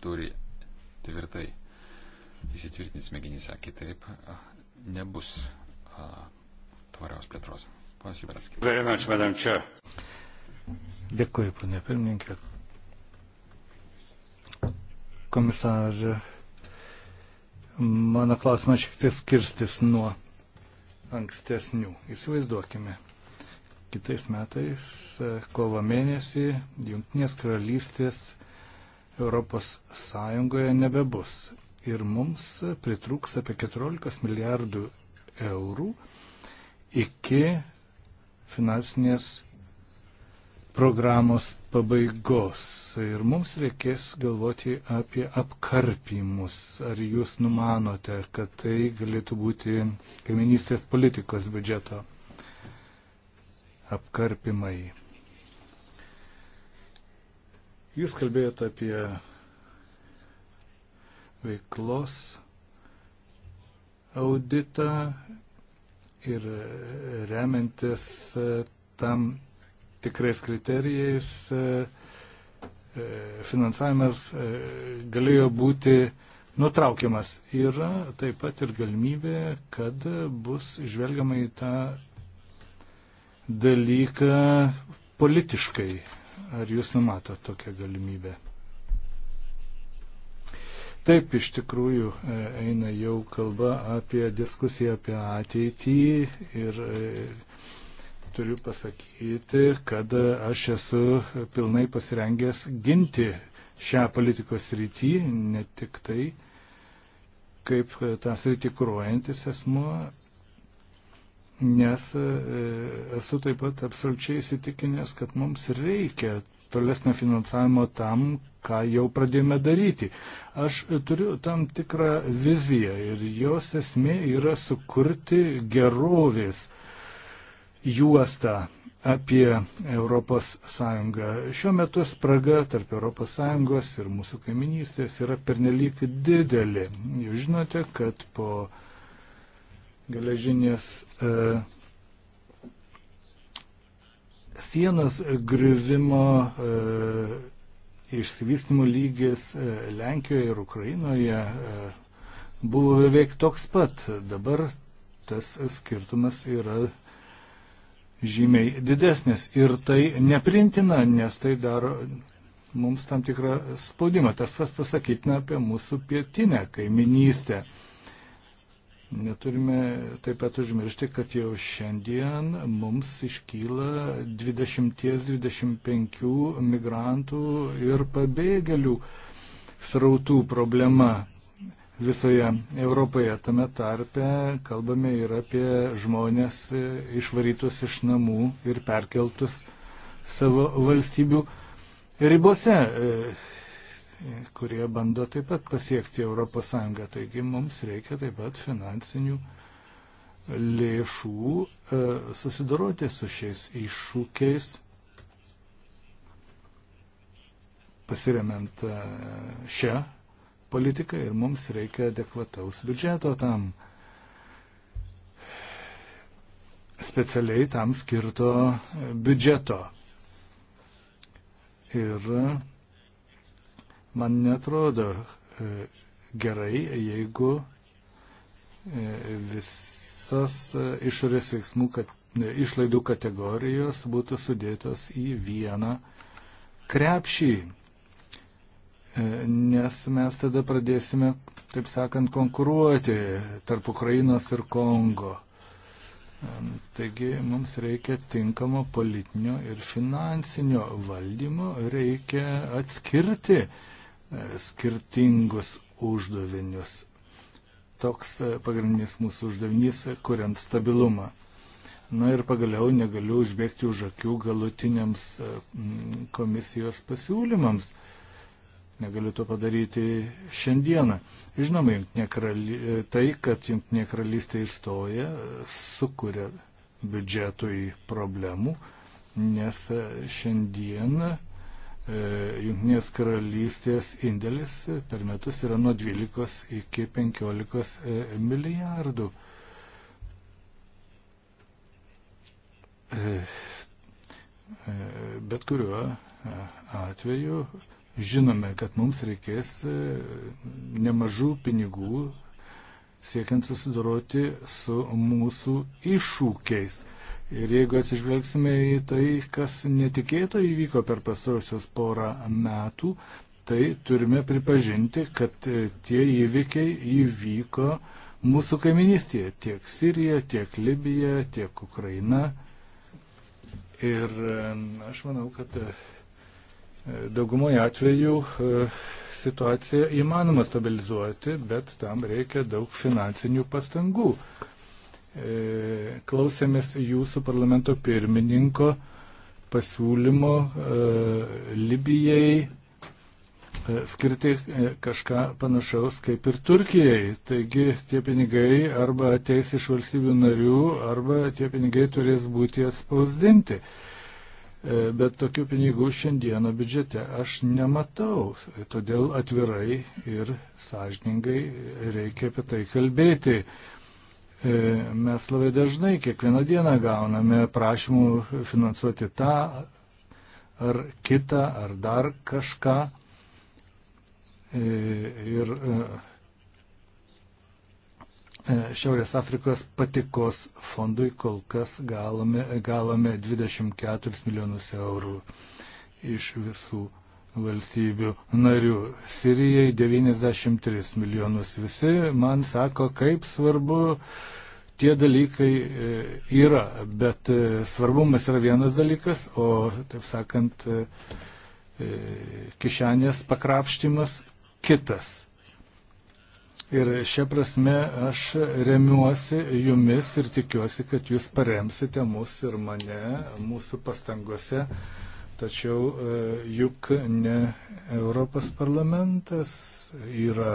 turi tvirtai įsitvirtinti smegenyse, kitaip nebus tvarios plėtros. Panas Jubratskis. Dėkuoju, ponė pirmininkė. Komisar, mano klausimas šiek tiek skirstis nuo ankstesnių. Įsivaizduokime, kitais metais e, kovo mėnesį Junktinės karalystės Europos Sąjungoje nebebus ir mums pritrūks apie 14 milijardų eurų iki finansinės programos pabaigos ir mums reikės galvoti apie apkarpimus. Ar jūs numanote, kad tai galėtų būti kaiminystės politikos biudžeto apkarpimai? Jūs kalbėjote apie veiklos auditą ir remiantis tam tikrais kriterijais e, e, finansavimas e, galėjo būti nutraukiamas. Yra taip pat ir galimybė, kad bus žvelgiama į tą dalyką politiškai. Ar jūs numato tokią galimybę? Taip, iš tikrųjų, eina jau kalba apie diskusiją apie ateitį ir turiu pasakyti, kad aš esu pilnai pasirengęs ginti šią politikos rytį, ne tik tai kaip tą sritį kūruojantis asmuo, nes e, esu taip pat absoliučiai įsitikinęs, kad mums reikia tolesnio finansavimo tam, ką jau pradėjome daryti. Aš turiu tam tikrą viziją ir jos esmė yra sukurti gerovės juostą apie ES. Šiuo metu spraga tarp ES ir mūsų kaiminystės yra pernelyg didelė. Jūs žinote, kad po geležinės e, sienos griuvimo e, išsivystimo lygis e, Lenkijoje ir Ukrainoje e, buvo beveik toks pat. Dabar tas skirtumas yra žymiai didesnis. Ir tai neprintina, nes tai daro mums tam tikrą spaudimą. Tas pas pasakytina apie mūsų pietinę kaiminystę. Neturime taip pat užmiršti, kad jau šiandien mums iškyla 20-25 migrantų ir pabėgėlių srautų problema visoje Europoje. Tame tarpe kalbame ir apie žmonės e, išvarytus iš namų ir perkeltus savo valstybių ribose, e, kurie bando taip pat pasiekti ES. Taigi mums reikia taip pat finansinių lėšų e, susidoroti su šiais iššūkiais, pasiremiant šią politika ir mums reikia adekvataus biudžeto tam. Specialiai tam skirto biudžeto. Ir man netrodo e, gerai, jeigu e, visas e, išorės veiksmų kad, išlaidų kategorijos būtų sudėtos į vieną krepšį. E, nes mes tada pradėsime, taip sakant, konkuruoti tarp Ukrainos ir Kongo. E, taigi mums reikia tinkamo politinio ir finansinio valdymo, reikia atskirti e, skirtingus uždavinius. Toks pagrindinis mūsų uždavinys, kuriant stabilumą. Na ir pagaliau negaliu užbėgti už akių galutiniams komisijos pasiūlymams negaliu to padaryti šiandieną. Žinoma, kraly... tai, kad Junktinė karalystė išstoja, sukuria biudžetui problemų, nes šiandien e, Junktinės karalystės indėlis per metus yra nuo 12 iki 15 e, milijardų. E, bet kuriuo atveju žinome, kad mums reikės e, nemažų pinigų siekiant susidoroti su mūsų iššūkiais. Ir jeigu atsižvelgsime į tai, kas netikėto įvyko per pastarosios porą metų, tai turime pripažinti, kad e, tie įvykiai įvyko mūsų kaiminystėje - tiek Sirija, tiek Libija, tiek Ukraina. Ir e, aš manau, kad Daugumoje atveju e, situaciją įmanoma stabilizuoti, bet tam reikia daug finansinių pastangų. E, klausėmės jūsų parlamento pirmininko pasiūlymo e, Libijai skirti kažką panašaus kaip ir Turkijai. Taigi tie pinigai arba ateis iš valstybių narių, arba tie pinigai turės būti atspausdinti. E, E, bet tokių pinigų šiandieną biudžete aš nematau. Todėl atvirai ir sąžiningai reikia apie tai kalbėti. E, mes labai dažnai kiekvieną dieną gauname prašymų finansuoti tą ar kitą ar dar kažką. E, ir E, Šiaurės Afrikos patikos fondui kol kas galame, galame 24 milijonus eurų iš visų valstybių narių. Sirijai 93 milijonus. Visi man sako, kaip svarbu tie dalykai e, yra, bet e, svarbumas yra vienas dalykas, o, taip sakant, kišenės pakrapštimas kitas. Ir šia prasme aš remiuosi jumis ir tikiuosi, kad jūs paremsite mus ir mane mūsų pastangose. Tačiau e, juk ne Europos parlamentas yra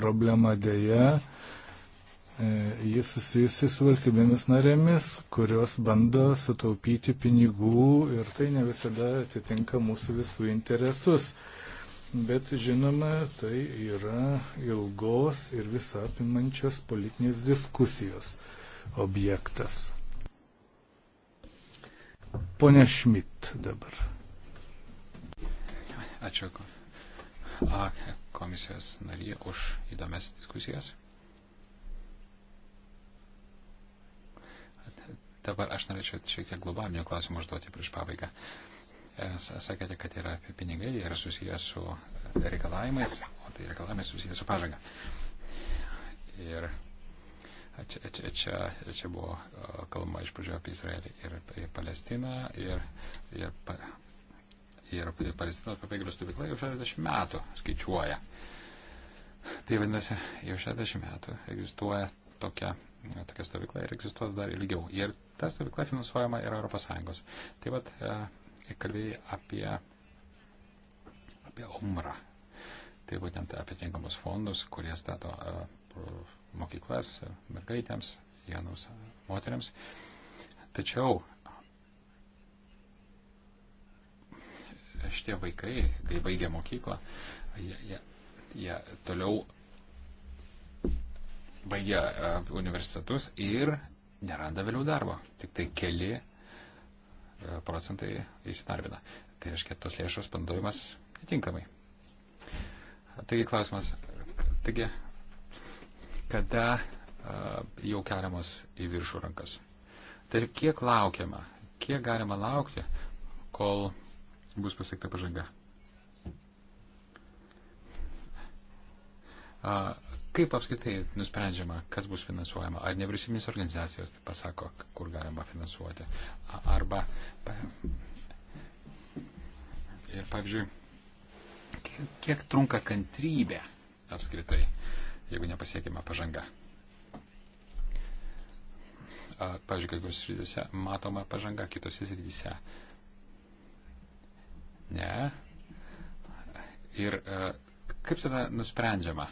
problema dėja. E, Jis susijusi su valstybėmis narėmis, kurios bando sutaupyti pinigų ir tai ne visada atitinka mūsų visų interesus bet žinoma, tai yra ilgos ir visą apimančios politinės diskusijos objektas. Pone Šmit dabar. Ačiū komisijos narį už įdomias diskusijas. Dabar aš norėčiau šiek tiek globalinių klausimų užduoti prieš pabaigą. Uh, sakėte, kad yra pinigai, jie yra susijęs su reikalavimais, o tai reikalavimai susijęs su pažanga. Ir čia, čia, čia, čia buvo kalba iš pradžio apie Izraelį ir, ir Palestiną, ir, ir, ir, ir Palestinos pabėgėlių stovykla jau 60 metų skaičiuoja. Tai vadinasi, jau 60 metų egzistuoja tokia, tokia stovykla ir egzistuos dar ilgiau. Ir ta stovykla finansuojama yra ES. Tai vad, kalbėjai apie, apie umrą. Tai būtent apie tinkamus fondus, kurie stato e, mokyklas e, mergaitėms, jaunus e, moteriams. Tačiau šitie vaikai, kai baigia mokyklą, jie, jie, jie toliau baigia universitetus ir neranda vėliau darbo. Tik tai keli procentai įsidarbina. Tai reiškia, tos lėšos panaudojimas netinkamai. Taigi klausimas, taigi, kada jau keliamos į viršų rankas? Tai kiek laukiama, kiek galima laukti, kol bus pasiekta pažanga? kaip apskritai nusprendžiama, kas bus finansuojama? Ar nevyriausybinės organizacijos tai pasako, kur galima finansuoti? Arba. Ir pavyzdžiui, kiek, kiek trunka kantrybė apskritai, jeigu nepasiekima pažanga? Pavyzdžiui, kai kuriuose srityse matoma pažanga, kitose srityse ne. Ir e, kaip tada nusprendžiama,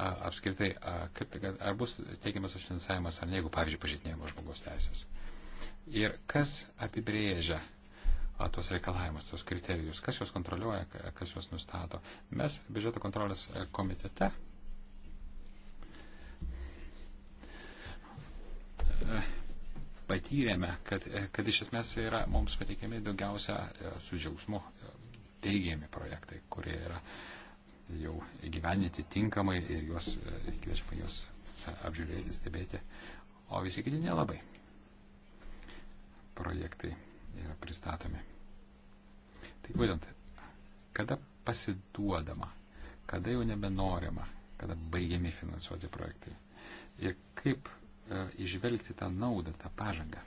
apskritai, kaip, tai, ar bus teikiamas finansavimas ar ne, jeigu, pavyzdžiui, pažydinėjamos žmogaus teisės. Ir kas apibrėžia tuos reikalavimus, tuos kriterijus, kas juos kontroliuoja, kas juos nustato. Mes biudžeto kontrolės komitete patyrėme, kad, e, kad iš esmės yra mums pateikiami daugiausia e, su džiaugsmu e, teigiami projektai, kurie yra uh, jau gyveninti tinkamai ir juos e, kviečiame juos apžiūrėti, stebėti, o visi kiti nelabai. Projektai yra pristatomi. Tai būtent, kada pasiduodama, kada jau nebenorima, kada baigiami finansuoti projektai ir kaip e, išvelgti tą naudą, tą pažangą.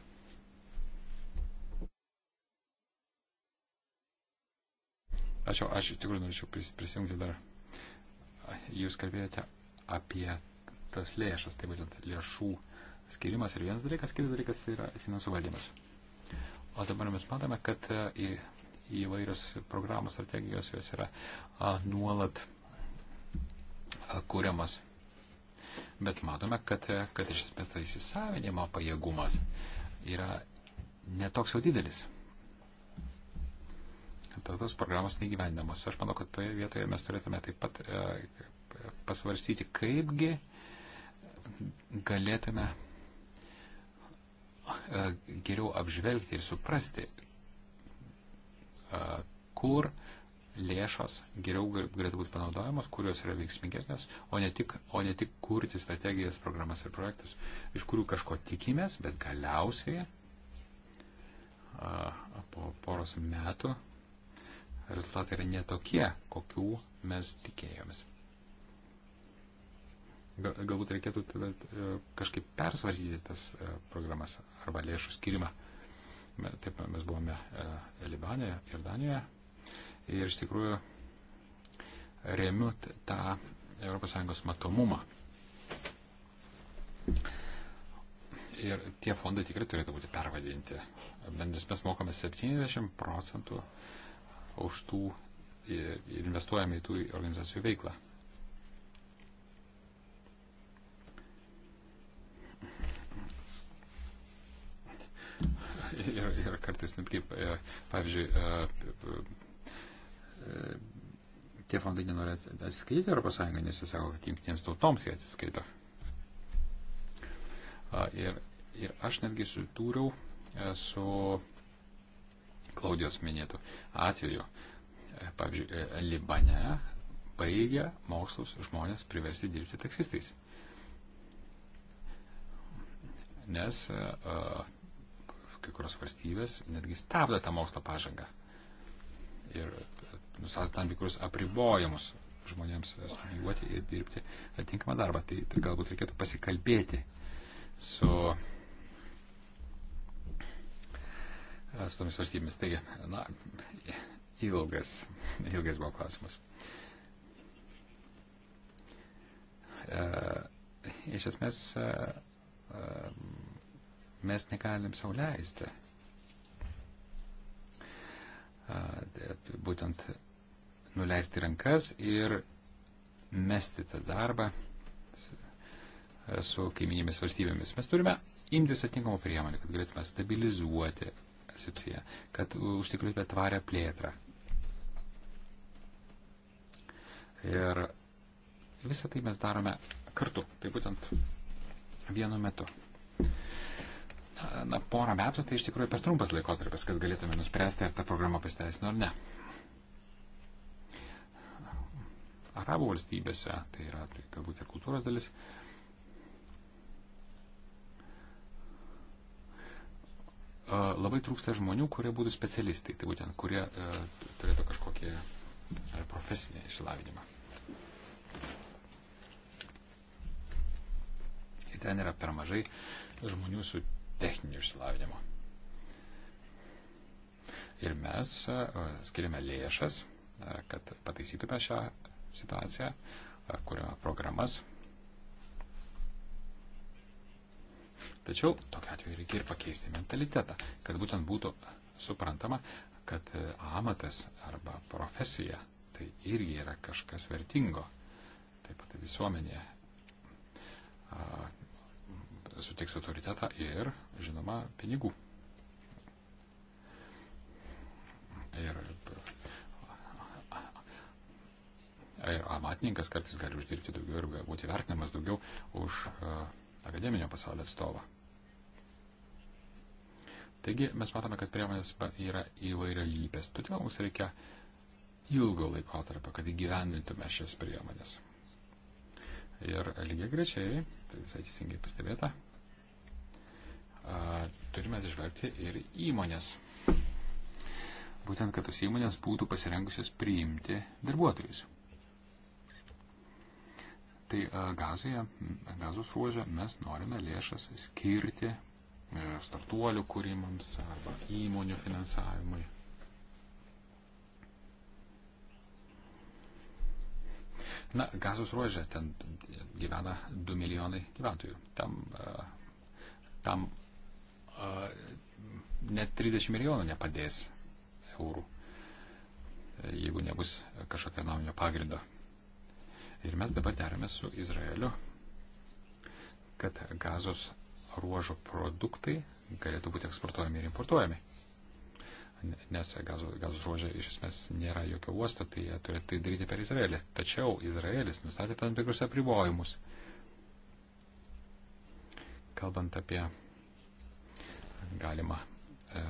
Aš, jau, aš iš tikrųjų norėčiau prisijungti dar jūs kalbėjote apie tas lėšas, tai būtent lėšų skirimas ir vienas dalykas, kitas dalykas yra finansų valdymas. O dabar mes matome, kad e, į, įvairios programos strategijos jos yra a, nuolat a, kūriamas. Bet matome, kad, e, kad iš esmės tas įsisavinimo pajėgumas yra netoks jau didelis tos programos neįgyvendinamos. Aš manau, kad toje vietoje mes turėtume taip pat e, pasvarstyti, kaipgi galėtume e, geriau apžvelgti ir suprasti, e, kur lėšos geriau galėtų būti panaudojamos, kurios yra veiksmingesnės, o ne, tik, o ne tik kurti strategijas, programas ir projektus, iš kurių kažko tikimės, bet galiausiai po poros metų rezultatai yra netokie, kokių mes tikėjomės. Galbūt reikėtų tada e, kažkaip persvarsyti tas e, programas arba lėšų skirimą. Taip mes buvome e, Libane ir Danijoje. Ir iš tikrųjų remiu tą ES matomumą. Ir tie fondai tikrai turėtų būti pervadinti. Bent mes mokame 70 procentų uh, už tų e, ir investuojame į tų organizacijų veiklą. Ir, ir kartais net kaip, e, pavyzdžiui, e, tie fondai nenori atsiskaityti Europos Sąjungą, nes jis sako, kad jungtinėms tautoms jie atsiskaito. Ir, ir aš netgi sutūriau su Klaudijos minėtų atveju, e, pavyzdžiui, e, Libane baigia mokslus žmonės priversti dirbti taksistais. Nes e, kai kurios valstybės netgi stabdo tą mokslo pažangą ir nustato tam tikrus apribojimus žmonėms studijuoti ir dirbti atitinkamą darbą. Tai, tai galbūt reikėtų pasikalbėti su su tomis valstybėmis. Taigi, na, ilgas, ilgas buvo klausimas. E, iš esmės, e, e mes negalim sauliaisti. E, būtent nuleisti rankas ir mesti tą darbą e, su kaiminėmis valstybėmis. Mes turime imtis atitinkamų priemonių, kad galėtume stabilizuoti poziciją, kad užtikrintume tvarę plėtrą. Ir visą tai mes darome kartu, tai būtent vienu metu. Na, porą metų tai iš tikrųjų per trumpas laikotarpis, kad galėtume nuspręsti, ar ta programa pasiteisino ar ne. Arabų valstybėse, tai yra tai galbūt ir kultūros dalis, uh, labai trūksta žmonių, kurie būtų specialistai, tai būtent, kurie turėtų kažkokį profesinį išsilavinimą. Ir ten yra per mažai žmonių su techniniu išsilavinimu. Ir mes skiriame lėšas, kad pataisytume šią situaciją, kuriame programas Tačiau tokiu atveju reikia ir pakeisti mentalitetą, kad būtent būtų suprantama, kad e, amatas arba profesija tai irgi yra kažkas vertingo. Taip pat visuomenė suteiks autoritetą ir, žinoma, pinigų. Ir, ir amatininkas kartais gali uždirbti daugiau ir būti vertinamas daugiau už akademinio pasaulio atstovą. Taigi mes matome, kad priemonės yra įvairialypės. Todėl mums reikia ilgo laiko tarp, kad įgyvendintume šias priemonės. Ir lygiai grečiai, tai visai teisingai pastebėta, turime atsižvelgti ir įmonės. Būtent, kad tos įmonės būtų pasirengusios priimti darbuotojus. Tai gazoje, gazos ruožė mes norime lėšas skirti E, startuolių kūrimams arba įmonių finansavimui. Na, gazos ruožė, ten gyvena 2 milijonai gyventojų. Tam, e, tam e, net 30 milijonų nepadės eurų, jeigu nebus kažkokio naujo pagrindo. Ir mes dabar deramės su Izraeliu, kad gazos ruožo produktai galėtų būti eksportuojami ir importuojami. Nes gazos, gazos ruožė iš esmės nėra jokio uosto, tai jie turėtų tai daryti per Izraelį. Tačiau Izraelis nustatė tam tikrus apribojimus. Kalbant apie galimą e,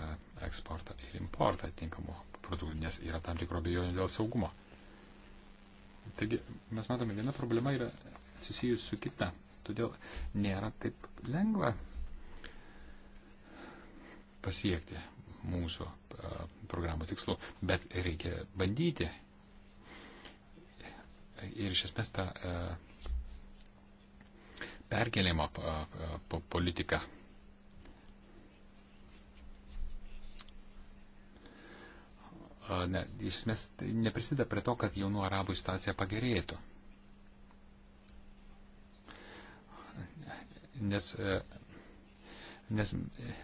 eksportą ir importą tinkamų produktų, nes yra tam tikro abejonių dėl saugumo. Taigi mes matome, viena problema yra susijusi su kita. Todėl nėra taip lengva pasiekti mūsų programų tikslų, bet reikia bandyti. Ir iš esmės tą perkelimo politiką ne, iš esmės tai neprisideda prie to, kad jaunų arabų situacija pagerėtų. nes, e, nes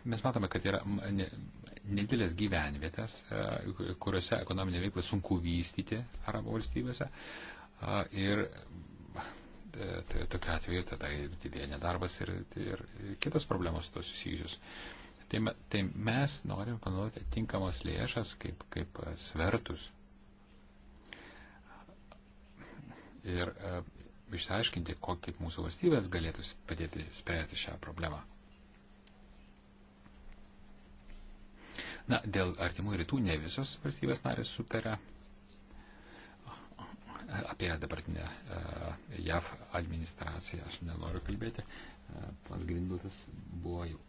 mes matome, kad yra nedidelės gyvenvietės, e, kuriuose ekonominė veikla sunku vystyti arabo valstybėse. Ir e, tai tokiu atveju tada didėja nedarbas ir, ir kitos problemos su to susijusius. Tai, tai mes norim panaudoti tinkamas lėšas kaip, kaip svertus. Ir išsiaiškinti, kaip mūsų valstybės galėtų padėti spręsti šią problemą. Na, dėl artimų rytų ne visos valstybės narės sutarė apie dabartinę e, JAV administraciją, aš nenoriu kalbėti. E, Pats Grindutas buvo jau,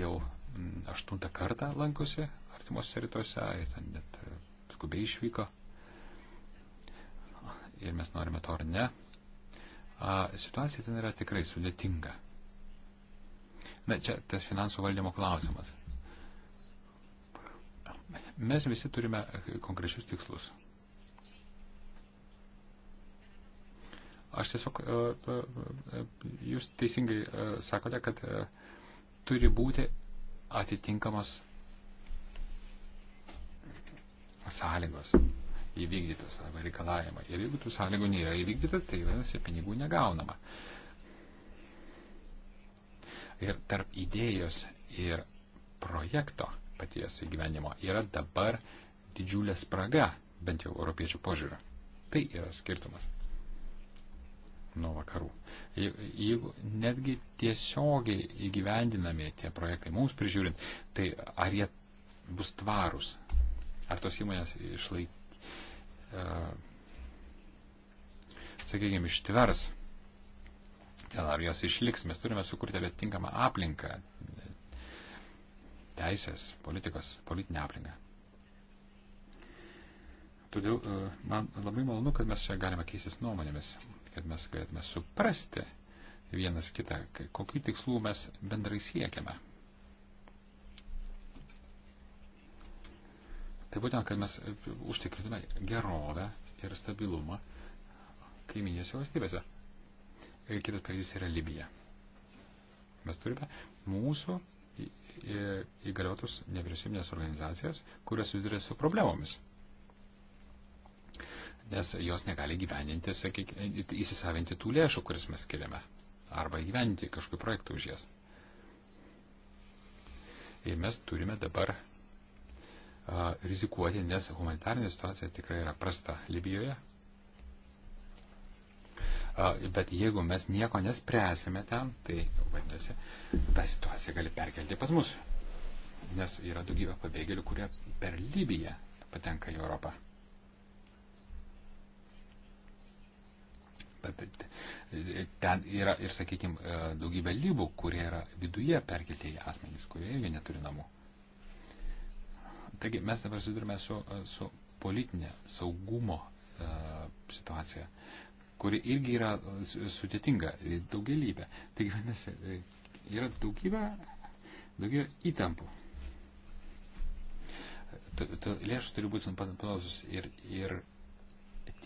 jau aštuntą kartą lankosi artimuose rytuose, ten net e, skubiai išvyko ir mes norime to ar ne, situacija ten yra tikrai sudėtinga. Na, čia tas finansų valdymo klausimas. Mes visi turime konkrečius tikslus. Aš tiesiog, e, e, e, jūs teisingai sakote, kad turi būti atitinkamas sąlygos įvykdytos arba reikalavimai. Ir jeigu tų sąlygų nėra įvykdyta, tai vadinasi, pinigų negaunama. Ir tarp idėjos ir projekto paties įgyvenimo yra dabar didžiulė spraga, bent jau europiečių požiūrio. Tai yra skirtumas nuo vakarų. Jeigu netgi tiesiogiai įgyvendinami tie projektai mums prižiūrint, tai ar jie bus tvarūs, ar tos įmonės išlaik, E, sakykime, ištvers ten, ar jos išliks. Mes turime sukurti atitinkamą aplinką, teisės, politikos, politinę aplinką. Todėl e, man labai malonu, kad mes čia galime keistis nuomonėmis, kad mes galėtume suprasti vienas kitą, kokiu tikslu mes bendrai siekiame. Tai būtent, kad mes užtikrintume gerovę ir stabilumą kaiminėse valstybėse. Ir kitas pavyzdys yra Libija. Mes turime mūsų įgaliotus nevyriausybinės organizacijas, kurios susiduria su problemomis. Nes jos negali gyveninti, sakykime, įsisavinti tų lėšų, kuris mes skiriame. Arba gyventi kažkokiu projektu už jas. Ir mes turime dabar rizikuoti, nes humanitarinė situacija tikrai yra prasta Libijoje. Bet jeigu mes nieko nespręsime ten, tai vadinasi, ta situacija gali perkelti pas mus. Nes yra daugybė pabėgėlių, kurie per Libiją patenka į Europą. Bet e, ten yra ir, sakykime, daugybė lybų, kurie yra viduje perkeltieji asmenys, kurie irgi neturi namų. Taigi mes dabar susidurime su, su politinė saugumo e, situacija, kuri irgi yra sudėtinga, daugelybė. Taigi, vadinasi, e, yra daugybė, daugybė įtampų. Lėšos turi būti panaudotos ir, ir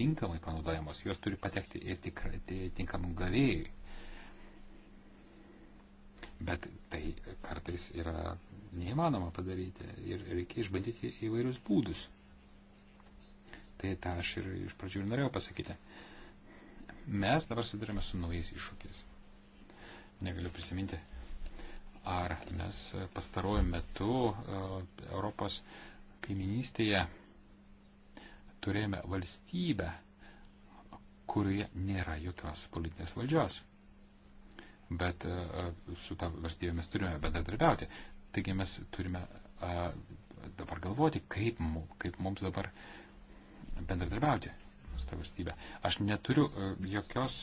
tinkamai panaudojamos, jos turi patekti ir tikra, tinkamam gavėjui. Bet tai kartais yra neįmanoma padaryti ir reikia išbandyti įvairius būdus. Tai tą aš ir iš pradžių ir norėjau pasakyti. Mes dabar sudarėme su naujais iššūkiais. Negaliu prisiminti, ar mes pastaruoju metu e, Europos kaiminystėje turėjome valstybę, kurioje nėra jokios politinės valdžios bet e, e, su tą valstybė mes turime bendradarbiauti. Taigi mes turime e, dabar galvoti, kaip, kaip mums dabar bendradarbiauti su tą valstybę. Aš neturiu jokios,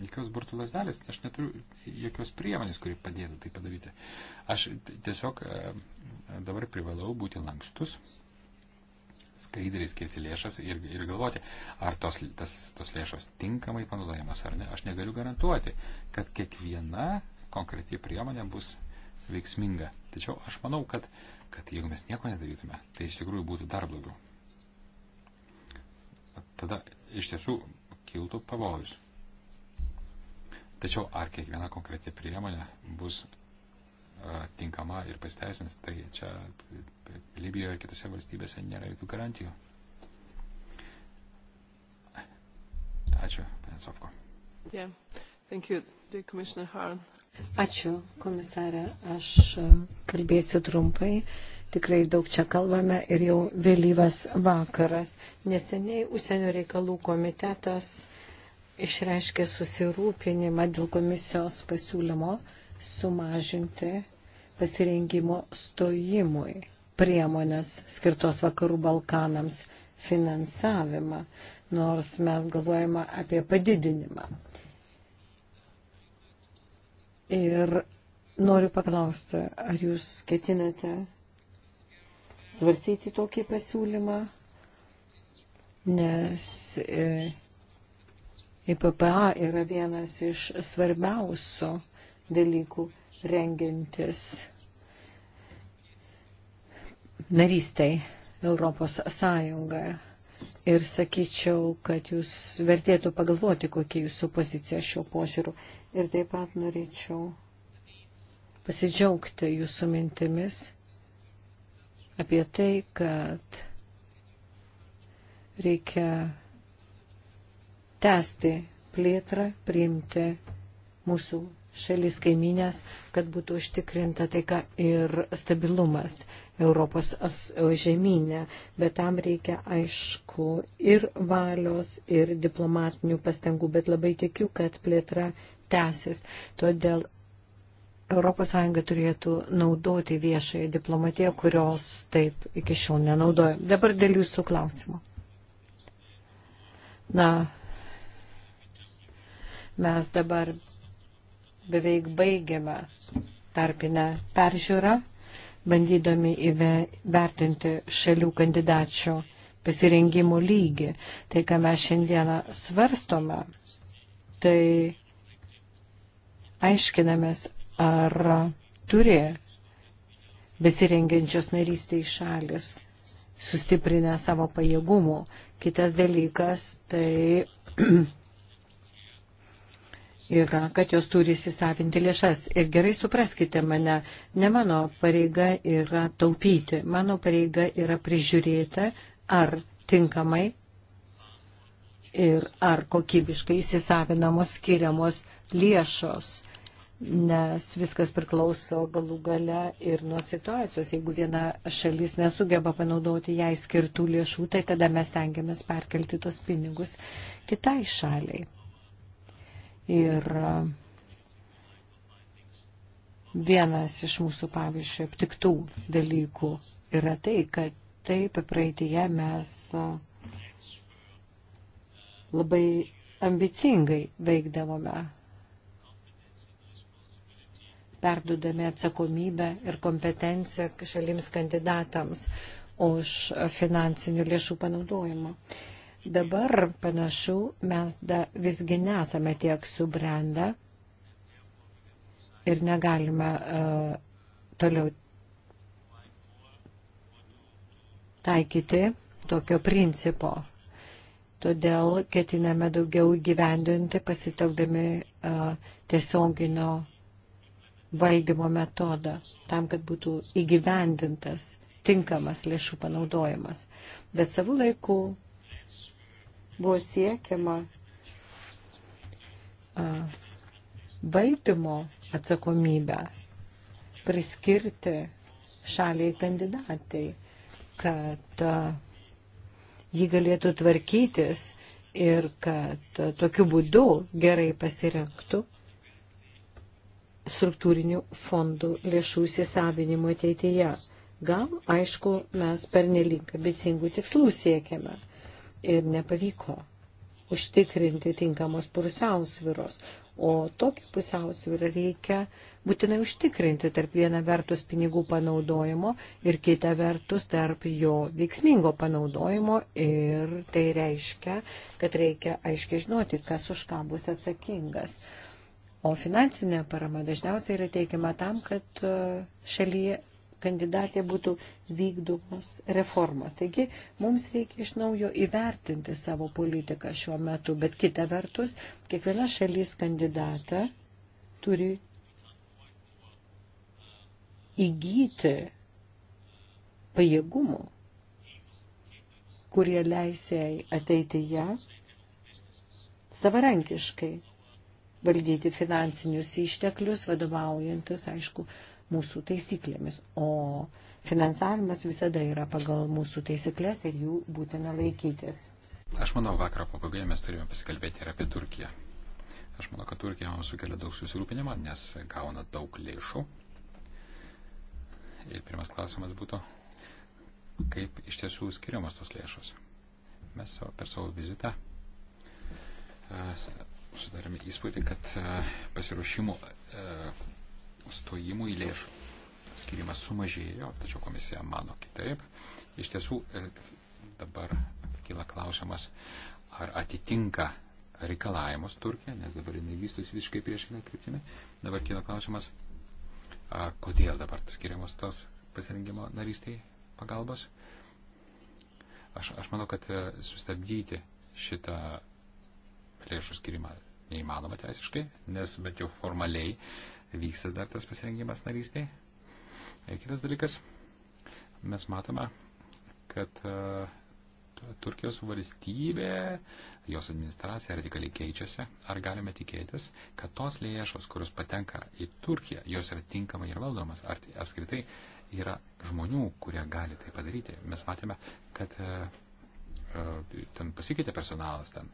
jokios burtų lasdelės, aš neturiu jokios priemonės, kuri padėtų tai padaryti. Aš tiesiog dabar privalau būti lankstus skaidriai skirti lėšas ir, ir galvoti, ar tos, tas, tos lėšos tinkamai panaudojamas ar ne. Aš negaliu garantuoti, kad kiekviena konkreti priemonė bus veiksminga. Tačiau aš manau, kad, kad jeigu mes nieko nedarytume, tai iš tikrųjų būtų dar blogiau. Tada iš tiesų kiltų pavojus. Tačiau ar kiekviena konkreti priemonė bus tinkama ir pasiteisins, tai čia Libijoje ir kitose valstybėse nėra jokių garantijų. Ačiū, Pensovko. Yeah. Thank you, dear Commissioner Harn. Ačiū, komisarė. Aš e, kalbėsiu trumpai. Tikrai daug čia kalbame ir jau vėlyvas vakaras. Neseniai Užsienio reikalų komitetas išreiškė susirūpinimą dėl komisijos pasiūlymo sumažinti pasirengimo stojimui priemonės skirtos vakarų Balkanams finansavimą, nors mes galvojame apie padidinimą. Ir noriu paklausti, ar jūs ketinate svarstyti tokį pasiūlymą, nes IPPA e, e yra vienas iš svarbiausių dalykų rengiantis narystai Europos Sąjungoje. Ir sakyčiau, kad jūs vertėtų pagalvoti, kokia jūsų pozicija šio požiūriu. Ir taip pat norėčiau pasidžiaugti jūsų mintimis apie tai, kad reikia tęsti plėtrą, priimti mūsų šalis kaiminės, kad būtų užtikrinta taika ir stabilumas Europos žemynė. Bet tam reikia, aišku, ir valios, ir diplomatinių pastangų, bet labai tikiu, kad plėtra tęsis. Todėl ES turėtų naudoti viešąją diplomatiją, kurios taip iki šiol nenaudoja. Dabar dėl jūsų klausimų. Na, mes dabar beveik baigiame tarpinę peržiūrą, bandydami įvertinti šalių kandidačių pasirengimų lygį. Tai, ką mes šiandieną svarstome, tai aiškinamės, ar turi besirengiančios narystiai šalis sustiprinę savo pajėgumų. Kitas dalykas, tai (clears throat) yra, kad jos turi įsisavinti lėšas. Ir gerai supraskite mane, ne mano pareiga yra taupyti, mano pareiga yra prižiūrėti, ar tinkamai ir ar kokybiškai įsisavinamos skiriamos lėšos nes viskas priklauso galų gale ir nuo situacijos. Jeigu viena šalis nesugeba panaudoti jai skirtų lėšų, tai tada mes tengiamės perkelti tos pinigus kitai šaliai. Ir e, vienas iš mūsų, pavyzdžiui, aptiktų dalykų yra tai, kad taip praeitėje mes e, labai ambicingai veikdavome, perdudami atsakomybę ir kompetenciją šalims kandidatams už finansinių lėšų panaudojimą. Dabar panašu, mes da, visgi nesame tiek subrendę ir negalime uh, toliau taikyti tokio principo. Todėl ketiname daugiau įgyvendinti pasitelkdami uh, tiesioginio valdymo metodą, tam, kad būtų įgyvendintas tinkamas lėšų panaudojimas. Bet savo laiku buvo siekiama valdymo atsakomybę priskirti šaliai kandidatai, kad ji galėtų tvarkytis ir kad tokiu būdu gerai pasirenktų struktūrinių fondų lėšų įsisavinimo ateityje. Gal, aišku, mes pernelyg ambicingų tikslų siekiame ir nepavyko užtikrinti tinkamos pusiausviros. O tokį pusiausvirą reikia būtinai užtikrinti tarp viena vertus pinigų panaudojimo ir kita vertus tarp jo veiksmingo panaudojimo. Ir tai reiškia, kad reikia aiškiai žinoti, kas už ką bus atsakingas. O finansinė parama dažniausiai yra teikiama tam, kad e, šalyje, kandidatė būtų vykdomos reformos. Taigi mums reikia iš naujo įvertinti savo politiką šiuo metu, bet kita vertus, kiekviena šalis kandidata turi įgyti pajėgumų, kurie leisėjai ateityje savarankiškai valdyti finansinius išteklius, vadovaujantis, aišku, mūsų taisyklėmis, o finansavimas visada yra pagal mūsų taisyklės ir jų būtina laikytis. Aš manau, vakaro pabaigoje mes turime pasikalbėti ir apie Turkiją. Aš manau, kad Turkija mums sukelia daug susirūpinimo, nes gauna daug lėšų. Ir pirmas klausimas būtų, kaip iš tiesų skiriamos tos lėšos. Mes per savo vizitą e, sudarėme įspūdį, kad e, pasiruošimo e, stojimui lėšų skirimas sumažėjo, tačiau komisija mano kitaip. Iš tiesų e, dabar kyla klausimas, ar atitinka reikalavimus Turkija, nes dabar jinai vystosi visiškai priešingą kryptimį. Dabar kyla klausimas, a, kodėl dabar skiriamos tos pasirinkimo narystiai pagalbos. Aš, aš manau, kad e, sustabdyti šitą lėšų skirimą neįmanoma teisiškai, nes bent jau formaliai vyksta dar tas pasirengimas narystiai. Kitas dalykas, mes matome, kad e, Turkijos valstybė, jos administracija radikaliai keičiasi. Ar galime tikėtis, kad tos lėšos, kurios patenka į Turkiją, jos yra tinkamai ir valdomas? Ar tai apskritai yra žmonių, kurie gali tai padaryti? Mes matėme, kad e, e, ten pasikeitė personalas ten.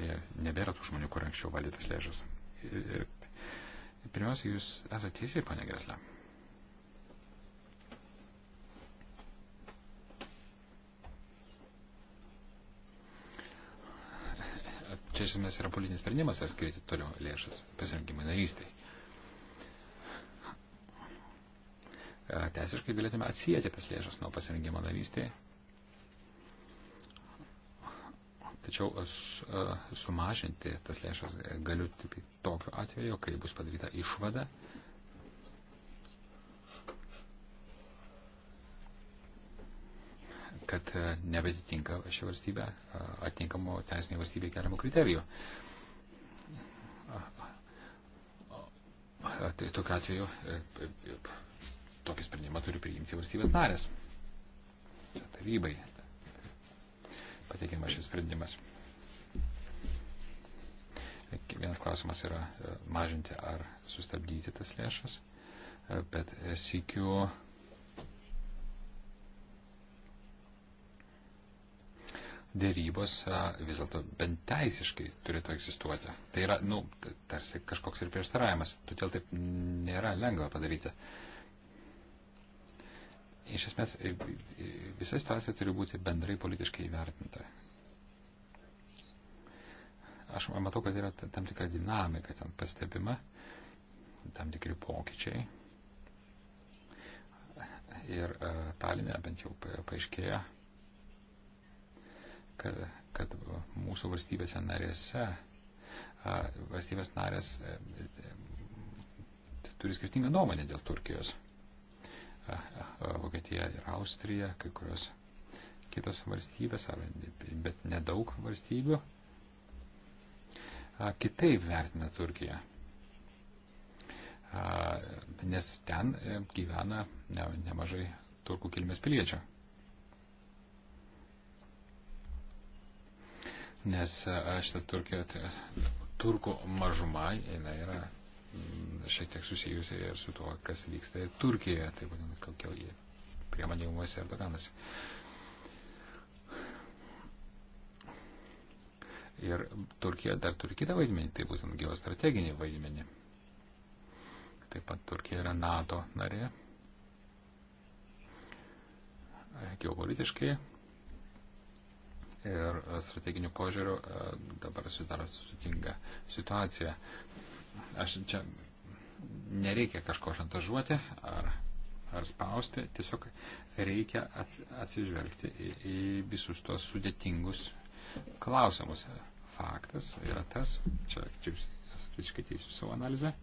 Ir nebėra tų žmonių, kur anksčiau valdytas lėšas. Ir Pirmiausia, jūs esate teisė, pane Greslė. Čia iš esmės yra politinis sprendimas, ar skirti toliau lėšas pasirinkimui narystai. Teisiškai galėtume atsijėti tas lėšas nuo pasirinkimo narystėje Tačiau aš e, sumažinti tas lėšas e, galiu tik tokiu atveju, kai bus padaryta išvada, kad e, nebetitinka ši valstybė atitinkamo teisinė valstybė keliamų kriterijų. Tai tokiu atveju tokį sprendimą turi priimti valstybės narės tarybai pateikiamas šis sprendimas. Vienas klausimas yra e, mažinti ar sustabdyti tas lėšas, e, bet sikiu dėrybos e, vis dėlto bent teisiškai turėtų egzistuoti. Tai yra, nu, tarsi kažkoks ir prieštaravimas, todėl taip nėra lengva padaryti. Uh, Iš esmės, e, e, visa situacija turi būti bendrai politiškai įvertinta. Aš matau, kad yra tam tikra dinamika ten pastebima, tam tikri pokyčiai. Ir uh, e, Talinė bent jau paaiškėjo, kad, kad mūsų valstybėse narėse, uh, valstybės narės uh, turi skirtingą nuomonę dėl Turkijos. Uh, Vokietija ir Austrija, kai kurios kitos valstybės, ar, bet nedaug valstybių, kitaip vertina Turkiją. Nes ten e, gyvena nemažai turkų kilmės piliečių. Nes šitą Turkiją, tai turkų mažumą, jinai yra Mm, šiek tiek susijusi ir su tuo, kas vyksta Turkijoje, tai būtent kokia priemonė įmasi Erdoganas. Ir Turkija dar turi kitą vaidmenį, tai būtent geostrateginį vaidmenį. Taip pat Turkija yra NATO narė. Geopolitiškai ir strateginių požiūrių e, dabar susidaro sutinga situacija. Aš čia nereikia kažko šantažuoti ar, ar spausti, tiesiog reikia atsižvelgti į, į visus tuos sudėtingus klausimus. Faktas yra tas, čia, čia aš visiškai teisiu savo analizę,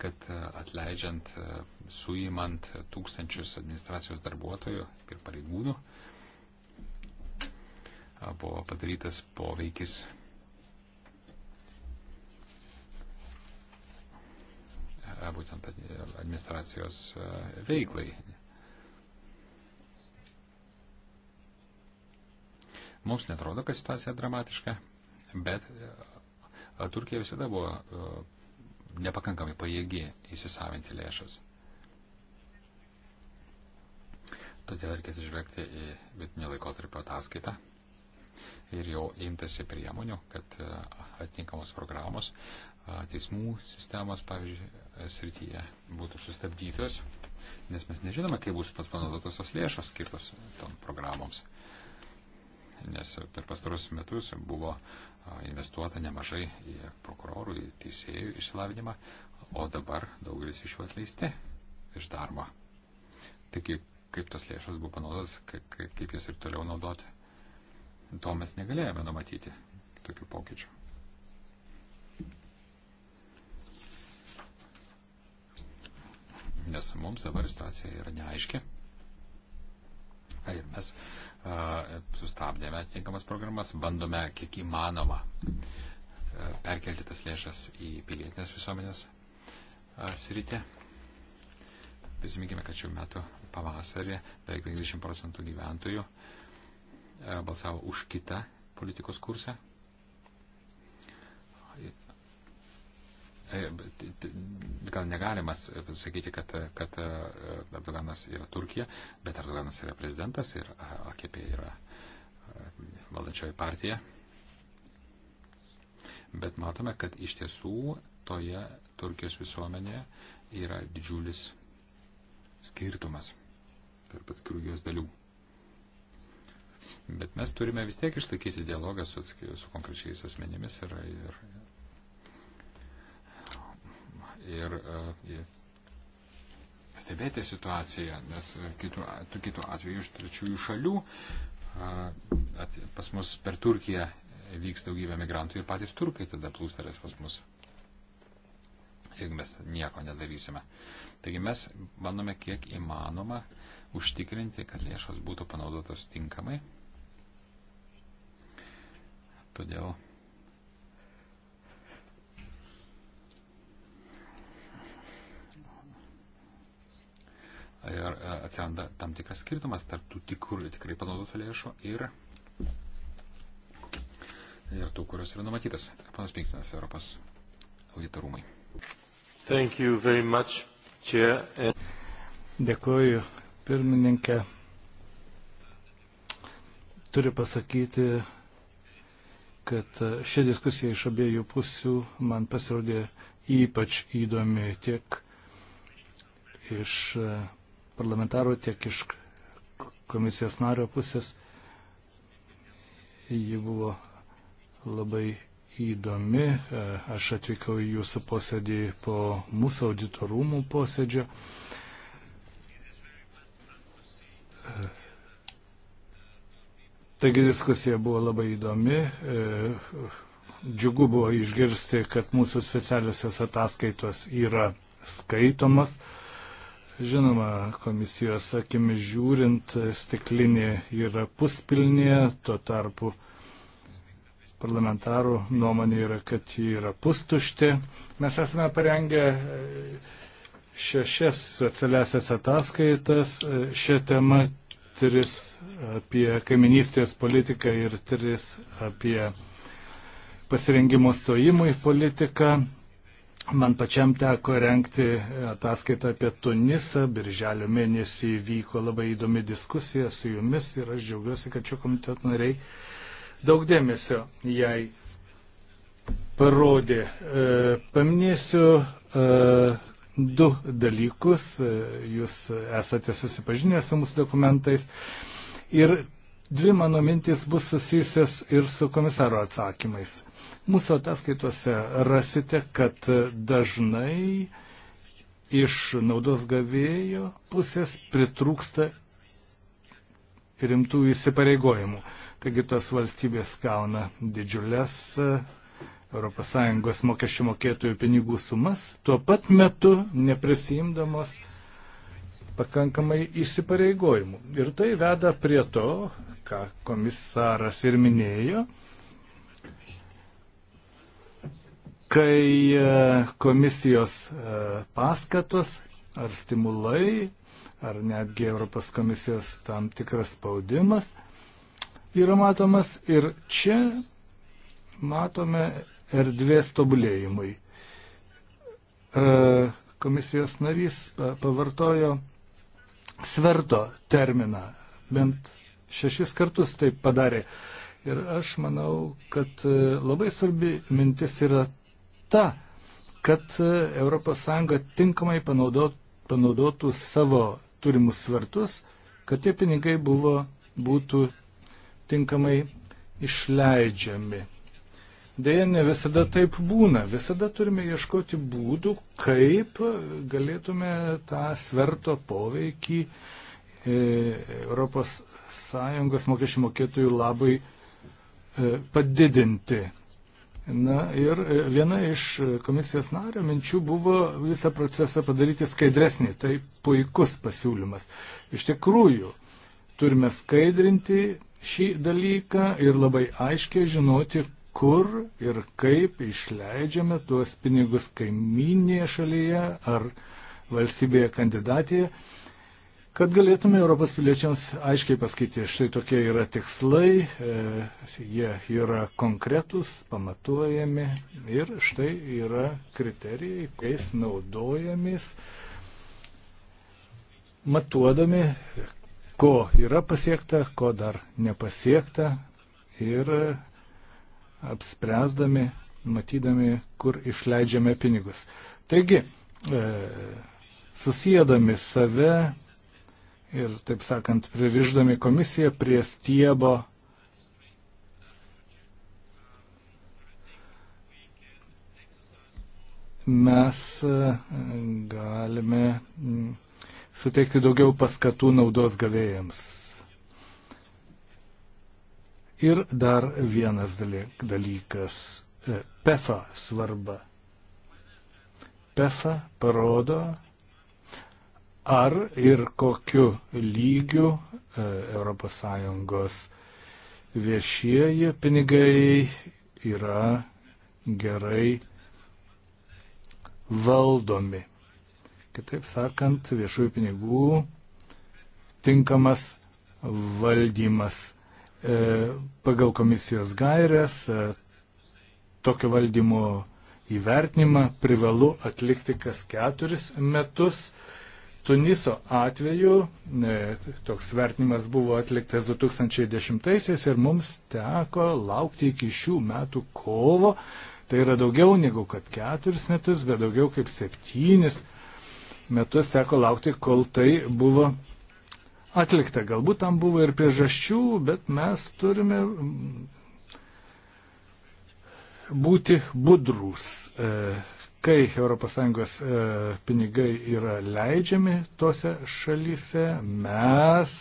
kad atleidžiant, suimant tūkstančius administracijos darbuotojų ir pareigūnų, buvo padarytas poveikis būtent administracijos e, veiklai. Mums netrodo, kad situacija dramatiška, bet e, Turkija visada buvo e, nepakankamai pajėgi įsisavinti lėšas. Todėl reikėtų žvelgti į vidinį laikotarpio ataskaitą ir jau imtasi priemonių, kad atitinkamos programos teismų sistemos, pavyzdžiui, srityje būtų sustabdytos, nes mes nežinome, kaip bus pats panaudotos tos lėšos skirtos tom programoms. Nes per pastarus metus buvo investuota nemažai į prokurorų, į teisėjų išsilavinimą, o dabar daugelis iš jų atleisti iš darbo. Taigi, kaip tos lėšos buvo panaudotas, kaip jas ir toliau naudoti, to mes negalėjome numatyti tokių pokyčių. nes mums dabar situacija yra neaiški. Ir mes a, sustabdėme atitinkamas programas, bandome kiek įmanoma perkelti tas lėšas į pilietinės visuomenės sritį. Prisiminkime, kad šių metų pavasarį beveik 50 procentų gyventojų balsavo už kitą politikos kursą, E, gal negalimas sakyti, kad, kad e, Erdoganas yra Turkija, bet Erdoganas yra prezidentas ir e, AKP yra valdančioji partija. Bet matome, kad iš tiesų toje Turkijos visuomenėje yra didžiulis skirtumas tarp atskirų jos dalių. Bet mes turime vis tiek išlaikyti dialogą su, su konkrečiais asmenimis ir, ir, ir e, stebėti situaciją, nes kitų, kitų atveju iš trečiųjų šalių e, pas mus per Turkiją vyks daugybė migrantų ir patys turkai tada plūstelės pas mus, jeigu mes nieko nedarysime. Taigi mes bandome kiek įmanoma užtikrinti, kad lėšos būtų panaudotos tinkamai. Todėl ir e, atsiranda tam tikras skirtumas tarp tų tikrų tikrai panaudotų lėšų ir, ir tų, kurios yra numatytas. Panas Pinkstinas, Europos auditorumai. Much, Chair. Dėkuoju, pirmininkė. Turiu pasakyti, kad e, ši diskusija iš abiejų pusių man pasirodė ypač įdomi tiek iš e, parlamentarų, tiek iš komisijos nario pusės. Ji buvo labai įdomi. E, aš atvykau į jūsų posėdį po mūsų auditorumų posėdžio. E, taigi diskusija buvo labai įdomi. E, džiugu buvo išgirsti, kad mūsų specialiosios ataskaitos yra skaitomas. Žinoma, komisijos akimi žiūrint, stiklinė yra puspilnė, tuo tarpu parlamentarų nuomonė yra, kad ji yra pustušti. Mes esame parengę e, šešias socialiasias ataskaitas e, šią temą, tris apie kaiminystės politiką ir tris apie pasirengimo stojimui politiką. Man pačiam teko renkti ataskaitą apie Tunisą. Birželio mėnesį vyko labai įdomi diskusija su jumis ir aš džiaugiuosi, kad šio komiteto nariai daug dėmesio jai parodė. E, paminėsiu e, du dalykus. Jūs esate susipažinę su mūsų dokumentais. Ir dvi mano mintis bus susijusios ir su komisaro atsakymais. Mūsų ataskaitose rasite, kad dažnai iš naudos gavėjo pusės pritrūksta rimtų įsipareigojimų. Taigi tos valstybės gauna didžiulės ES mokesčių mokėtojų pinigų sumas, tuo pat metu neprisimdamos pakankamai įsipareigojimų. Ir tai veda prie to, ką komisaras ir minėjo, kai e, komisijos e, paskatos ar stimulai, ar netgi Europos komisijos tam tikras spaudimas yra matomas ir čia matome erdvės tobulėjimui. E, komisijos narys pavartojo sverto terminą, bent šešis kartus taip padarė. Ir aš manau, kad labai svarbi mintis yra ta, kad ES tinkamai panaudot, panaudotų savo turimus svertus, kad tie pinigai buvo, būtų tinkamai išleidžiami. Deja, ne visada taip būna. Visada turime ieškoti būdų, kaip galėtume tą sverto poveikį ES mokesčių mokėtojų labai e, padidinti. Na ir e, viena iš komisijos nario minčių buvo visą procesą padaryti skaidresnį. Tai puikus pasiūlymas. Iš tikrųjų, turime skaidrinti šį dalyką ir labai aiškiai žinoti, kur ir kaip išleidžiame tuos pinigus kaiminėje šalyje ar valstybėje kandidatėje kad galėtume Europos piliečiams aiškiai pasakyti, štai tokie yra tikslai, e, jie yra konkretus, pamatuojami ir štai yra kriterijai, kuriais naudojamis, matuodami, ko yra pasiekta, ko dar nepasiekta ir apspręsdami, matydami, kur išleidžiame pinigus. Taigi, e, susėdami save ir, taip sakant, pririždami komisiją prie stiebo. Mes e, galime suteikti daugiau paskatų naudos gavėjams. Ir dar vienas dalykas e, - PEFA svarba. PEFA parodo, ar ir kokiu lygiu ES viešieji pinigai yra gerai valdomi. Kitaip sakant, viešųjų pinigų tinkamas valdymas. E, pagal komisijos gairias e, tokio valdymo įvertinimą privalu atlikti kas keturis metus Tuniso atveju toks vertinimas buvo atliktas 2010-aisiais ir mums teko laukti iki šių metų kovo. Tai yra daugiau negu kad keturis metus, bet daugiau kaip septynis metus teko laukti, kol tai buvo atlikta. Galbūt tam buvo ir priežasčių, bet mes turime mm, būti budrus, e, Kai ES e, pinigai yra leidžiami tose šalyse, mes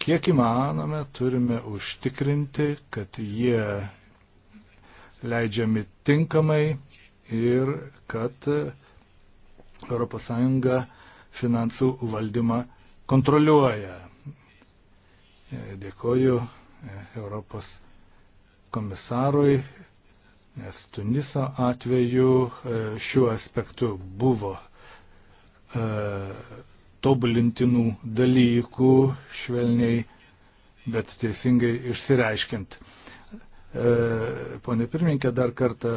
kiek įmanome turime užtikrinti, kad jie leidžiami tinkamai ir kad ES finansų valdymą kontroliuoja. Dėkoju e, Europos komisarui nes Tuniso atveju e, šiuo aspektu buvo e, tobulintinų dalykų, švelniai, bet teisingai išsireiškint. E, Pone pirmininkė, dar kartą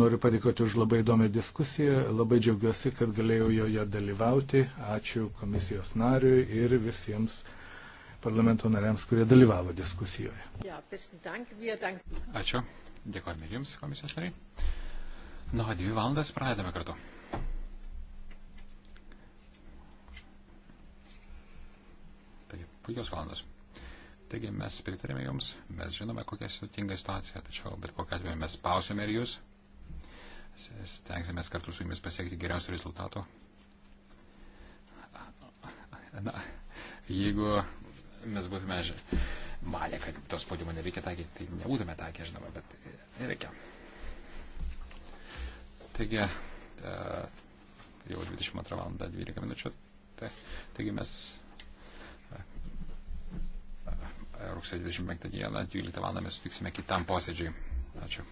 noriu padėkoti už labai įdomią diskusiją. Labai džiaugiuosi, kad galėjau joje dalyvauti. Ačiū komisijos nariui ir visiems parlamento nariams, kurie dalyvavo diskusijoje. Ačiū. Dėkojame ir Jums, komisijos nariai. Nu, dvi valandas pradedame kartu. Taigi, puikios valandos. Taigi mes pritarėme jums, mes žinome, kokia sudėtinga situacija, tačiau bet kokiu atveju mes spausime ir jūs, stengsime kartu su jumis pasiekti geriausių rezultatų. Na, jeigu mes būtume manę, kad to spaudimo nereikia taikyti, tai nebūtume taikę, žinoma, bet Nereikia. Taigi, e, jau 22 val. 12 minučių. Taigi mes e, e, rugsėjo 25 dieną 12 val. mes sutiksime kitam posėdžiui. Ačiū.